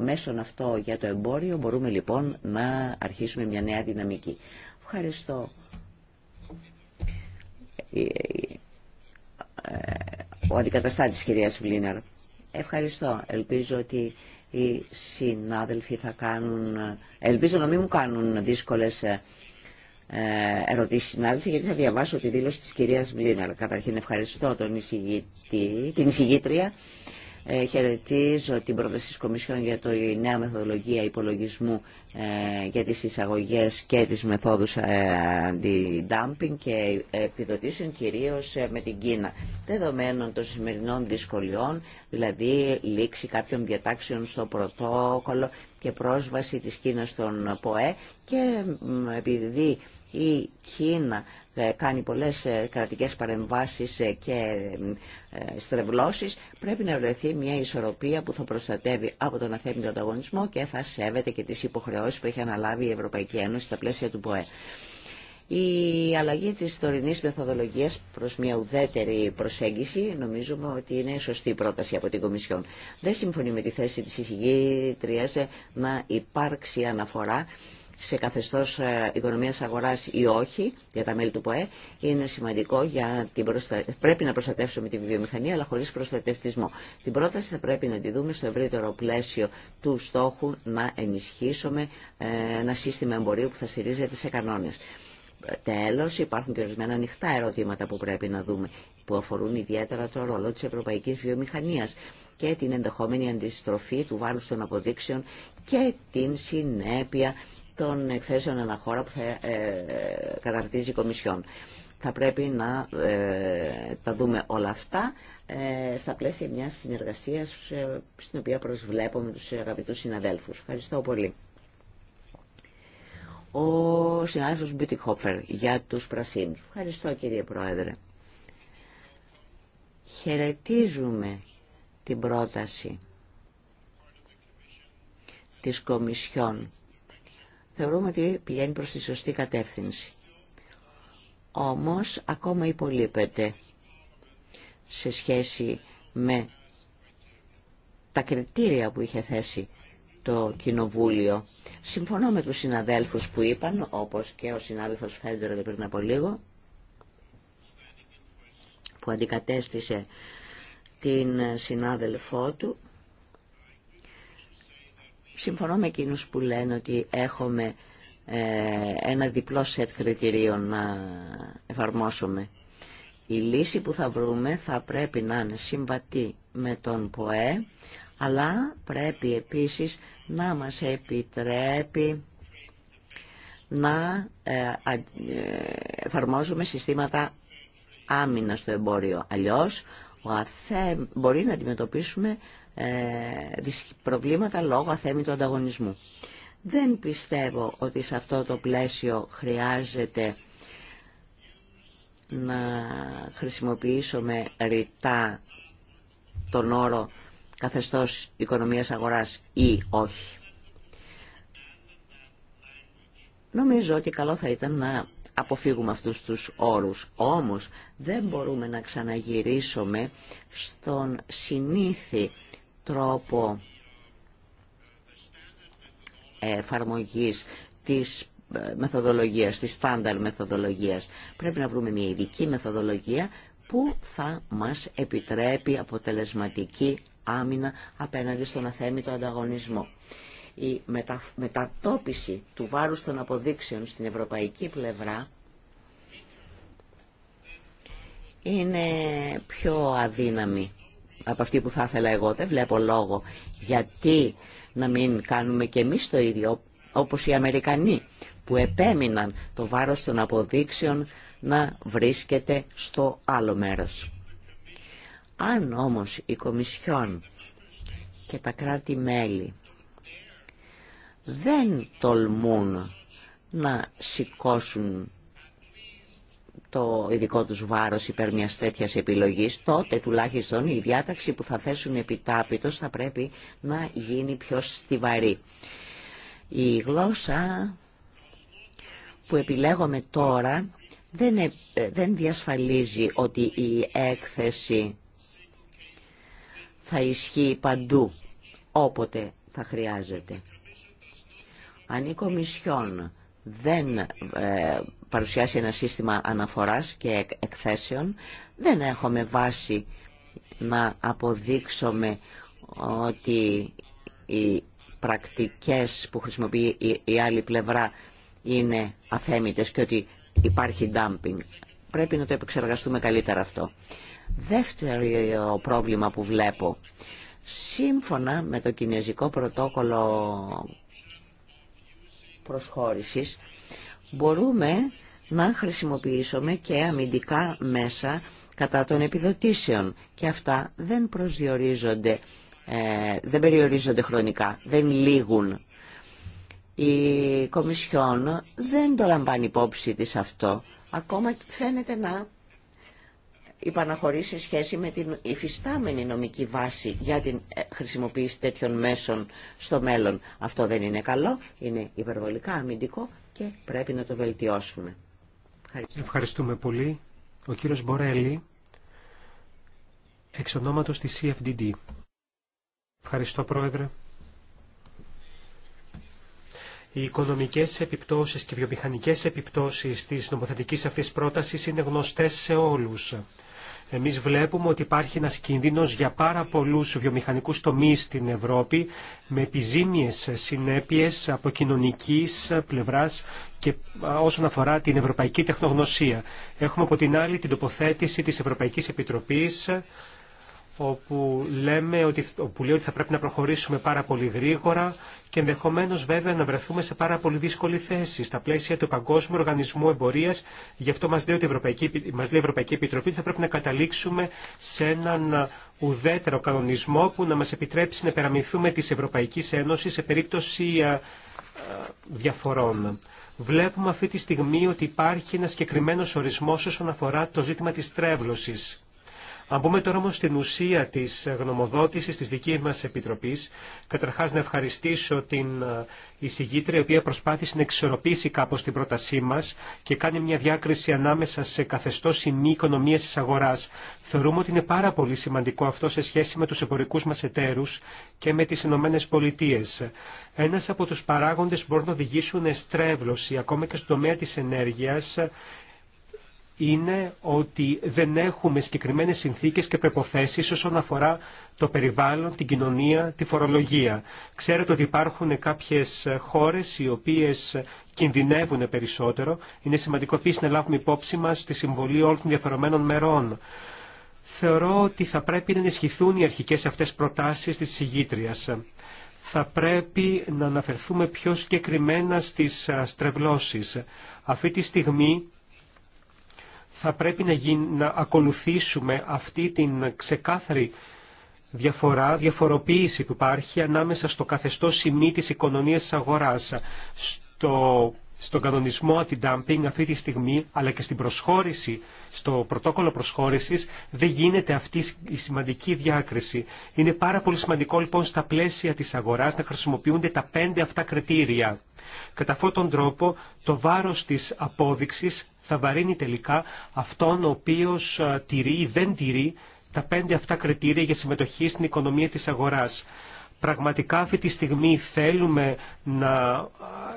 μέσον αυτό για το εμπόριο μπορούμε λοιπόν να αρχίσουμε μια νέα δυναμική. Ευχαριστώ. Ε, ο αντικαταστάτης κυρία Βλίναρ. Ευχαριστώ. Ελπίζω ότι οι συνάδελφοι θα κάνουν... Ελπίζω να μην μου κάνουν δύσκολες ε, ερωτήσει συνάδελφοι, γιατί θα διαβάσω τη δήλωση της κυρίας Μλίναρ. Καταρχήν ευχαριστώ τον εισηγητή, την εισηγήτρια. Ε, χαιρετίζω την πρόταση της Κομισιόν για το, νέα μεθοδολογία υπολογισμού ε, για τις εισαγωγές και τις μεθόδους ε, αντι-dumping και επιδοτήσεων κυρίως ε, με την Κίνα. Δεδομένων των σημερινών δυσκολιών, δηλαδή λήξη κάποιων διατάξεων στο πρωτόκολλο και πρόσβαση της Κίνας στον ΠΟΕ και επειδή η Κίνα ε, κάνει πολλές ε, κρατικές παρεμβάσεις ε, και στρεβλώσεις. Πρέπει να βρεθεί μια ισορροπία που θα προστατεύει από τον αθέμητο ανταγωνισμό και θα σέβεται και τις υποχρεώσεις που έχει αναλάβει η Ευρωπαϊκή Ένωση στα πλαίσια του ΠΟΕ. Η αλλαγή της τωρινής μεθοδολογίας προς μια ουδέτερη προσέγγιση νομίζουμε ότι είναι σωστή πρόταση από την Κομισιόν. Δεν συμφωνεί με τη θέση της εισηγήτριας να υπάρξει αναφορά σε καθεστώς ε, οικονομίας αγοράς ή όχι για τα μέλη του ΠΟΕ είναι σημαντικό για την προστα... πρέπει να προστατεύσουμε τη βιομηχανία αλλά χωρίς προστατευτισμό. Την πρόταση θα πρέπει να τη δούμε στο ευρύτερο πλαίσιο του στόχου να ενισχύσουμε ε, ένα σύστημα εμπορίου που θα στηρίζεται σε κανόνες. Τέλος, υπάρχουν και ορισμένα ανοιχτά ερωτήματα που πρέπει να δούμε, που αφορούν ιδιαίτερα το ρόλο της ευρωπαϊκής βιομηχανίας και την ενδεχόμενη αντιστροφή του βάρους των αποδείξεων και την συνέπεια των εκθέσεων αναχώρα που θα ε, ε, καταρτίζει η Κομισιόν. Θα πρέπει να ε, τα δούμε όλα αυτά στα πλαίσια μιας συνεργασίας στην οποία προσβλέπω με τους αγαπητούς συναδέλφους. Ευχαριστώ πολύ. Ο συνάδελφος Χόφερ για τους Πρασίνους. Ευχαριστώ κύριε Πρόεδρε. Χαιρετίζουμε την πρόταση της Κομισιόν θεωρούμε ότι πηγαίνει προς τη σωστή κατεύθυνση. Όμως ακόμα υπολείπεται σε σχέση με τα κριτήρια που είχε θέσει το Κοινοβούλιο. Συμφωνώ με τους συναδέλφους που είπαν, όπως και ο συνάδελφος Φέντερ πριν από λίγο, που αντικατέστησε την συνάδελφό του, Συμφωνώ με εκείνους που λένε ότι έχουμε ε, ένα διπλό σετ κριτηρίων να εφαρμόσουμε. Η λύση που θα βρούμε θα πρέπει να είναι συμβατή με τον ΠΟΕ, αλλά πρέπει επίσης να μας επιτρέπει να ε, ε, εφαρμόζουμε συστήματα άμυνα στο εμπόριο. Αλλιώς ο αθε... μπορεί να αντιμετωπίσουμε ε, προβλήματα λόγω αθέμη ανταγωνισμού. Δεν πιστεύω ότι σε αυτό το πλαίσιο χρειάζεται να χρησιμοποιήσουμε ρητά τον όρο καθεστώς οικονομίας αγοράς ή όχι. Νομίζω ότι καλό θα ήταν να αποφύγουμε αυτούς τους όρους. Όμως δεν μπορούμε να ξαναγυρίσουμε στον συνήθι τρόπο εφαρμογής της ε, μεθοδολογίας, της στάνταρ μεθοδολογίας. Πρέπει να βρούμε μια ειδική μεθοδολογία που θα μας επιτρέπει αποτελεσματική άμυνα απέναντι στον αθέμητο ανταγωνισμό. Η μετατόπιση του βάρους των αποδείξεων στην ευρωπαϊκή πλευρά είναι πιο αδύναμη από αυτή που θα ήθελα εγώ. Δεν βλέπω λόγο γιατί να μην κάνουμε και εμείς το ίδιο όπως οι Αμερικανοί που επέμειναν το βάρος των αποδείξεων να βρίσκεται στο άλλο μέρος. Αν όμως η Κομισιόν και τα κράτη-μέλη δεν τολμούν να σηκώσουν το ειδικό τους βάρος υπέρ μιας τέτοιας επιλογής, τότε τουλάχιστον η διάταξη που θα θέσουν επιτάπητος θα πρέπει να γίνει πιο στιβαρή. Η γλώσσα που επιλέγουμε τώρα δεν, ε, δεν διασφαλίζει ότι η έκθεση θα ισχύει παντού, όποτε θα χρειάζεται. Αν η Κομισιόν δεν ε, παρουσιάσει ένα σύστημα αναφοράς και εκθέσεων. Δεν έχουμε βάση να αποδείξουμε ότι οι πρακτικές που χρησιμοποιεί η άλλη πλευρά είναι αθέμητες και ότι υπάρχει dumping. Πρέπει να το επεξεργαστούμε καλύτερα αυτό. Δεύτερο πρόβλημα που βλέπω. Σύμφωνα με το Κινέζικο Πρωτόκολλο Προσχώρησης, μπορούμε να χρησιμοποιήσουμε και αμυντικά μέσα κατά των επιδοτήσεων και αυτά δεν προσδιορίζονται, ε, δεν περιορίζονται χρονικά, δεν λήγουν. Η Κομισιόν δεν το λαμβάνει υπόψη της αυτό. Ακόμα φαίνεται να υπαναχωρεί σε σχέση με την υφιστάμενη νομική βάση για την ε, χρησιμοποίηση τέτοιων μέσων στο μέλλον. Αυτό δεν είναι καλό, είναι υπερβολικά αμυντικό και πρέπει να το βελτιώσουμε. Ευχαριστούμε πολύ. Ο κύριος Μπορέλη, εξ ονόματος της CFDD. Ευχαριστώ, Πρόεδρε. Οι οικονομικές επιπτώσεις και βιομηχανικές επιπτώσεις της νομοθετικής αυτής πρότασης είναι γνωστές σε όλους. Εμείς βλέπουμε ότι υπάρχει ένας κίνδυνος για πάρα πολλούς βιομηχανικούς τομείς στην Ευρώπη με επιζήμιες συνέπειες από κοινωνικής πλευράς και όσον αφορά την ευρωπαϊκή τεχνογνωσία. Έχουμε από την άλλη την τοποθέτηση της Ευρωπαϊκής Επιτροπής όπου, λέμε ότι, όπου λέει ότι θα πρέπει να προχωρήσουμε πάρα πολύ γρήγορα και ενδεχομένως βέβαια να βρεθούμε σε πάρα πολύ δύσκολη θέση στα πλαίσια του Παγκόσμιου Οργανισμού Εμπορίας. Γι' αυτό μας λέει, ότι η Ευρωπαϊκή, μας λέει Επιτροπή ότι θα πρέπει να καταλήξουμε σε έναν ουδέτερο κανονισμό που να μας επιτρέψει να περαμηθούμε της Ευρωπαϊκής Ένωσης σε περίπτωση διαφορών. Βλέπουμε αυτή τη στιγμή ότι υπάρχει ένα συγκεκριμένο ορισμό όσον αφορά το ζήτημα της τρέβλωσης αν πούμε τώρα όμως στην ουσία της γνωμοδότησης της δική μας Επιτροπής, καταρχάς να ευχαριστήσω την ε, εισηγήτρια, η οποία προσπάθησε να εξορροπήσει κάπως την πρότασή μας και κάνει μια διάκριση ανάμεσα σε καθεστώς ή μη οικονομίας της αγοράς. Θεωρούμε ότι είναι πάρα πολύ σημαντικό αυτό σε σχέση με τους εμπορικούς μας εταίρους και με τις Ηνωμένε Πολιτείε. Ένας από τους παράγοντες που μπορούν να οδηγήσουν στρέβλωση ακόμα και στον τομέα της ενέργειας είναι ότι δεν έχουμε συγκεκριμένες συνθήκες και προϋποθέσεις όσον αφορά το περιβάλλον, την κοινωνία, τη φορολογία. Ξέρετε ότι υπάρχουν κάποιες χώρες οι οποίες κινδυνεύουν περισσότερο. Είναι σημαντικό επίσης να λάβουμε υπόψη μας τη συμβολή όλων των διαφορεμένων μερών. Θεωρώ ότι θα πρέπει να ενισχυθούν οι αρχικές αυτές προτάσεις της συγγήτριας θα πρέπει να αναφερθούμε πιο συγκεκριμένα στις στρεβλώσεις. Αυτή τη στιγμή θα πρέπει να, γίν να ακολουθήσουμε αυτή την ξεκάθαρη διαφορά, διαφοροποίηση που υπάρχει ανάμεσα στο καθεστώς σημεί της οικονομίας της αγοράς, στο, στον κανονισμο αντιντάμπινγκ anti-dumping αυτή τη στιγμή, αλλά και στην προσχώρηση, στο πρωτόκολλο προσχώρησης, δεν γίνεται αυτή η σημαντική διάκριση. Είναι πάρα πολύ σημαντικό λοιπόν στα πλαίσια της αγοράς να χρησιμοποιούνται τα πέντε αυτά κριτήρια. Κατά αυτόν τον τρόπο το βάρος της απόδειξης θα βαρύνει τελικά αυτόν ο οποίος ε, τηρεί ή δεν τηρεί τα πέντε αυτά κριτήρια για συμμετοχή στην οικονομία της αγοράς. Πραγματικά αυτή τη στιγμή θέλουμε να ε,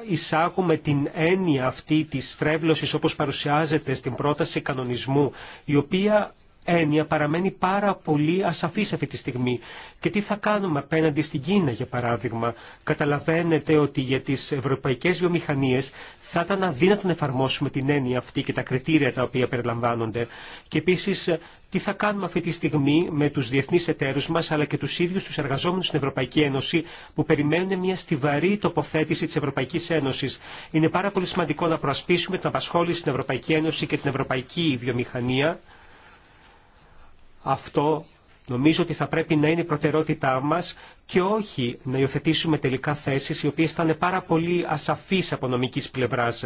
εισάγουμε την έννοια αυτή της στρέβλωσης όπως παρουσιάζεται στην πρόταση κανονισμού, η οποία έννοια παραμένει πάρα πολύ ασαφή αυτή τη στιγμή. Και τι θα κάνουμε απέναντι στην Κίνα, για παράδειγμα. Καταλαβαίνετε ότι για τι ευρωπαϊκέ βιομηχανίε θα ήταν αδύνατο να εφαρμόσουμε την έννοια αυτή και τα κριτήρια τα οποία περιλαμβάνονται. Και επίση τι θα κάνουμε αυτή τη στιγμή με του διεθνεί εταίρους μα, αλλά και του ίδιου του εργαζόμενου στην Ευρωπαϊκή Ένωση που περιμένουν μια στιβαρή τοποθέτηση τη Ευρωπαϊκή Ένωση. Είναι πάρα πολύ σημαντικό να προασπίσουμε την απασχόληση στην Ευρωπαϊκή Ένωση και την Ευρωπαϊκή Βιομηχανία αυτό νομίζω ότι θα πρέπει να είναι η προτεραιότητά μας και όχι να υιοθετήσουμε τελικά θέσεις οι οποίες θα είναι πάρα πολύ ασαφείς από νομικής πλευράς.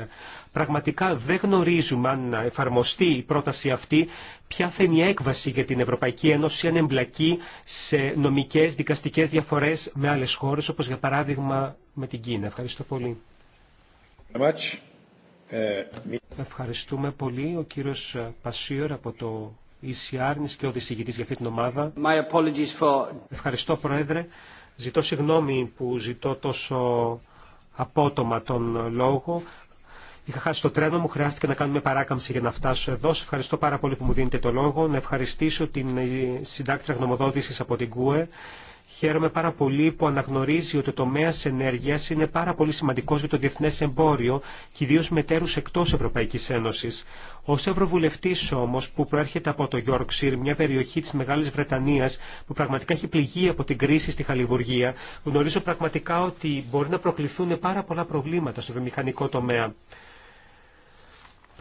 Πραγματικά δεν γνωρίζουμε αν εφαρμοστεί η πρόταση αυτή ποια θα είναι η έκβαση για την Ευρωπαϊκή Ένωση αν εμπλακεί σε νομικές δικαστικές διαφορές με άλλες χώρες όπως για παράδειγμα με την Κίνα. Ευχαριστώ πολύ. Ευχαριστούμε πολύ. Ο κύριος Πασίωρ από το Άρνης και ο δισηγητής για αυτή την ομάδα. Ευχαριστώ Πρόεδρε. Ζητώ συγγνώμη που ζητώ τόσο απότομα τον λόγο. Είχα χάσει το τρένο μου, χρειάστηκε να κάνουμε παράκαμψη για να φτάσω εδώ. Σε ευχαριστώ πάρα πολύ που μου δίνετε το λόγο. Να ευχαριστήσω την συντάκτρια γνωμοδότησης από την ΚΟΕ Χαίρομαι πάρα πολύ που αναγνωρίζει ότι το τομέα ενέργεια είναι πάρα πολύ σημαντικό για το διεθνέ εμπόριο και ιδίω μετέρου εκτό Ευρωπαϊκή Ένωση. Ω Ευρωβουλευτή όμω που προέρχεται από το Yorkshire, μια περιοχή τη Μεγάλη Βρετανία που πραγματικά έχει πληγεί από την κρίση στη Χαλιβουργία, γνωρίζω πραγματικά ότι μπορεί να προκληθούν πάρα πολλά προβλήματα στο βιομηχανικό τομέα.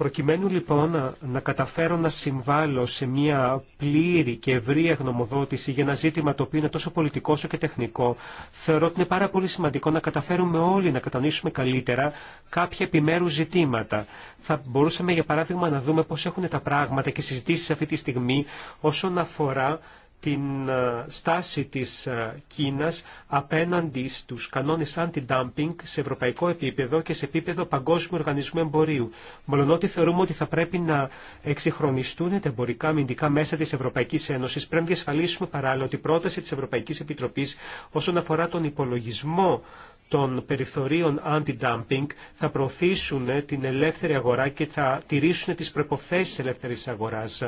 Προκειμένου λοιπόν να καταφέρω να συμβάλλω σε μια πλήρη και ευρία γνωμοδότηση για ένα ζήτημα το οποίο είναι τόσο πολιτικό όσο και τεχνικό, θεωρώ ότι είναι πάρα πολύ σημαντικό να καταφέρουμε όλοι να κατανοήσουμε καλύτερα κάποια επιμέρου ζητήματα. Θα μπορούσαμε για παράδειγμα να δούμε πώς έχουν τα πράγματα και συζητήσεις αυτή τη στιγμή όσον αφορά την ε, στάση της ε, Κίνας απέναντι στους κανόνες anti-dumping σε ευρωπαϊκό επίπεδο και σε επίπεδο παγκόσμιου οργανισμού εμπορίου. Μολονότι θεωρούμε ότι θα πρέπει να εξυγχρονιστούν τα εμπορικά αμυντικά μέσα της Ευρωπαϊκής Ένωσης, πρέπει να διασφαλίσουμε παράλληλα ότι η πρόταση της Ευρωπαϊκής Επιτροπής όσον αφορά τον υπολογισμό των περιθωρίων anti-dumping θα προωθήσουν την ελεύθερη αγορά και θα τηρήσουν τις προϋποθέσεις ελεύθερης αγοράς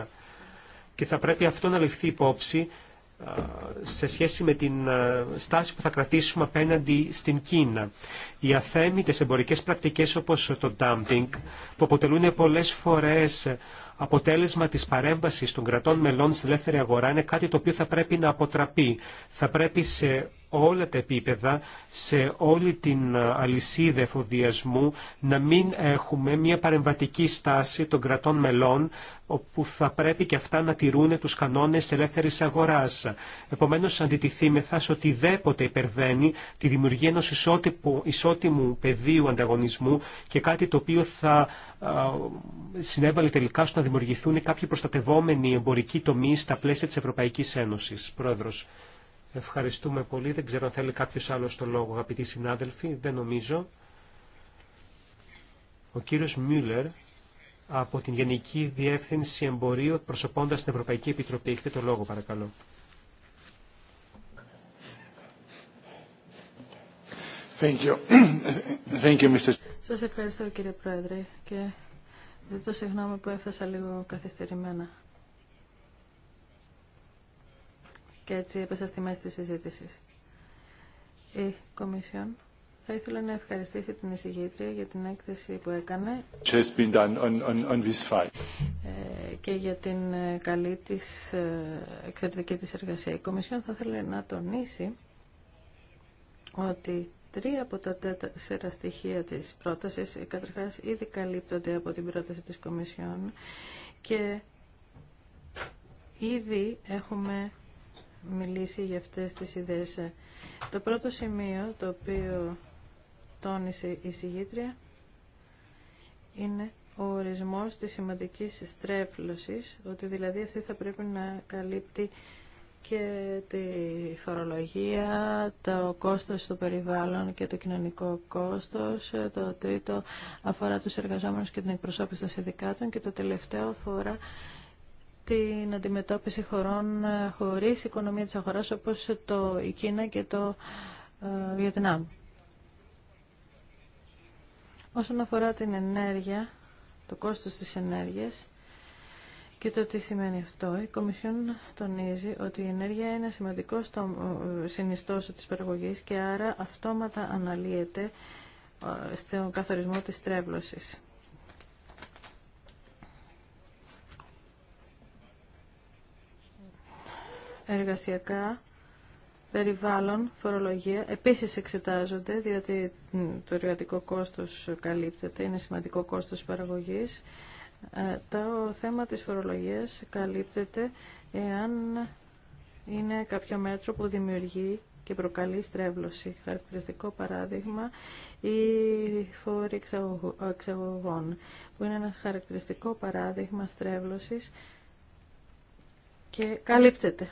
και θα πρέπει αυτό να ληφθεί υπόψη σε σχέση με την στάση που θα κρατήσουμε απέναντι στην Κίνα. Οι αθέμητες εμπορικές πρακτικές όπως το dumping που αποτελούν πολλές φορές αποτέλεσμα της παρέμβασης των κρατών μελών στη ελεύθερη αγορά είναι κάτι το οποίο θα πρέπει να αποτραπεί. Θα πρέπει σε όλα τα επίπεδα, σε όλη την ε, αλυσίδα εφοδιασμού, να μην έχουμε μια παρεμβατική στάση των κρατών μελών, όπου θα πρέπει και αυτά να τηρούν τους κανόνες ελεύθερης αγοράς. Επομένως, αντιτιθήμεθα σε οτιδήποτε υπερβαίνει τη δημιουργία ενός ισότιμου, ισότιμου πεδίου ανταγωνισμού και κάτι το οποίο θα ε, συνέβαλε τελικά στο να δημιουργηθούν κάποιοι προστατευόμενοι εμπορικοί τομείς στα πλαίσια της Ευρωπαϊκής Ένωσης. Πρόεδρος. Ευχαριστούμε πολύ. Δεν ξέρω αν θέλει κάποιος άλλος το λόγο, αγαπητοί συνάδελφοι. Δεν νομίζω. Ο κύριος Μιούλερ από την Γενική Διεύθυνση Εμπορίου προσωπώντας την Ευρωπαϊκή Επιτροπή. Έχετε το λόγο, παρακαλώ. Thank you. Thank you, Mr. Σας ευχαριστώ κύριε Πρόεδρε και το συγγνώμη που έφτασα λίγο καθυστερημένα. και έτσι έπεσα στη μέση της συζήτησης. Η Κομισιόν θα ήθελα να ευχαριστήσει την εισηγήτρια για την έκθεση που έκανε ε, και για την ε, καλή της ε, εξαιρετική της εργασία. Η Κομισιόν θα ήθελε να τονίσει ότι τρία από τα τέσσερα στοιχεία της πρότασης καταρχάς ήδη καλύπτονται από την πρόταση της Κομισιόν και ήδη έχουμε μιλήσει για αυτές τις ιδέες. Το πρώτο σημείο το οποίο τόνισε η συγγήτρια είναι ο ορισμός της σημαντικής στρέφλωσης, ότι δηλαδή αυτή θα πρέπει να καλύπτει και τη φορολογία, το κόστος στο περιβάλλον και το κοινωνικό κόστος. Το τρίτο αφορά τους εργαζόμενους και την εκπροσώπηση των συνδικάτων και το τελευταίο αφορά την αντιμετώπιση χωρών ε, χωρίς οικονομία της αγοράς όπως το, η Κίνα και το ε, Βιετνάμ. Όσον αφορά την ενέργεια, το κόστος της ενέργειας και το τι σημαίνει αυτό, η Κομισιόν τονίζει ότι η ενέργεια είναι σημαντικό στο ε, συνιστός της παραγωγής και άρα αυτόματα αναλύεται στον καθορισμό της τρέβλωσης. εργασιακά, περιβάλλον, φορολογία επίσης εξετάζονται διότι το εργατικό κόστος καλύπτεται, είναι σημαντικό κόστος παραγωγής. Ε, το θέμα της φορολογίας καλύπτεται εάν είναι κάποιο μέτρο που δημιουργεί και προκαλεί στρέβλωση. Χαρακτηριστικό παράδειγμα η φόρη εξαγωγών, που είναι ένα χαρακτηριστικό παράδειγμα στρέβλωσης και καλύπτεται.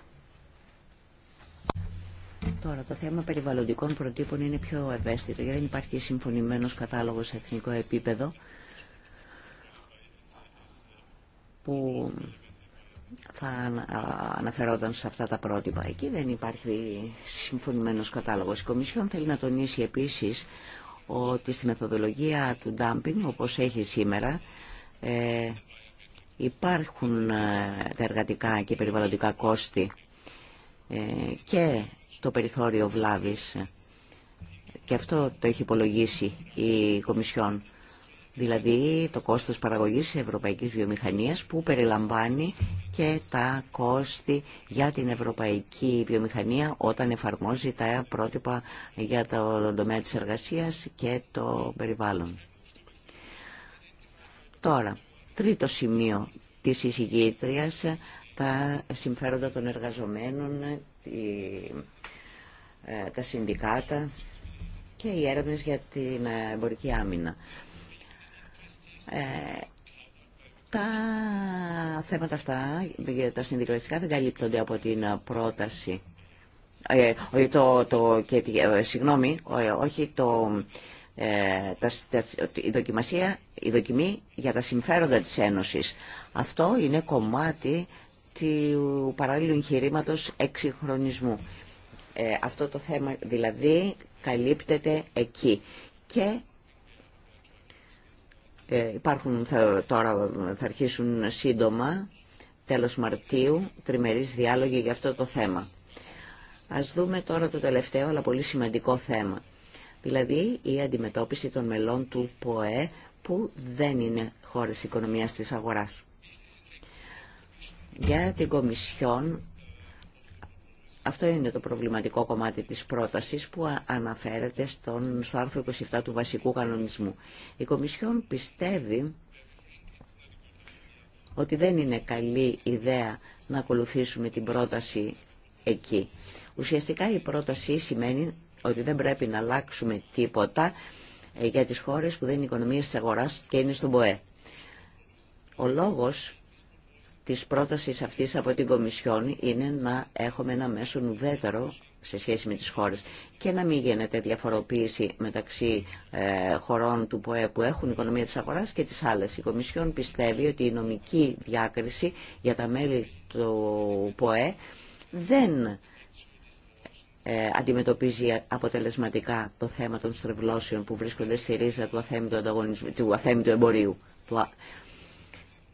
Τώρα, το θέμα περιβαλλοντικών προτύπων είναι πιο ευαίσθητο, γιατί δεν υπάρχει συμφωνημένο κατάλογος σε εθνικό επίπεδο που θα αναφερόταν σε αυτά τα πρότυπα. Εκεί δεν υπάρχει συμφωνημένο κατάλογος. Η Κομισιόν θέλει να τονίσει επίση ότι στη μεθοδολογία του ντάμπινγκ, όπως έχει σήμερα, ε, υπάρχουν ε, τα εργατικά και περιβαλλοντικά κόστη ε, και το περιθώριο βλάβης. Και αυτό το έχει υπολογίσει η Κομισιόν. Δηλαδή το κόστος παραγωγής ευρωπαϊκής βιομηχανίας που περιλαμβάνει και τα κόστη για την ευρωπαϊκή βιομηχανία όταν εφαρμόζει τα πρότυπα για το τομέα της εργασίας και το περιβάλλον. Τώρα, τρίτο σημείο της εισηγήτριας, τα συμφέροντα των εργαζομένων ε, τα συνδικάτα και οι έρευνες για την ε, εμπορική άμυνα. Ε, τα θέματα αυτά για τα συνδικαλιστικά δεν καλύπτονται από την πρόταση. Ε, το, το, και, συγγνώμη, όχι το, ε, η, δοκιμασία, η δοκιμή για τα συμφέροντα της Ένωσης. Αυτό είναι κομμάτι του παράλληλου εγχειρήματο εξυγχρονισμού. Ε, αυτό το θέμα δηλαδή καλύπτεται εκεί. Και ε, υπάρχουν θα, τώρα, θα αρχίσουν σύντομα, τέλος Μαρτίου, τριμερείς διάλογοι για αυτό το θέμα. Ας δούμε τώρα το τελευταίο, αλλά πολύ σημαντικό θέμα. Δηλαδή η αντιμετώπιση των μελών του ΠΟΕ που δεν είναι χώρες οικονομίας της αγοράς. Για την Κομισιόν, αυτό είναι το προβληματικό κομμάτι της πρότασης που αναφέρεται στον, στο άρθρο 27 του βασικού κανονισμού. Η Κομισιόν πιστεύει ότι δεν είναι καλή ιδέα να ακολουθήσουμε την πρόταση εκεί. Ουσιαστικά η πρόταση σημαίνει ότι δεν πρέπει να αλλάξουμε τίποτα ε, για τις χώρες που δεν είναι οικονομίες της αγοράς και είναι στον ΠΟΕ. Ο λόγος της πρότασης αυτής από την Κομισιόν είναι να έχουμε ένα μέσο ουδέτερο σε σχέση με τις χώρες και να μην γίνεται διαφοροποίηση μεταξύ ε, χωρών του ΠΟΕ που έχουν οικονομία της αγοράς και τις άλλες. Η Κομισιόν πιστεύει ότι η νομική διάκριση για τα μέλη του ΠΟΕ δεν ε, αντιμετωπίζει αποτελεσματικά το θέμα των στρεβλώσεων που βρίσκονται στη ρίζα του αθέμητου, του, εμπορίου.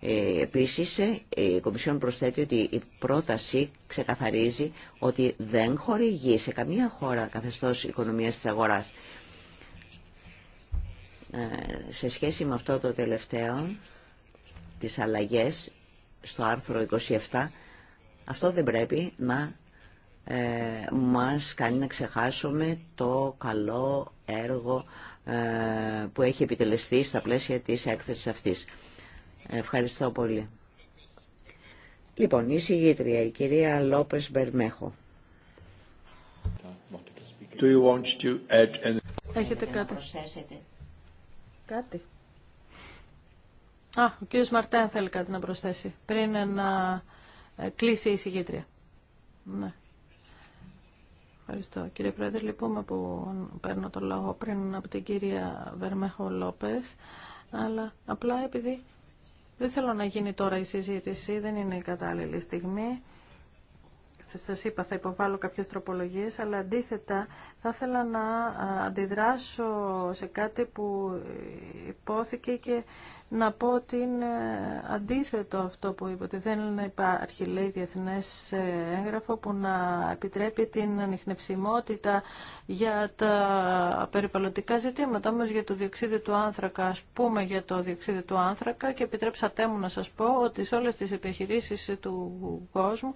Ε, επίσης, ε, η Κομισιόν προσθέτει ότι η πρόταση ξεκαθαρίζει ότι δεν χορηγεί σε καμία χώρα καθεστώς οικονομία τη Ε, Σε σχέση με αυτό το τελευταίο, τις αλλαγές στο άρθρο 27, αυτό δεν πρέπει να ε, μας κάνει να ξεχάσουμε το καλό έργο ε, που έχει επιτελεστεί στα πλαίσια της έκθεσης αυτής. Ευχαριστώ πολύ. Λοιπόν, η συγγήτρια, η κυρία Λόπες Μπερμέχο. Do you want to add Έχετε κάτι. Κάτι. Α, ο κύριος Μαρτέν θέλει κάτι να προσθέσει πριν να ε, κλείσει η συγγήτρια. Ναι. Ευχαριστώ. Κύριε Πρόεδρε, λυπούμε που παίρνω το λόγο πριν από την κυρία Βερμέχο Λόπες, αλλά απλά επειδή δεν θέλω να γίνει τώρα η συζήτηση, δεν είναι η κατάλληλη στιγμή σας είπα θα υποβάλω κάποιες τροπολογίες, αλλά αντίθετα θα ήθελα να αντιδράσω σε κάτι που υπόθηκε και να πω ότι είναι αντίθετο αυτό που είπε, ότι δεν υπάρχει λέει διεθνές ε, έγγραφο που να επιτρέπει την ανιχνευσιμότητα για τα περιβαλλοντικά ζητήματα, όμως για το διοξείδιο του άνθρακα, ας πούμε για το διοξείδιο του άνθρακα και επιτρέψατε μου να σας πω ότι σε όλες τις επιχειρήσεις του κόσμου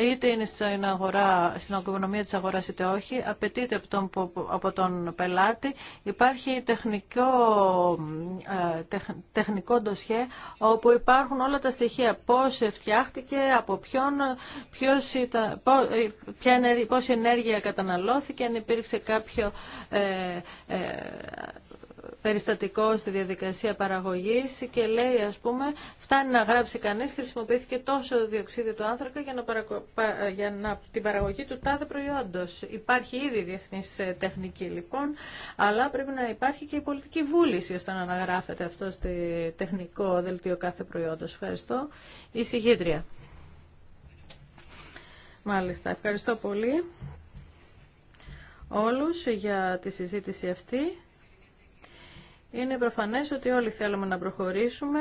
είτε είναι στην, αγορά, στην οικονομία της αγοράς είτε όχι, απαιτείται από τον, από τον πελάτη. Υπάρχει τεχνικό, ε, τεχ, τεχνικό όπου υπάρχουν όλα τα στοιχεία. Πώς φτιάχτηκε, από ποιον, ποιος πώς, ε, ποια ενέργεια, πόση ενέργεια καταναλώθηκε, αν υπήρξε κάποιο... Ε, περιστατικό στη διαδικασία παραγωγής και λέει ας πούμε φτάνει να γράψει κανείς χρησιμοποιήθηκε τόσο διοξίδιο του άνθρακα για να, για την παραγωγή του τάδε προϊόντος. Υπάρχει ήδη διεθνή ε, τεχνική λοιπόν, αλλά πρέπει να υπάρχει και η πολιτική βούληση ώστε να αναγράφεται αυτό στο τεχνικό δελτίο κάθε προϊόντος. Ευχαριστώ. Η συγχύτρια. Μάλιστα. Ευχαριστώ πολύ όλους για τη συζήτηση αυτή. Είναι προφανές ότι όλοι θέλουμε να προχωρήσουμε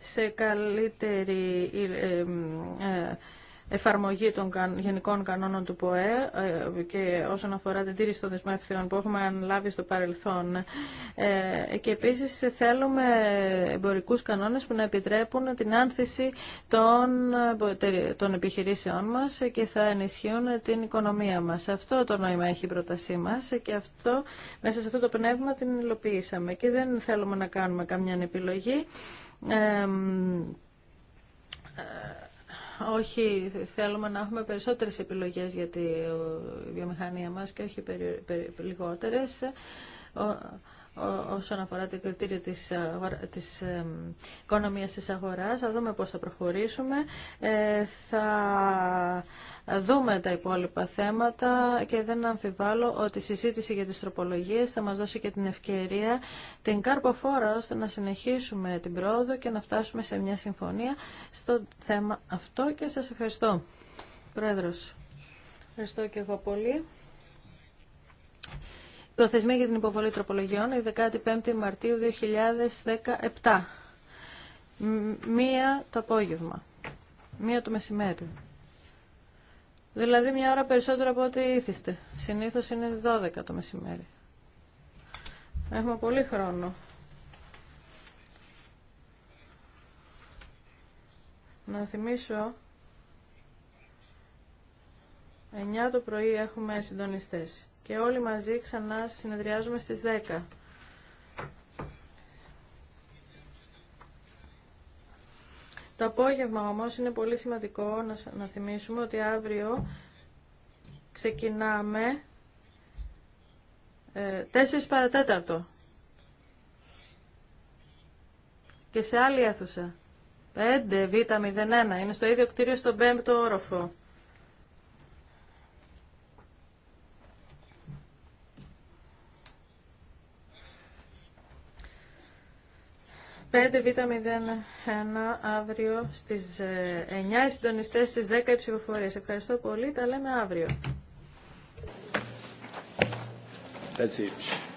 σε καλύτερη ε, ε, εφαρμογή των γενικών κανόνων του ΠΟΕ ε, και όσον αφορά την τήρηση των δεσμεύσεων που έχουμε αναλάβει στο παρελθόν. Ε, και επίσης θέλουμε εμπορικούς κανόνες που να επιτρέπουν την άνθηση των, ε, των επιχειρήσεών μας και θα ενισχύουν την οικονομία μας. Αυτό το νόημα έχει η πρότασή μας και αυτό, μέσα σε αυτό το πνεύμα την υλοποιήσαμε και δεν θέλουμε να κάνουμε καμιά επιλογή όχι θέλουμε να έχουμε περισσότερες επιλογές για τη βιομηχανία μας και όχι λιγότερες όσον αφορά το κριτήριο της, ε, της ε, οικονομίας της αγοράς. Θα δούμε πώς θα προχωρήσουμε. Ε, θα δούμε τα υπόλοιπα θέματα και δεν αμφιβάλλω ότι η συζήτηση για τις τροπολογίες θα μας δώσει και την ευκαιρία την καρποφόρα ώστε να συνεχίσουμε την πρόοδο και να φτάσουμε σε μια συμφωνία στο θέμα αυτό και σας ευχαριστώ. Πρόεδρος, ευχαριστώ και εγώ πολύ. Προθεσμία για την υποβολή τροπολογιών η 15η Μαρτίου 2017. Μία το απόγευμα. Μία το μεσημέρι. Δηλαδή μια ώρα περισσότερο από ό,τι ήθιστε. Συνήθως είναι 12 το μεσημέρι. Έχουμε πολύ χρόνο. Να θυμίσω 9 το πρωί έχουμε συντονιστές και όλοι μαζί ξανά συνεδριάζουμε στις 10. Το απόγευμα όμως είναι πολύ σημαντικό να θυμίσουμε ότι αύριο ξεκινάμε 4 ε, παρατέταρτο και σε άλλη αίθουσα. 5 Β01 είναι στο ίδιο κτίριο στον 5ο όροφο. 5Β01 αύριο στι 9 ε, συντονιστέ συντονιστές στις 10 ψηφοφορίε. Ευχαριστώ πολύ. Τα λέμε αύριο. That's